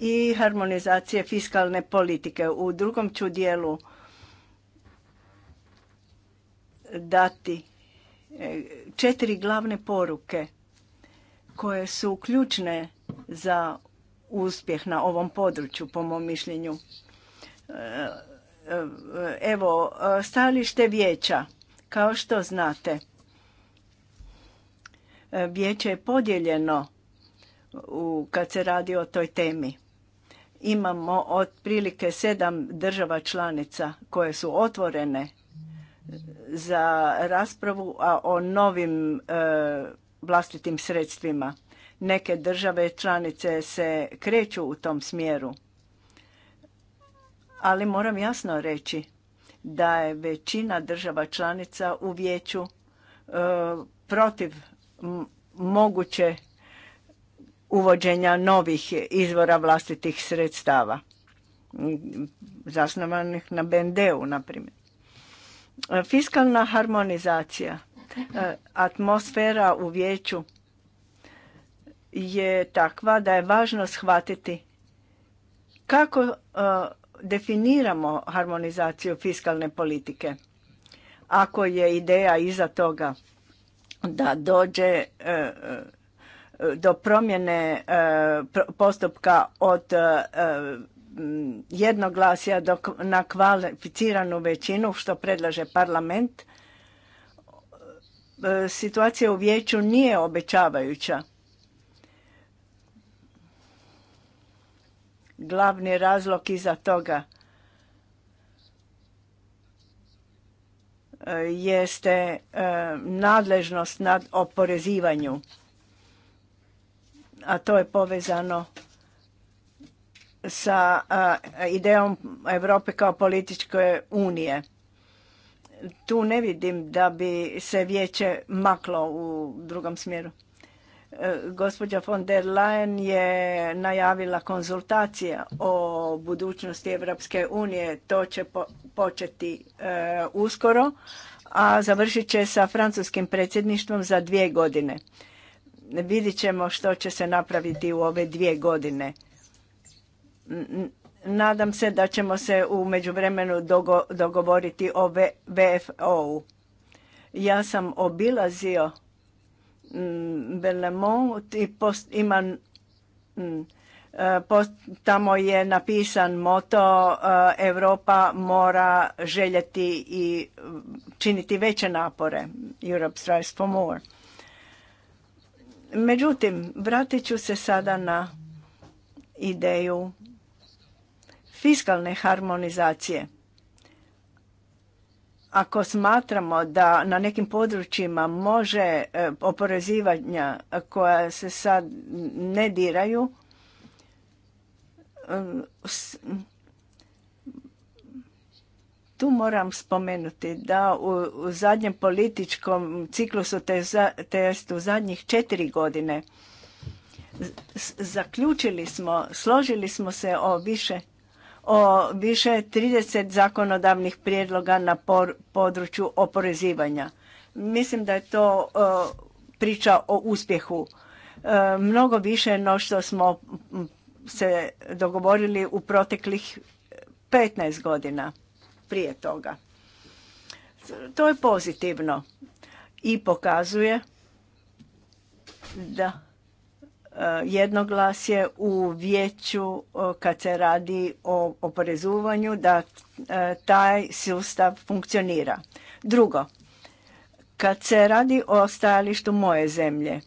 I harmonizacije fiskalne politike. U drugom ću dijelu dati e, četiri glavne poruke koje su ključne za uspjeh na ovom području, po mom mišljenju. E, evo, stajalište vijeća, kao što znate, Vijeće je podijeljeno u, kad se radi o toj temi. Imamo otprilike sedam država članica koje su otvorene za raspravu a o novim e, vlastitim sredstvima. Neke države članice se kreću u tom smjeru. Ali moram jasno reći da je većina država članica u vijeću e, protiv moguće uvođenja novih izvora vlastitih sredstava, zasnovanih na BND-u, na primjer. E, fiskalna harmonizacija, e, atmosfera u vijeću je takva da je važno shvatiti kako e, definiramo harmonizaciju fiskalne politike. Ako je ideja iza toga da dođe e, e, do promjene e, postupka od jednoglasja na kvalificiranu većinu što predlaže parlament situacija u vijeću nije obećavajuća glavni razlog iza toga jeste e, nadležnost nad oporezivanju. A to je povezano sa idejom Europe kao političke unije. Tu ne vidim da bi se vijeće maklo u drugom smjeru. E, gospođa von der Leyen je najavila konzultacije o budućnosti Evropske unije. To će početi e, uskoro, a završit će sa francuskim predsjedništvom za dvije godine. Vidit ćemo što će se napraviti u ove dvije godine. Nadam se da ćemo se u međuvremenu dogovoriti o VFO-u. Ja sam obilazio Mm, Belemont i post, ima mm, e, post, tamo je napisan moto e, Europa mora željeti i činiti veće napore. Europe strives for more. Međutim, vratit ću se sada na ideju fiskalne harmonizacije. Ako smatramo da na nekim područjima može e, oporezivanja koja se sad ne diraju, e, tu moram spomenuti da u zadnjem političkom ciklusu u zadnjih četiri godine zaključili smo, složili smo se o više o više 30 zakonodavnih prijedloga na području oporezivanja. Mislim da je to e, priča o uspjehu. E, mnogo više no što smo se dogovorili u proteklih 15 godina prije toga. To je pozitivno i pokazuje da E, jednoglasje u vijeću e, kad se radi o oporezivanju da e, taj sustav funkcionira. Drugo, kad se radi o stajalištu moje zemlje,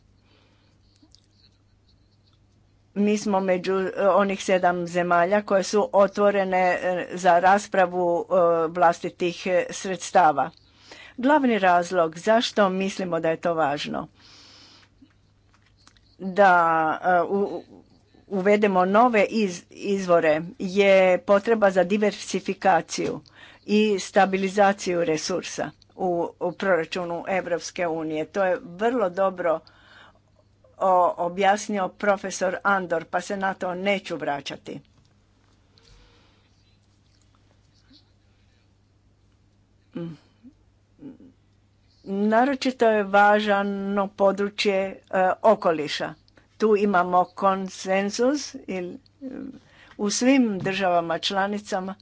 mi smo među onih sedam zemalja koje su otvorene za raspravu vlastitih sredstava. Glavni razlog zašto mislimo da je to važno – da e, uvedemo nove izvore je potreba za diversifikaciju i stabilizaciju resursa u, proračunu Europske unije. To je vrlo dobro objasnio profesor Andor, pa se na to neću vraćati. Mm. Naročito je važno područje e, okoliša. Tu imamo konsenzus e, u svim državama članicama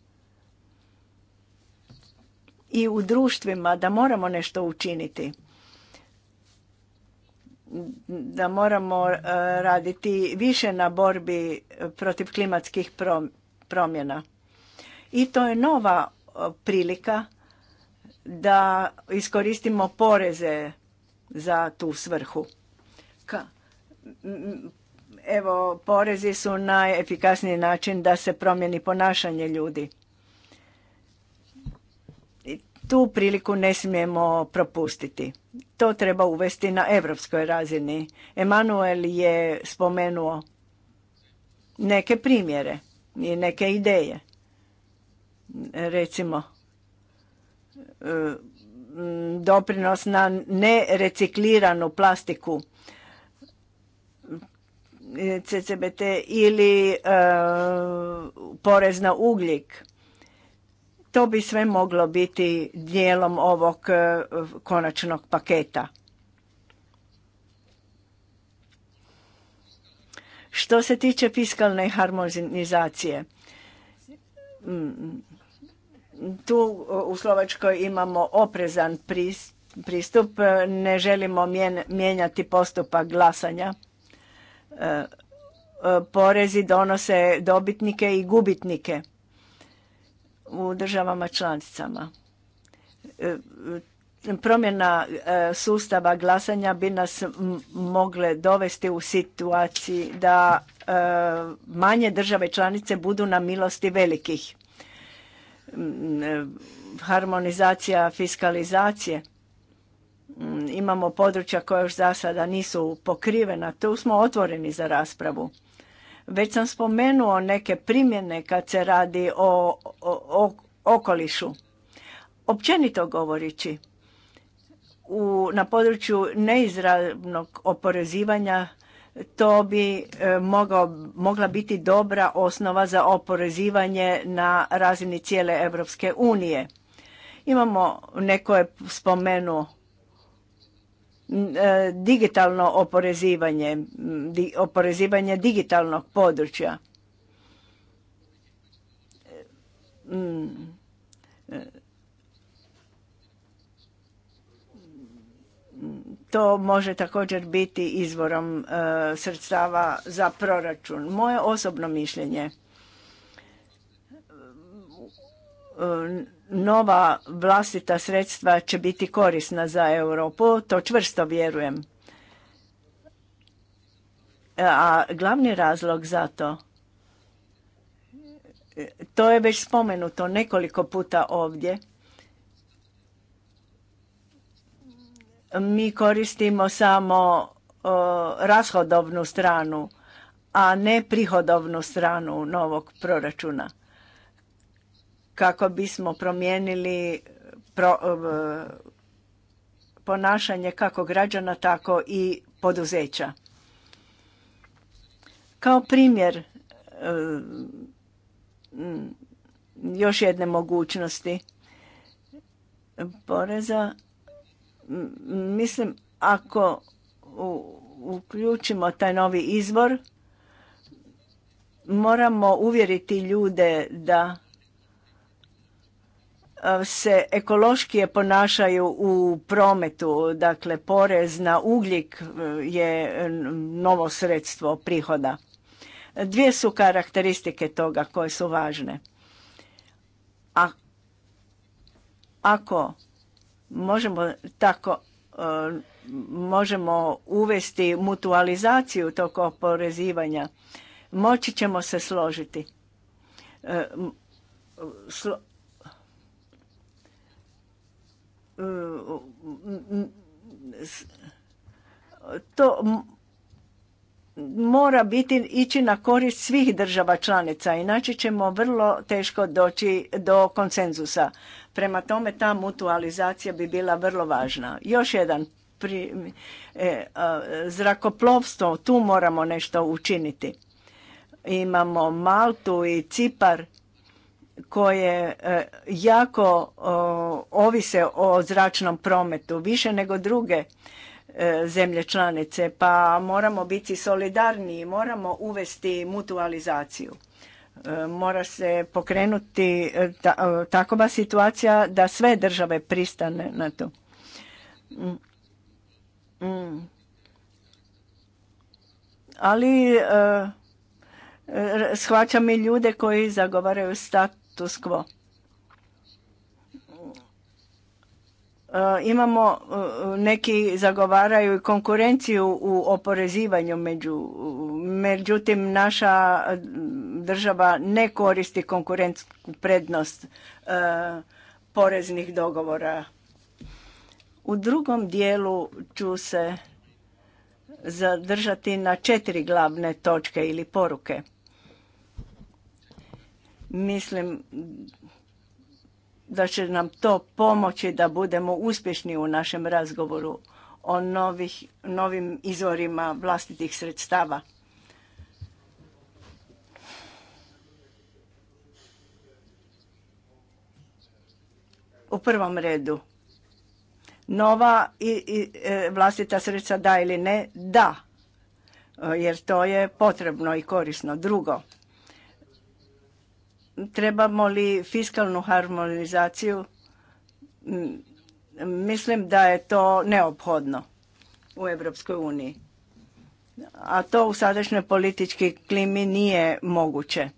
i u društvima da moramo nešto učiniti da moramo e, raditi više na borbi protiv klimatskih promjena. I to je nova prilika da iskoristimo poreze za tu svrhu. Ka? Evo, porezi su najefikasniji način da se promijeni ponašanje ljudi. I tu priliku ne smijemo propustiti. To treba uvesti na evropskoj razini. Emanuel je spomenuo neke primjere i neke ideje. Recimo, E, doprinos na nerecikliranu plastiku e, CCBT ili e, porez na ugljik. To bi sve moglo biti dijelom ovog konačnog paketa. Što se tiče fiskalne harmonizacije, tu u Slovačkoj imamo oprezan pristup, ne želimo mijenjati postupak glasanja. E, e, porezi donose dobitnike i gubitnike u državama članicama. E, promjena sustava glasanja bi nas mogle dovesti u situaciji da manje države članice budu na milosti velikih. Mm, harmonizacija fiskalizacije. Mm, imamo područja koja još za sada nisu pokrivena, tu smo otvoreni za raspravu. Već sam spomenuo neke primjene kad se radi o, o okolišu. Općenito govoreći, u, na području neizravnog oporezivanja to bi e, mogla biti dobra osnova za oporezivanje na razini cijele Europske unije. Imamo, neko je spomenuo e, digitalno oporezivanje, oporezivanje digitalnog područja. E, to može također biti izvorom e, sredstava za proračun. Moje osobno mišljenje e, nova vlastita sredstva će biti korisna za Europu, to čvrsto vjerujem. E, a glavni razlog za to, to je već spomenuto nekoliko puta ovdje, mi koristimo samo e, rashodovnu stranu, a ne prihodovnu stranu novog proračuna kako bismo promijenili e, ponašanje kako građana, tako i poduzeća. Kao primjer e, još jedne mogućnosti poreza Mislim, ako uključimo taj novi izvor, moramo uvjeriti ljude da e, se ekološkije ponašaju u prometu, dakle porez na ugljik e, je novo sredstvo prihoda. Dvije su karakteristike toga koje su važne. A ako Možemo tako e, možemo uvesti mutualizaciju tog oporezivanja. Moći ćemo se složiti. E, e, to mora biti ići na korist svih država članica, inače ćemo vrlo teško doći do konsenzusa. Prema tome ta mutualizacija bi bila vrlo važna. Još jedan pri, e, zrakoplovstvo, tu moramo nešto učiniti. Imamo Maltu i Cipar koje e, jako ovise o zračnom prometu, više nego druge E, zemlje članice, pa moramo biti solidarniji, moramo uvesti mutualizaciju. E, mora se pokrenuti e, takva situacija da sve države pristane na to. Mm, mm. Ali shvaćam i ljude koji zagovaraju status quo Eh, imamo, eh, neki zagovaraju konkurenciju u oporezivanju, među, međutim naša država ne koristi konkurentsku prednost eh, poreznih dogovora. U drugom dijelu ću se zadržati na četiri glavne točke ili poruke. Mislim da će nam to pomoći da budemo uspješni u našem razgovoru o novih, novim izvorima vlastitih sredstava. U prvom redu, nova i, e, vlastita sredstva da ili ne? Da, e, jer to je potrebno i korisno. Drugo, trebamo li fiskalnu harmonizaciju? Mm, mislim da je to neophodno u Europskoj uniji. A to u sadašnjoj politički klimi nije moguće.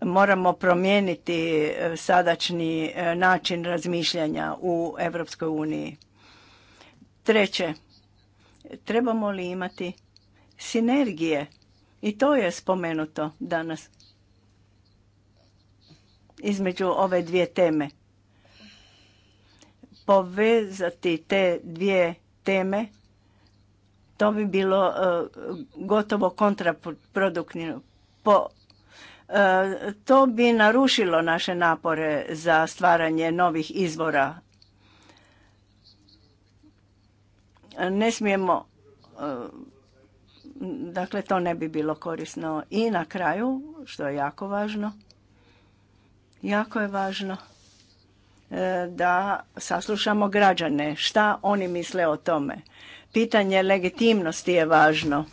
Moramo promijeniti e, sadašnji e, način razmišljanja u Europskoj uniji. Treće, trebamo li imati sinergije i to je spomenuto danas između ove dvije teme. Povezati te dvije teme to bi bilo e, gotovo kontraproduktivno. Po, e, to bi narušilo naše napore za stvaranje novih izvora. Ne smijemo e, Dakle, to ne bi bilo korisno. I na kraju, što je jako važno, jako je važno e, da saslušamo građane, šta oni misle o tome. Pitanje legitimnosti je važno.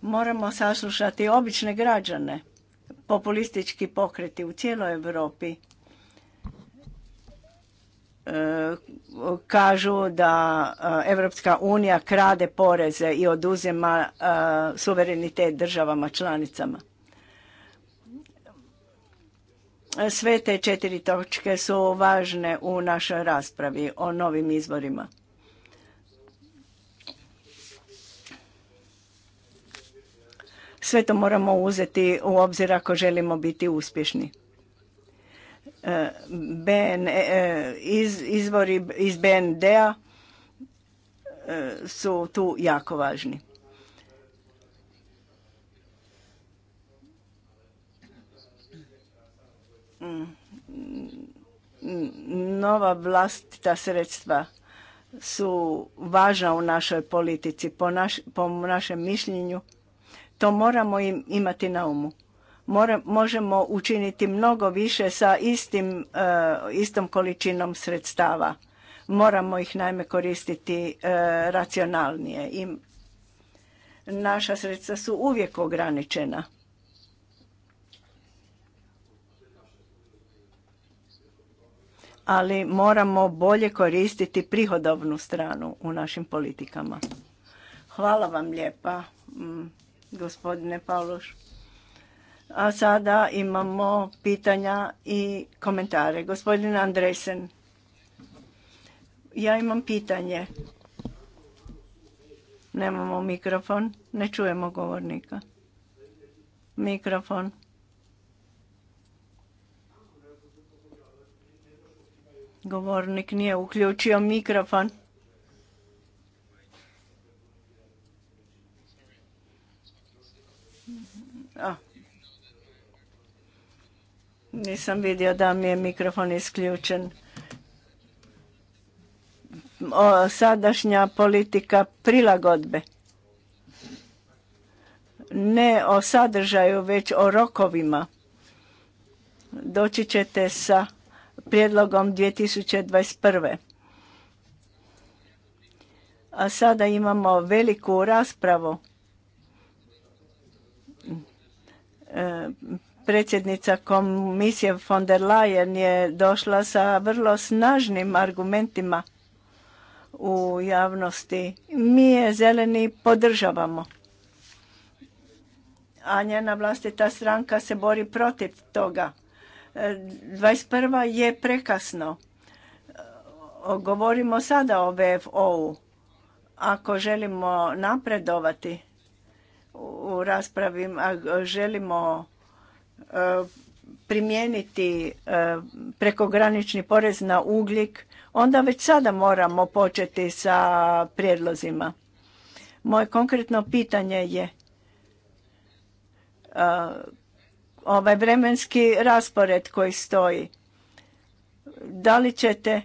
Moramo saslušati obične građane. Populistički pokreti u cijeloj Europi E, kažu da e, Evropska unija krade poreze i oduzima e, suverenitet državama članicama. Sve te četiri točke su važne u našoj raspravi o novim izborima. Sve to moramo uzeti u obzir ako želimo biti uspješni. E, BN, e, e, iz, izvori iz BND-a su tu jako važni. Nova vlastita sredstva su važna u našoj politici, po, naš, po našem mišljenju. To moramo im imati na umu. More, možemo učiniti mnogo više sa istim, e, istom količinom sredstava. Moramo ih najme koristiti e, racionalnije i naša sredstva su uvijek ograničena. ali moramo bolje koristiti prihodovnu stranu u našim politikama. Hvala vam lijepa, mm, gospodine Pavloš. A sada imamo pitanja i komentare. Gospodin Andresen. Ja imam pitanje. Nemamo mikrofon. Ne čujemo govornika. Mikrofon. Govornik nije uključio mikrofon. A, nisam vidio da mi je mikrofon isključen. O, sadašnja politika prilagodbe. Ne o sadržaju, već o rokovima. Doći ćete sa prijedlogom 2021. A sada imamo veliku raspravu e, Predsjednica komisije von der Leyen je došla sa vrlo snažnim argumentima u javnosti. Mi je zeleni podržavamo. A njena vlastita stranka se bori protiv toga. 21. je prekasno. Govorimo sada o VFO-u. Ako želimo napredovati u raspravi, želimo primijeniti e, prekogranični porez na ugljik, onda već sada moramo početi sa prijedlozima. Moje konkretno pitanje je e, ovaj vremenski raspored koji stoji. Da li ćete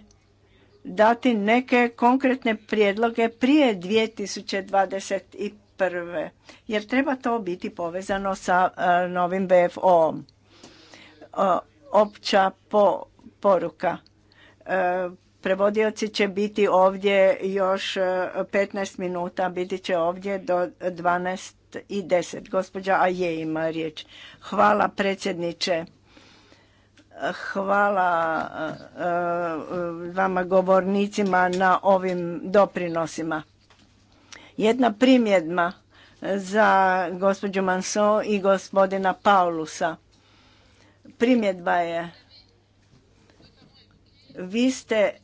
dati neke konkretne prijedloge prije 2025 prve Jer treba to biti povezano sa e, novim BFO-om. E, opća poruka. E, prevodioci će biti ovdje još 15 minuta, biti će ovdje do 12 i 10. Gospođa je ima riječ. Hvala predsjedniče. Hvala vama govornicima na ovim doprinosima. Jedna primjedba e, za gospođu Manso i gospodina Paulusa. Primjedba je, vi ste e,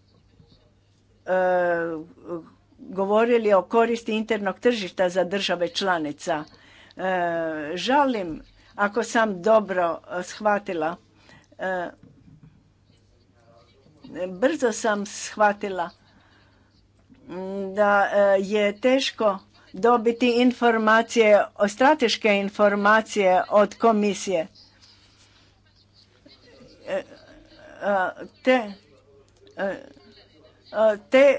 govorili o koristi internog tržišta za države članica. E, žalim, ako sam dobro shvatila, brzo sam shvatila da e, je teško dobiti informacije, strateške informacije od komisije. E, e, te, te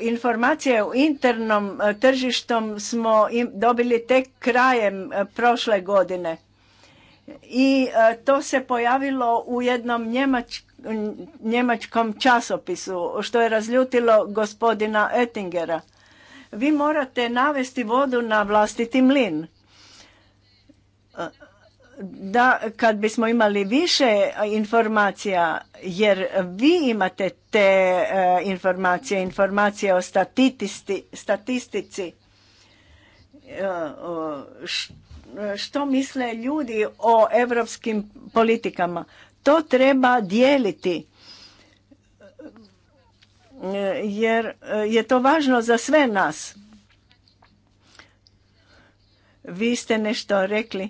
informacije u internom tržištom smo dobili tek krajem prošle godine. I to se pojavilo u jednom njemačkom njemačkom časopisu, što je razljutilo gospodina Oettingera. Vi morate navesti vodu na vlastiti mlin. Da, kad bismo imali više informacija, jer vi imate te e, informacije, informacije o statistici, e, e, što misle ljudi o europskim politikama. To treba dijeliti jer eh, je to važno za sve nas. Vi ste nešto rekli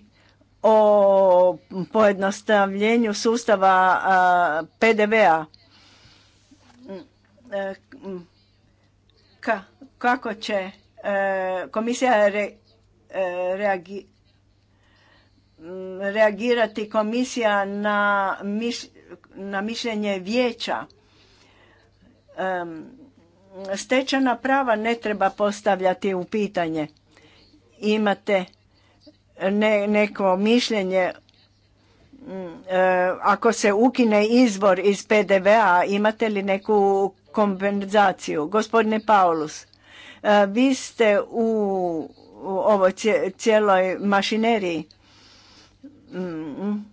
o pojednostavljenju sustava eh, PDV-a. Eh, kako će komisija reagirati? reagirati komisija na, na mišljenje vijeća. Stečena prava ne treba postavljati u pitanje. Imate neko mišljenje mm, e, ako se ukine izvor iz PDV-a, imate li neku kompenzaciju? Gospodine Paulus, e, vi ste u ovoj cijeloj mašineriji Mm.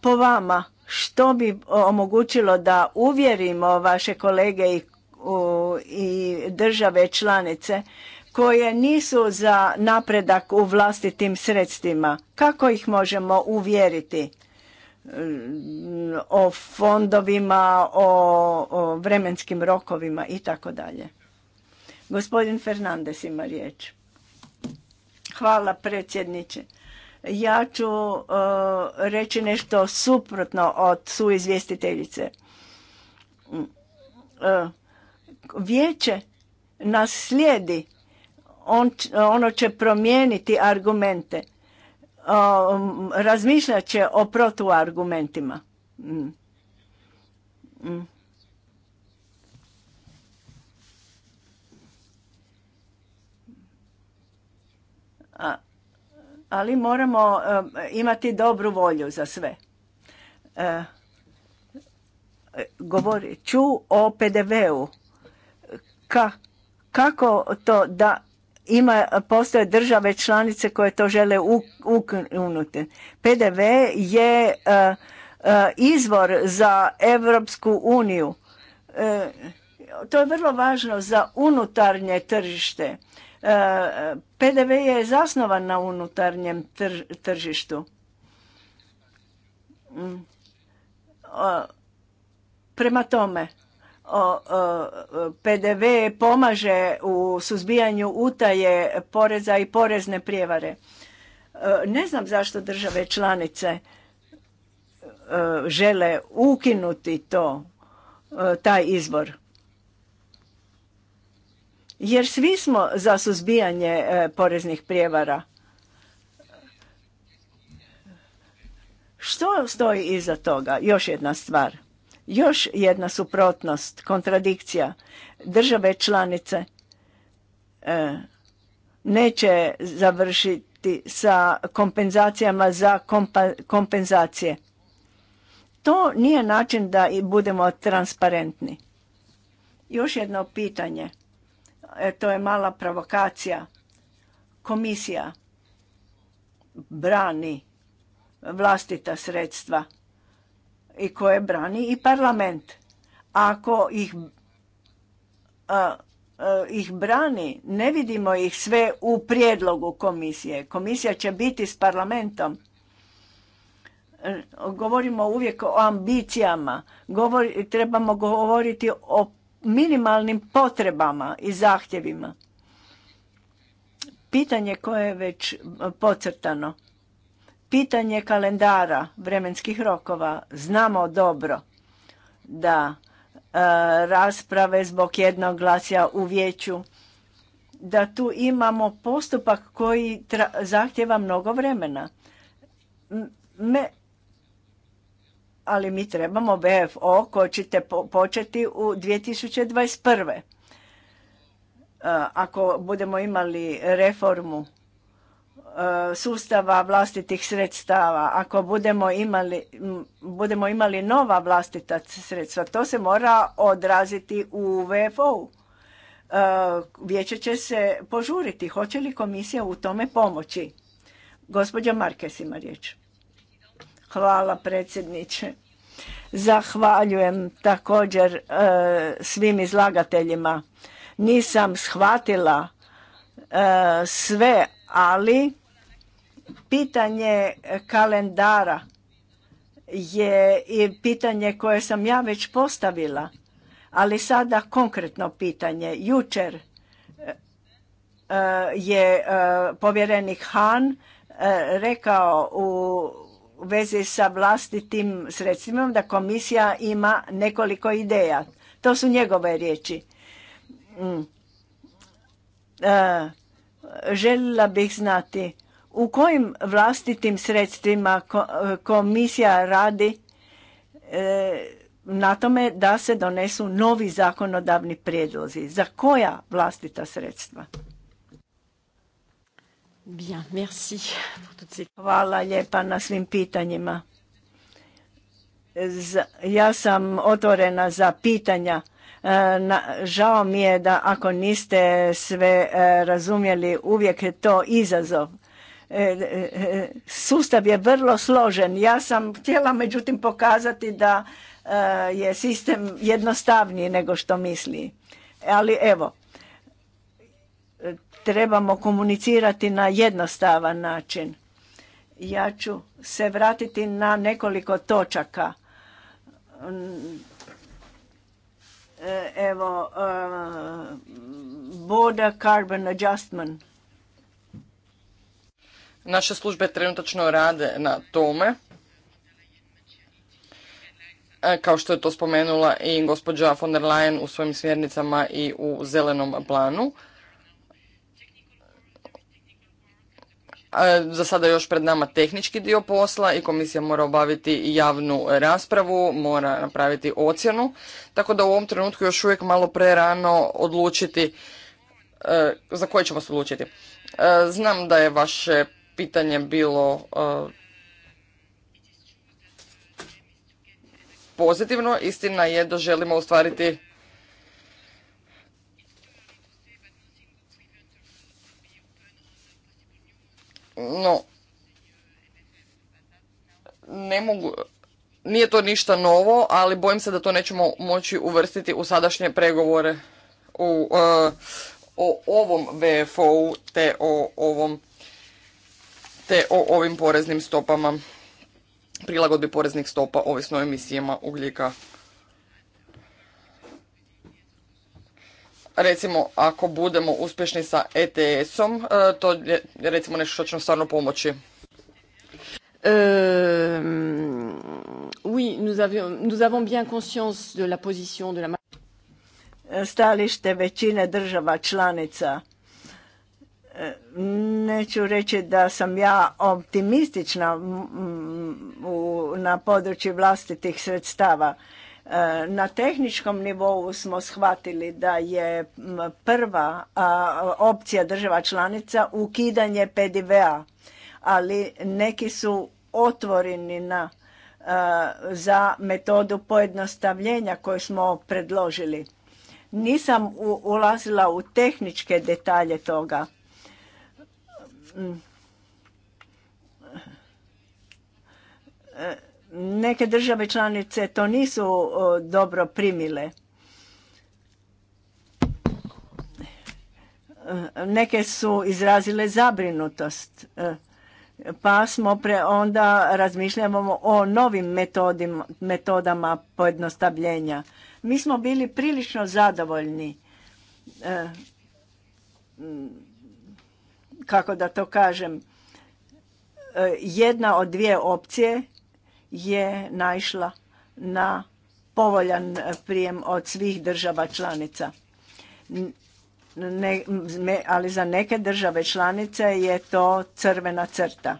po vama što bi omogućilo da uvjerimo vaše kolege i, i države članice koje nisu za napredak u vlastitim sredstvima kako ih možemo uvjeriti o fondovima o, vremenskim rokovima i tako dalje gospodin fernandes ima riječ Hvala predsjedniče. Ja ću e, reći nešto suprotno od suizvjestiteljice. E, vijeće nas slijedi. ono će promijeniti argumente. Razmišljaće razmišljat će o protuargumentima. Mm. Mm. ali moramo eh, imati dobru volju za sve. Eh, Govorit ću o PDV-u. Ka, kako to da ima, postoje države članice koje to žele ukinuti. PDV je eh, izvor za Europsku uniju. To je vrlo važno za unutarnje tržište PDV je zasnovan na unutarnjem tržištu. Mm. Prema tome, PDV pomaže u suzbijanju utaje poreza i porezne prijevare. E, ne znam zašto države članice e, žele ukinuti to, e, taj izbor. Jer svi smo za suzbijanje e, poreznih prijevara. Što stoji iza toga? Još jedna stvar. Još jedna suprotnost, kontradikcija. Države članice e, neće završiti sa kompenzacijama za kompenzacije. To nije način da budemo transparentni. Još jedno pitanje. E, to je mala provokacija. Komisija brani vlastita sredstva i koje brani i parlament. Ako ih ih brani, ne vidimo ih sve u prijedlogu komisije. Komisija će biti s parlamentom. Govorimo uvijek o ambicijama. Govor, trebamo govoriti o minimalnim potrebama i zahtjevima. Pitanje koje je već e, pocrtano. Pitanje kalendara, vremenskih rokova. Znamo dobro da e, rasprave zbog jednog glasja u vijeću, da tu imamo postupak koji zahtjeva mnogo vremena. Me, ali mi trebamo BFO koji ćete početi u 2021. E, ako budemo imali reformu e, sustava vlastitih sredstava, ako budemo imali, nova vlastita sredstva, to se mora odraziti u vfo e, Vijeće će se požuriti. Hoće li komisija u tome pomoći? Gospođa Markes ima riječ. Hvala predsjedniče. Zahvaljujem također e, svim izlagateljima. Nisam shvatila e, sve, ali pitanje kalendara je i pitanje koje sam ja već postavila, ali sada konkretno pitanje. Jučer e, je povjerenik Han rekao u u vezi sa vlastitim sredstvima da komisija ima nekoliko ideja. To su njegove riječi. Mm. E, željela bih znati u kojim vlastitim sredstvima e, komisija radi e, na tome da se donesu novi zakonodavni prijedlozi. Za koja vlastita sredstva? merci. Hvala lijepa na svim pitanjima. Ja sam otvorena za pitanja. E, žao mi je da ako niste sve e, razumjeli, uvijek je to izazov. E, sustav je vrlo složen. Ja sam htjela međutim pokazati da je sistem jednostavniji nego što misli. Ali evo, trebamo komunicirati na jednostavan način. Ja ću se vratiti na nekoliko točaka. Mm, e, evo, e, border carbon adjustment. Naše službe trenutačno rade na tome. E, kao što je to spomenula i gospođa von der Leyen u svojim smjernicama i u zelenom planu. Za sada još pred nama tehnički dio posla i komisija mora obaviti javnu raspravu, mora napraviti ocjenu, tako da u ovom trenutku još uvijek malo pre rano odlučiti e, za koje ćemo se odlučiti. E, znam da je vaše pitanje bilo e, pozitivno. Istina je da želimo ostvariti No, ne mogu, nije to ništa novo, ali bojim se da to nećemo moći uvrstiti u sadašnje pregovore e, o ovom VFO-u te te o ovim poreznim stopama, prilagodbi poreznih stopa ovisno o emisijama ugljika recimo ako budemo uspješni sa ETS-om, e, to je recimo nešto što će nam stvarno pomoći. Euh, oui, Stalište većine država članica. E, neću reći da sam ja optimistična na području vlastitih sredstava E, na tehničkom nivou smo shvatili da je prva opcija država članica ukidanje PDV-a, ali neki su otvoreni na, e, za metodu pojednostavljenja koju smo predložili. Nisam ulazila u tehničke detalje toga. Mm. E, Neke države članice to nisu dobro primile. Neke su izrazile zabrinutost. E, pa smo pre onda razmišljamo o novim metodim, metodama pojednostavljenja. Mi smo bili prilično zadovoljni e, kako da to kažem, e, jedna od dvije opcije je naišla na povoljan prijem od svih država članica. Ne, ali za neke države članice je to crvena crta.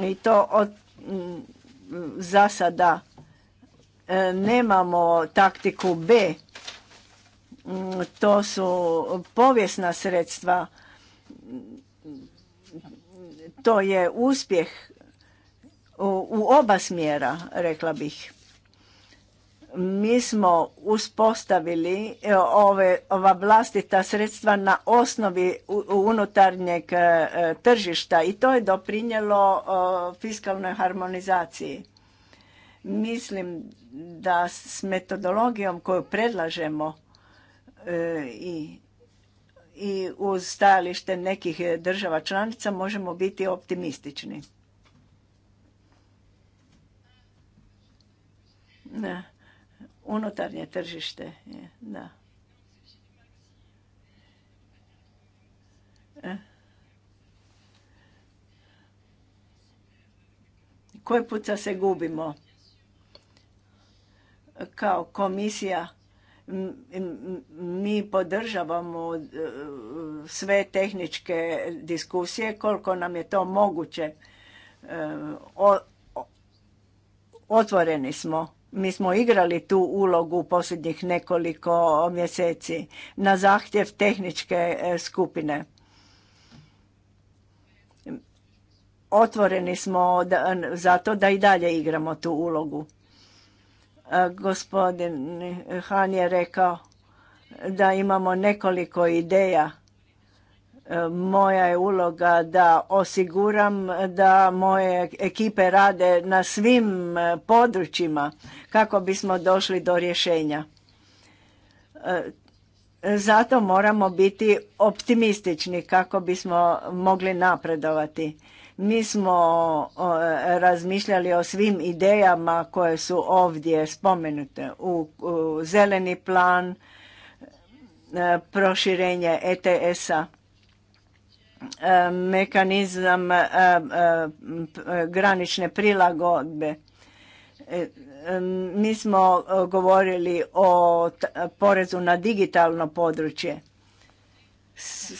I to od, za sada e, nemamo taktiku B. To su povijesna sredstva. To je uspjeh u oba smjera, rekla bih. Mi smo uspostavili e, ove, ova vlastita sredstva na osnovi unutarnjeg e, tržišta i to je doprinjelo fiskalnoj harmonizaciji. Mislim da s metodologijom koju predlažemo e, i i uz stajalište nekih država članica možemo biti optimistični. na unutarnje tržište. Da. E. Koji puta se gubimo? Kao komisija mi podržavamo e, sve tehničke diskusije koliko nam je to moguće. E, otvoreni smo mi smo igrali tu ulogu u posljednjih nekoliko mjeseci na zahtjev tehničke e, skupine. Otvoreni smo zato da i dalje igramo tu ulogu. E, gospodin Han je rekao da imamo nekoliko ideja moja je uloga da osiguram da moje ekipe rade na svim e, područjima kako bismo došli do rješenja. E, zato moramo biti optimistični kako bismo mogli napredovati. Mi smo razmišljali o svim idejama koje su ovdje spomenute u, zeleni plan, e, proširenje ETS-a E, mehanizam e, e, granične prilagodbe. Mi smo govorili o porezu na digitalno područje.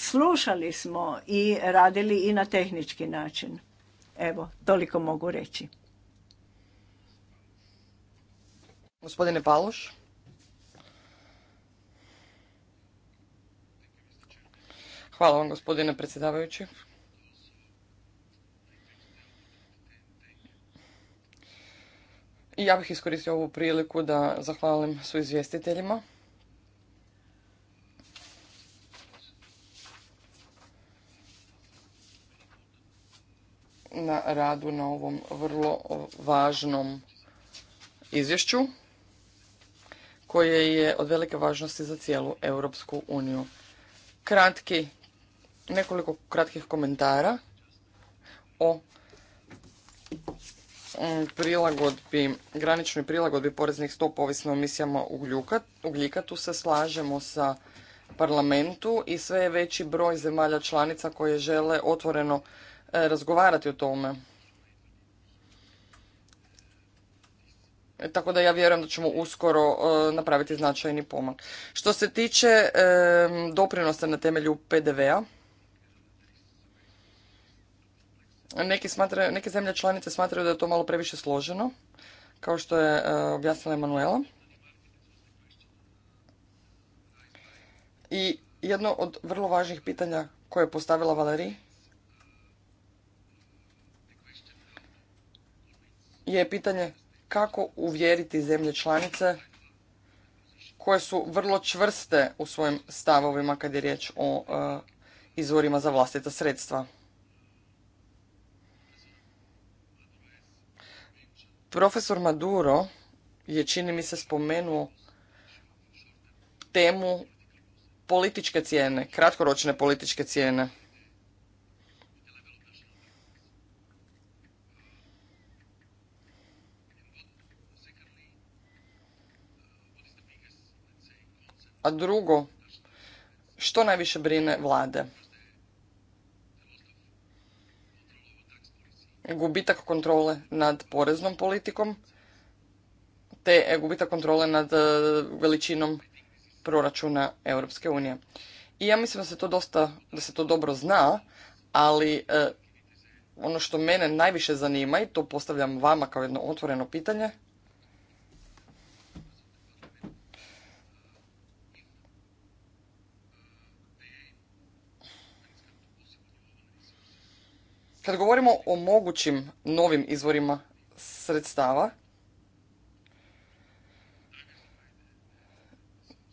Slušali smo i radili i na tehnički način. Evo, toliko mogu reći. Gospodine Paloš. Hvala vam gospodine predsjedavajući. ja bih iskoristio ovu priliku da zahvalim su izvjestiteljima. na radu na ovom vrlo važnom izvješću koje je od velike važnosti za cijelu Europsku uniju. Kratki nekoliko kratkih komentara o mm, prilagodbi, graničnoj prilagodbi poreznih stopa ovisno o emisijama ugljika. ugljika. Tu se slažemo sa parlamentu i sve je veći broj zemalja članica koje žele otvoreno e, razgovarati o tome. Tako da ja vjerujem da ćemo uskoro e, napraviti značajni pomak. Što se tiče e, doprinosa na temelju PDV-a, Neki neke zemlje članice smatraju da je to malo previše složeno, kao što je e, objasnila Emanuela. I jedno od vrlo važnih pitanja koje je postavila Valerij je pitanje kako uvjeriti zemlje članice koje su vrlo čvrste u svojim stavovima kad je riječ o e, izvorima za vlastita sredstva. Profesor Maduro je, čini mi se, spomenuo temu političke cijene, kratkoročne političke cijene. A drugo, što najviše brine vlade? gubitak kontrole nad poreznom politikom te gubitak kontrole nad e, veličinom proračuna Europske unije. I ja mislim da se to dosta, da se to dobro zna, ali e, ono što mene najviše zanima i to postavljam vama kao jedno otvoreno pitanje, Kad govorimo o mogućim novim izvorima sredstava,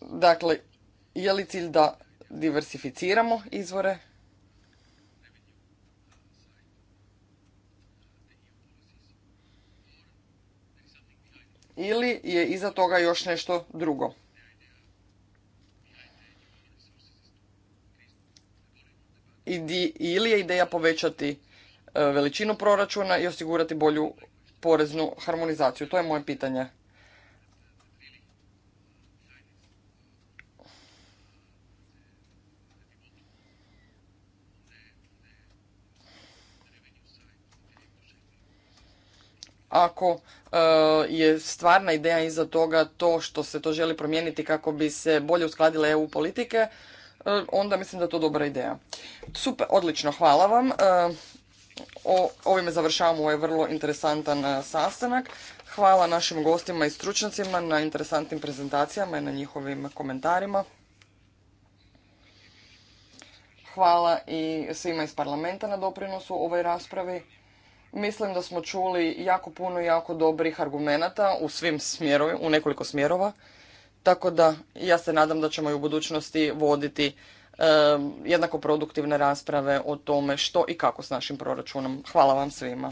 dakle, je li cilj da diversificiramo izvore? Ili je iza toga još nešto drugo? ili je ideja povećati E, veličinu proračuna i osigurati bolju poreznu harmonizaciju? To je moje pitanje. ako e, je stvarna ideja iza toga to što se to želi promijeniti kako bi se bolje uskladile EU politike, e, onda mislim da je to dobra ideja. Super, odlično, hvala vam ovime završavamo ovaj vrlo interesantan sastanak. Hvala našim gostima i stručnjacima na interesantnim prezentacijama i na njihovim komentarima. Hvala i svima iz parlamenta na doprinosu ovoj raspravi. Mislim da smo čuli jako puno jako dobrih argumenata u svim smjerovima, u nekoliko smjerova. Tako da ja se nadam da ćemo i u budućnosti voditi jednako produktivne rasprave o tome što i kako s našim proračunom. Hvala vam svima.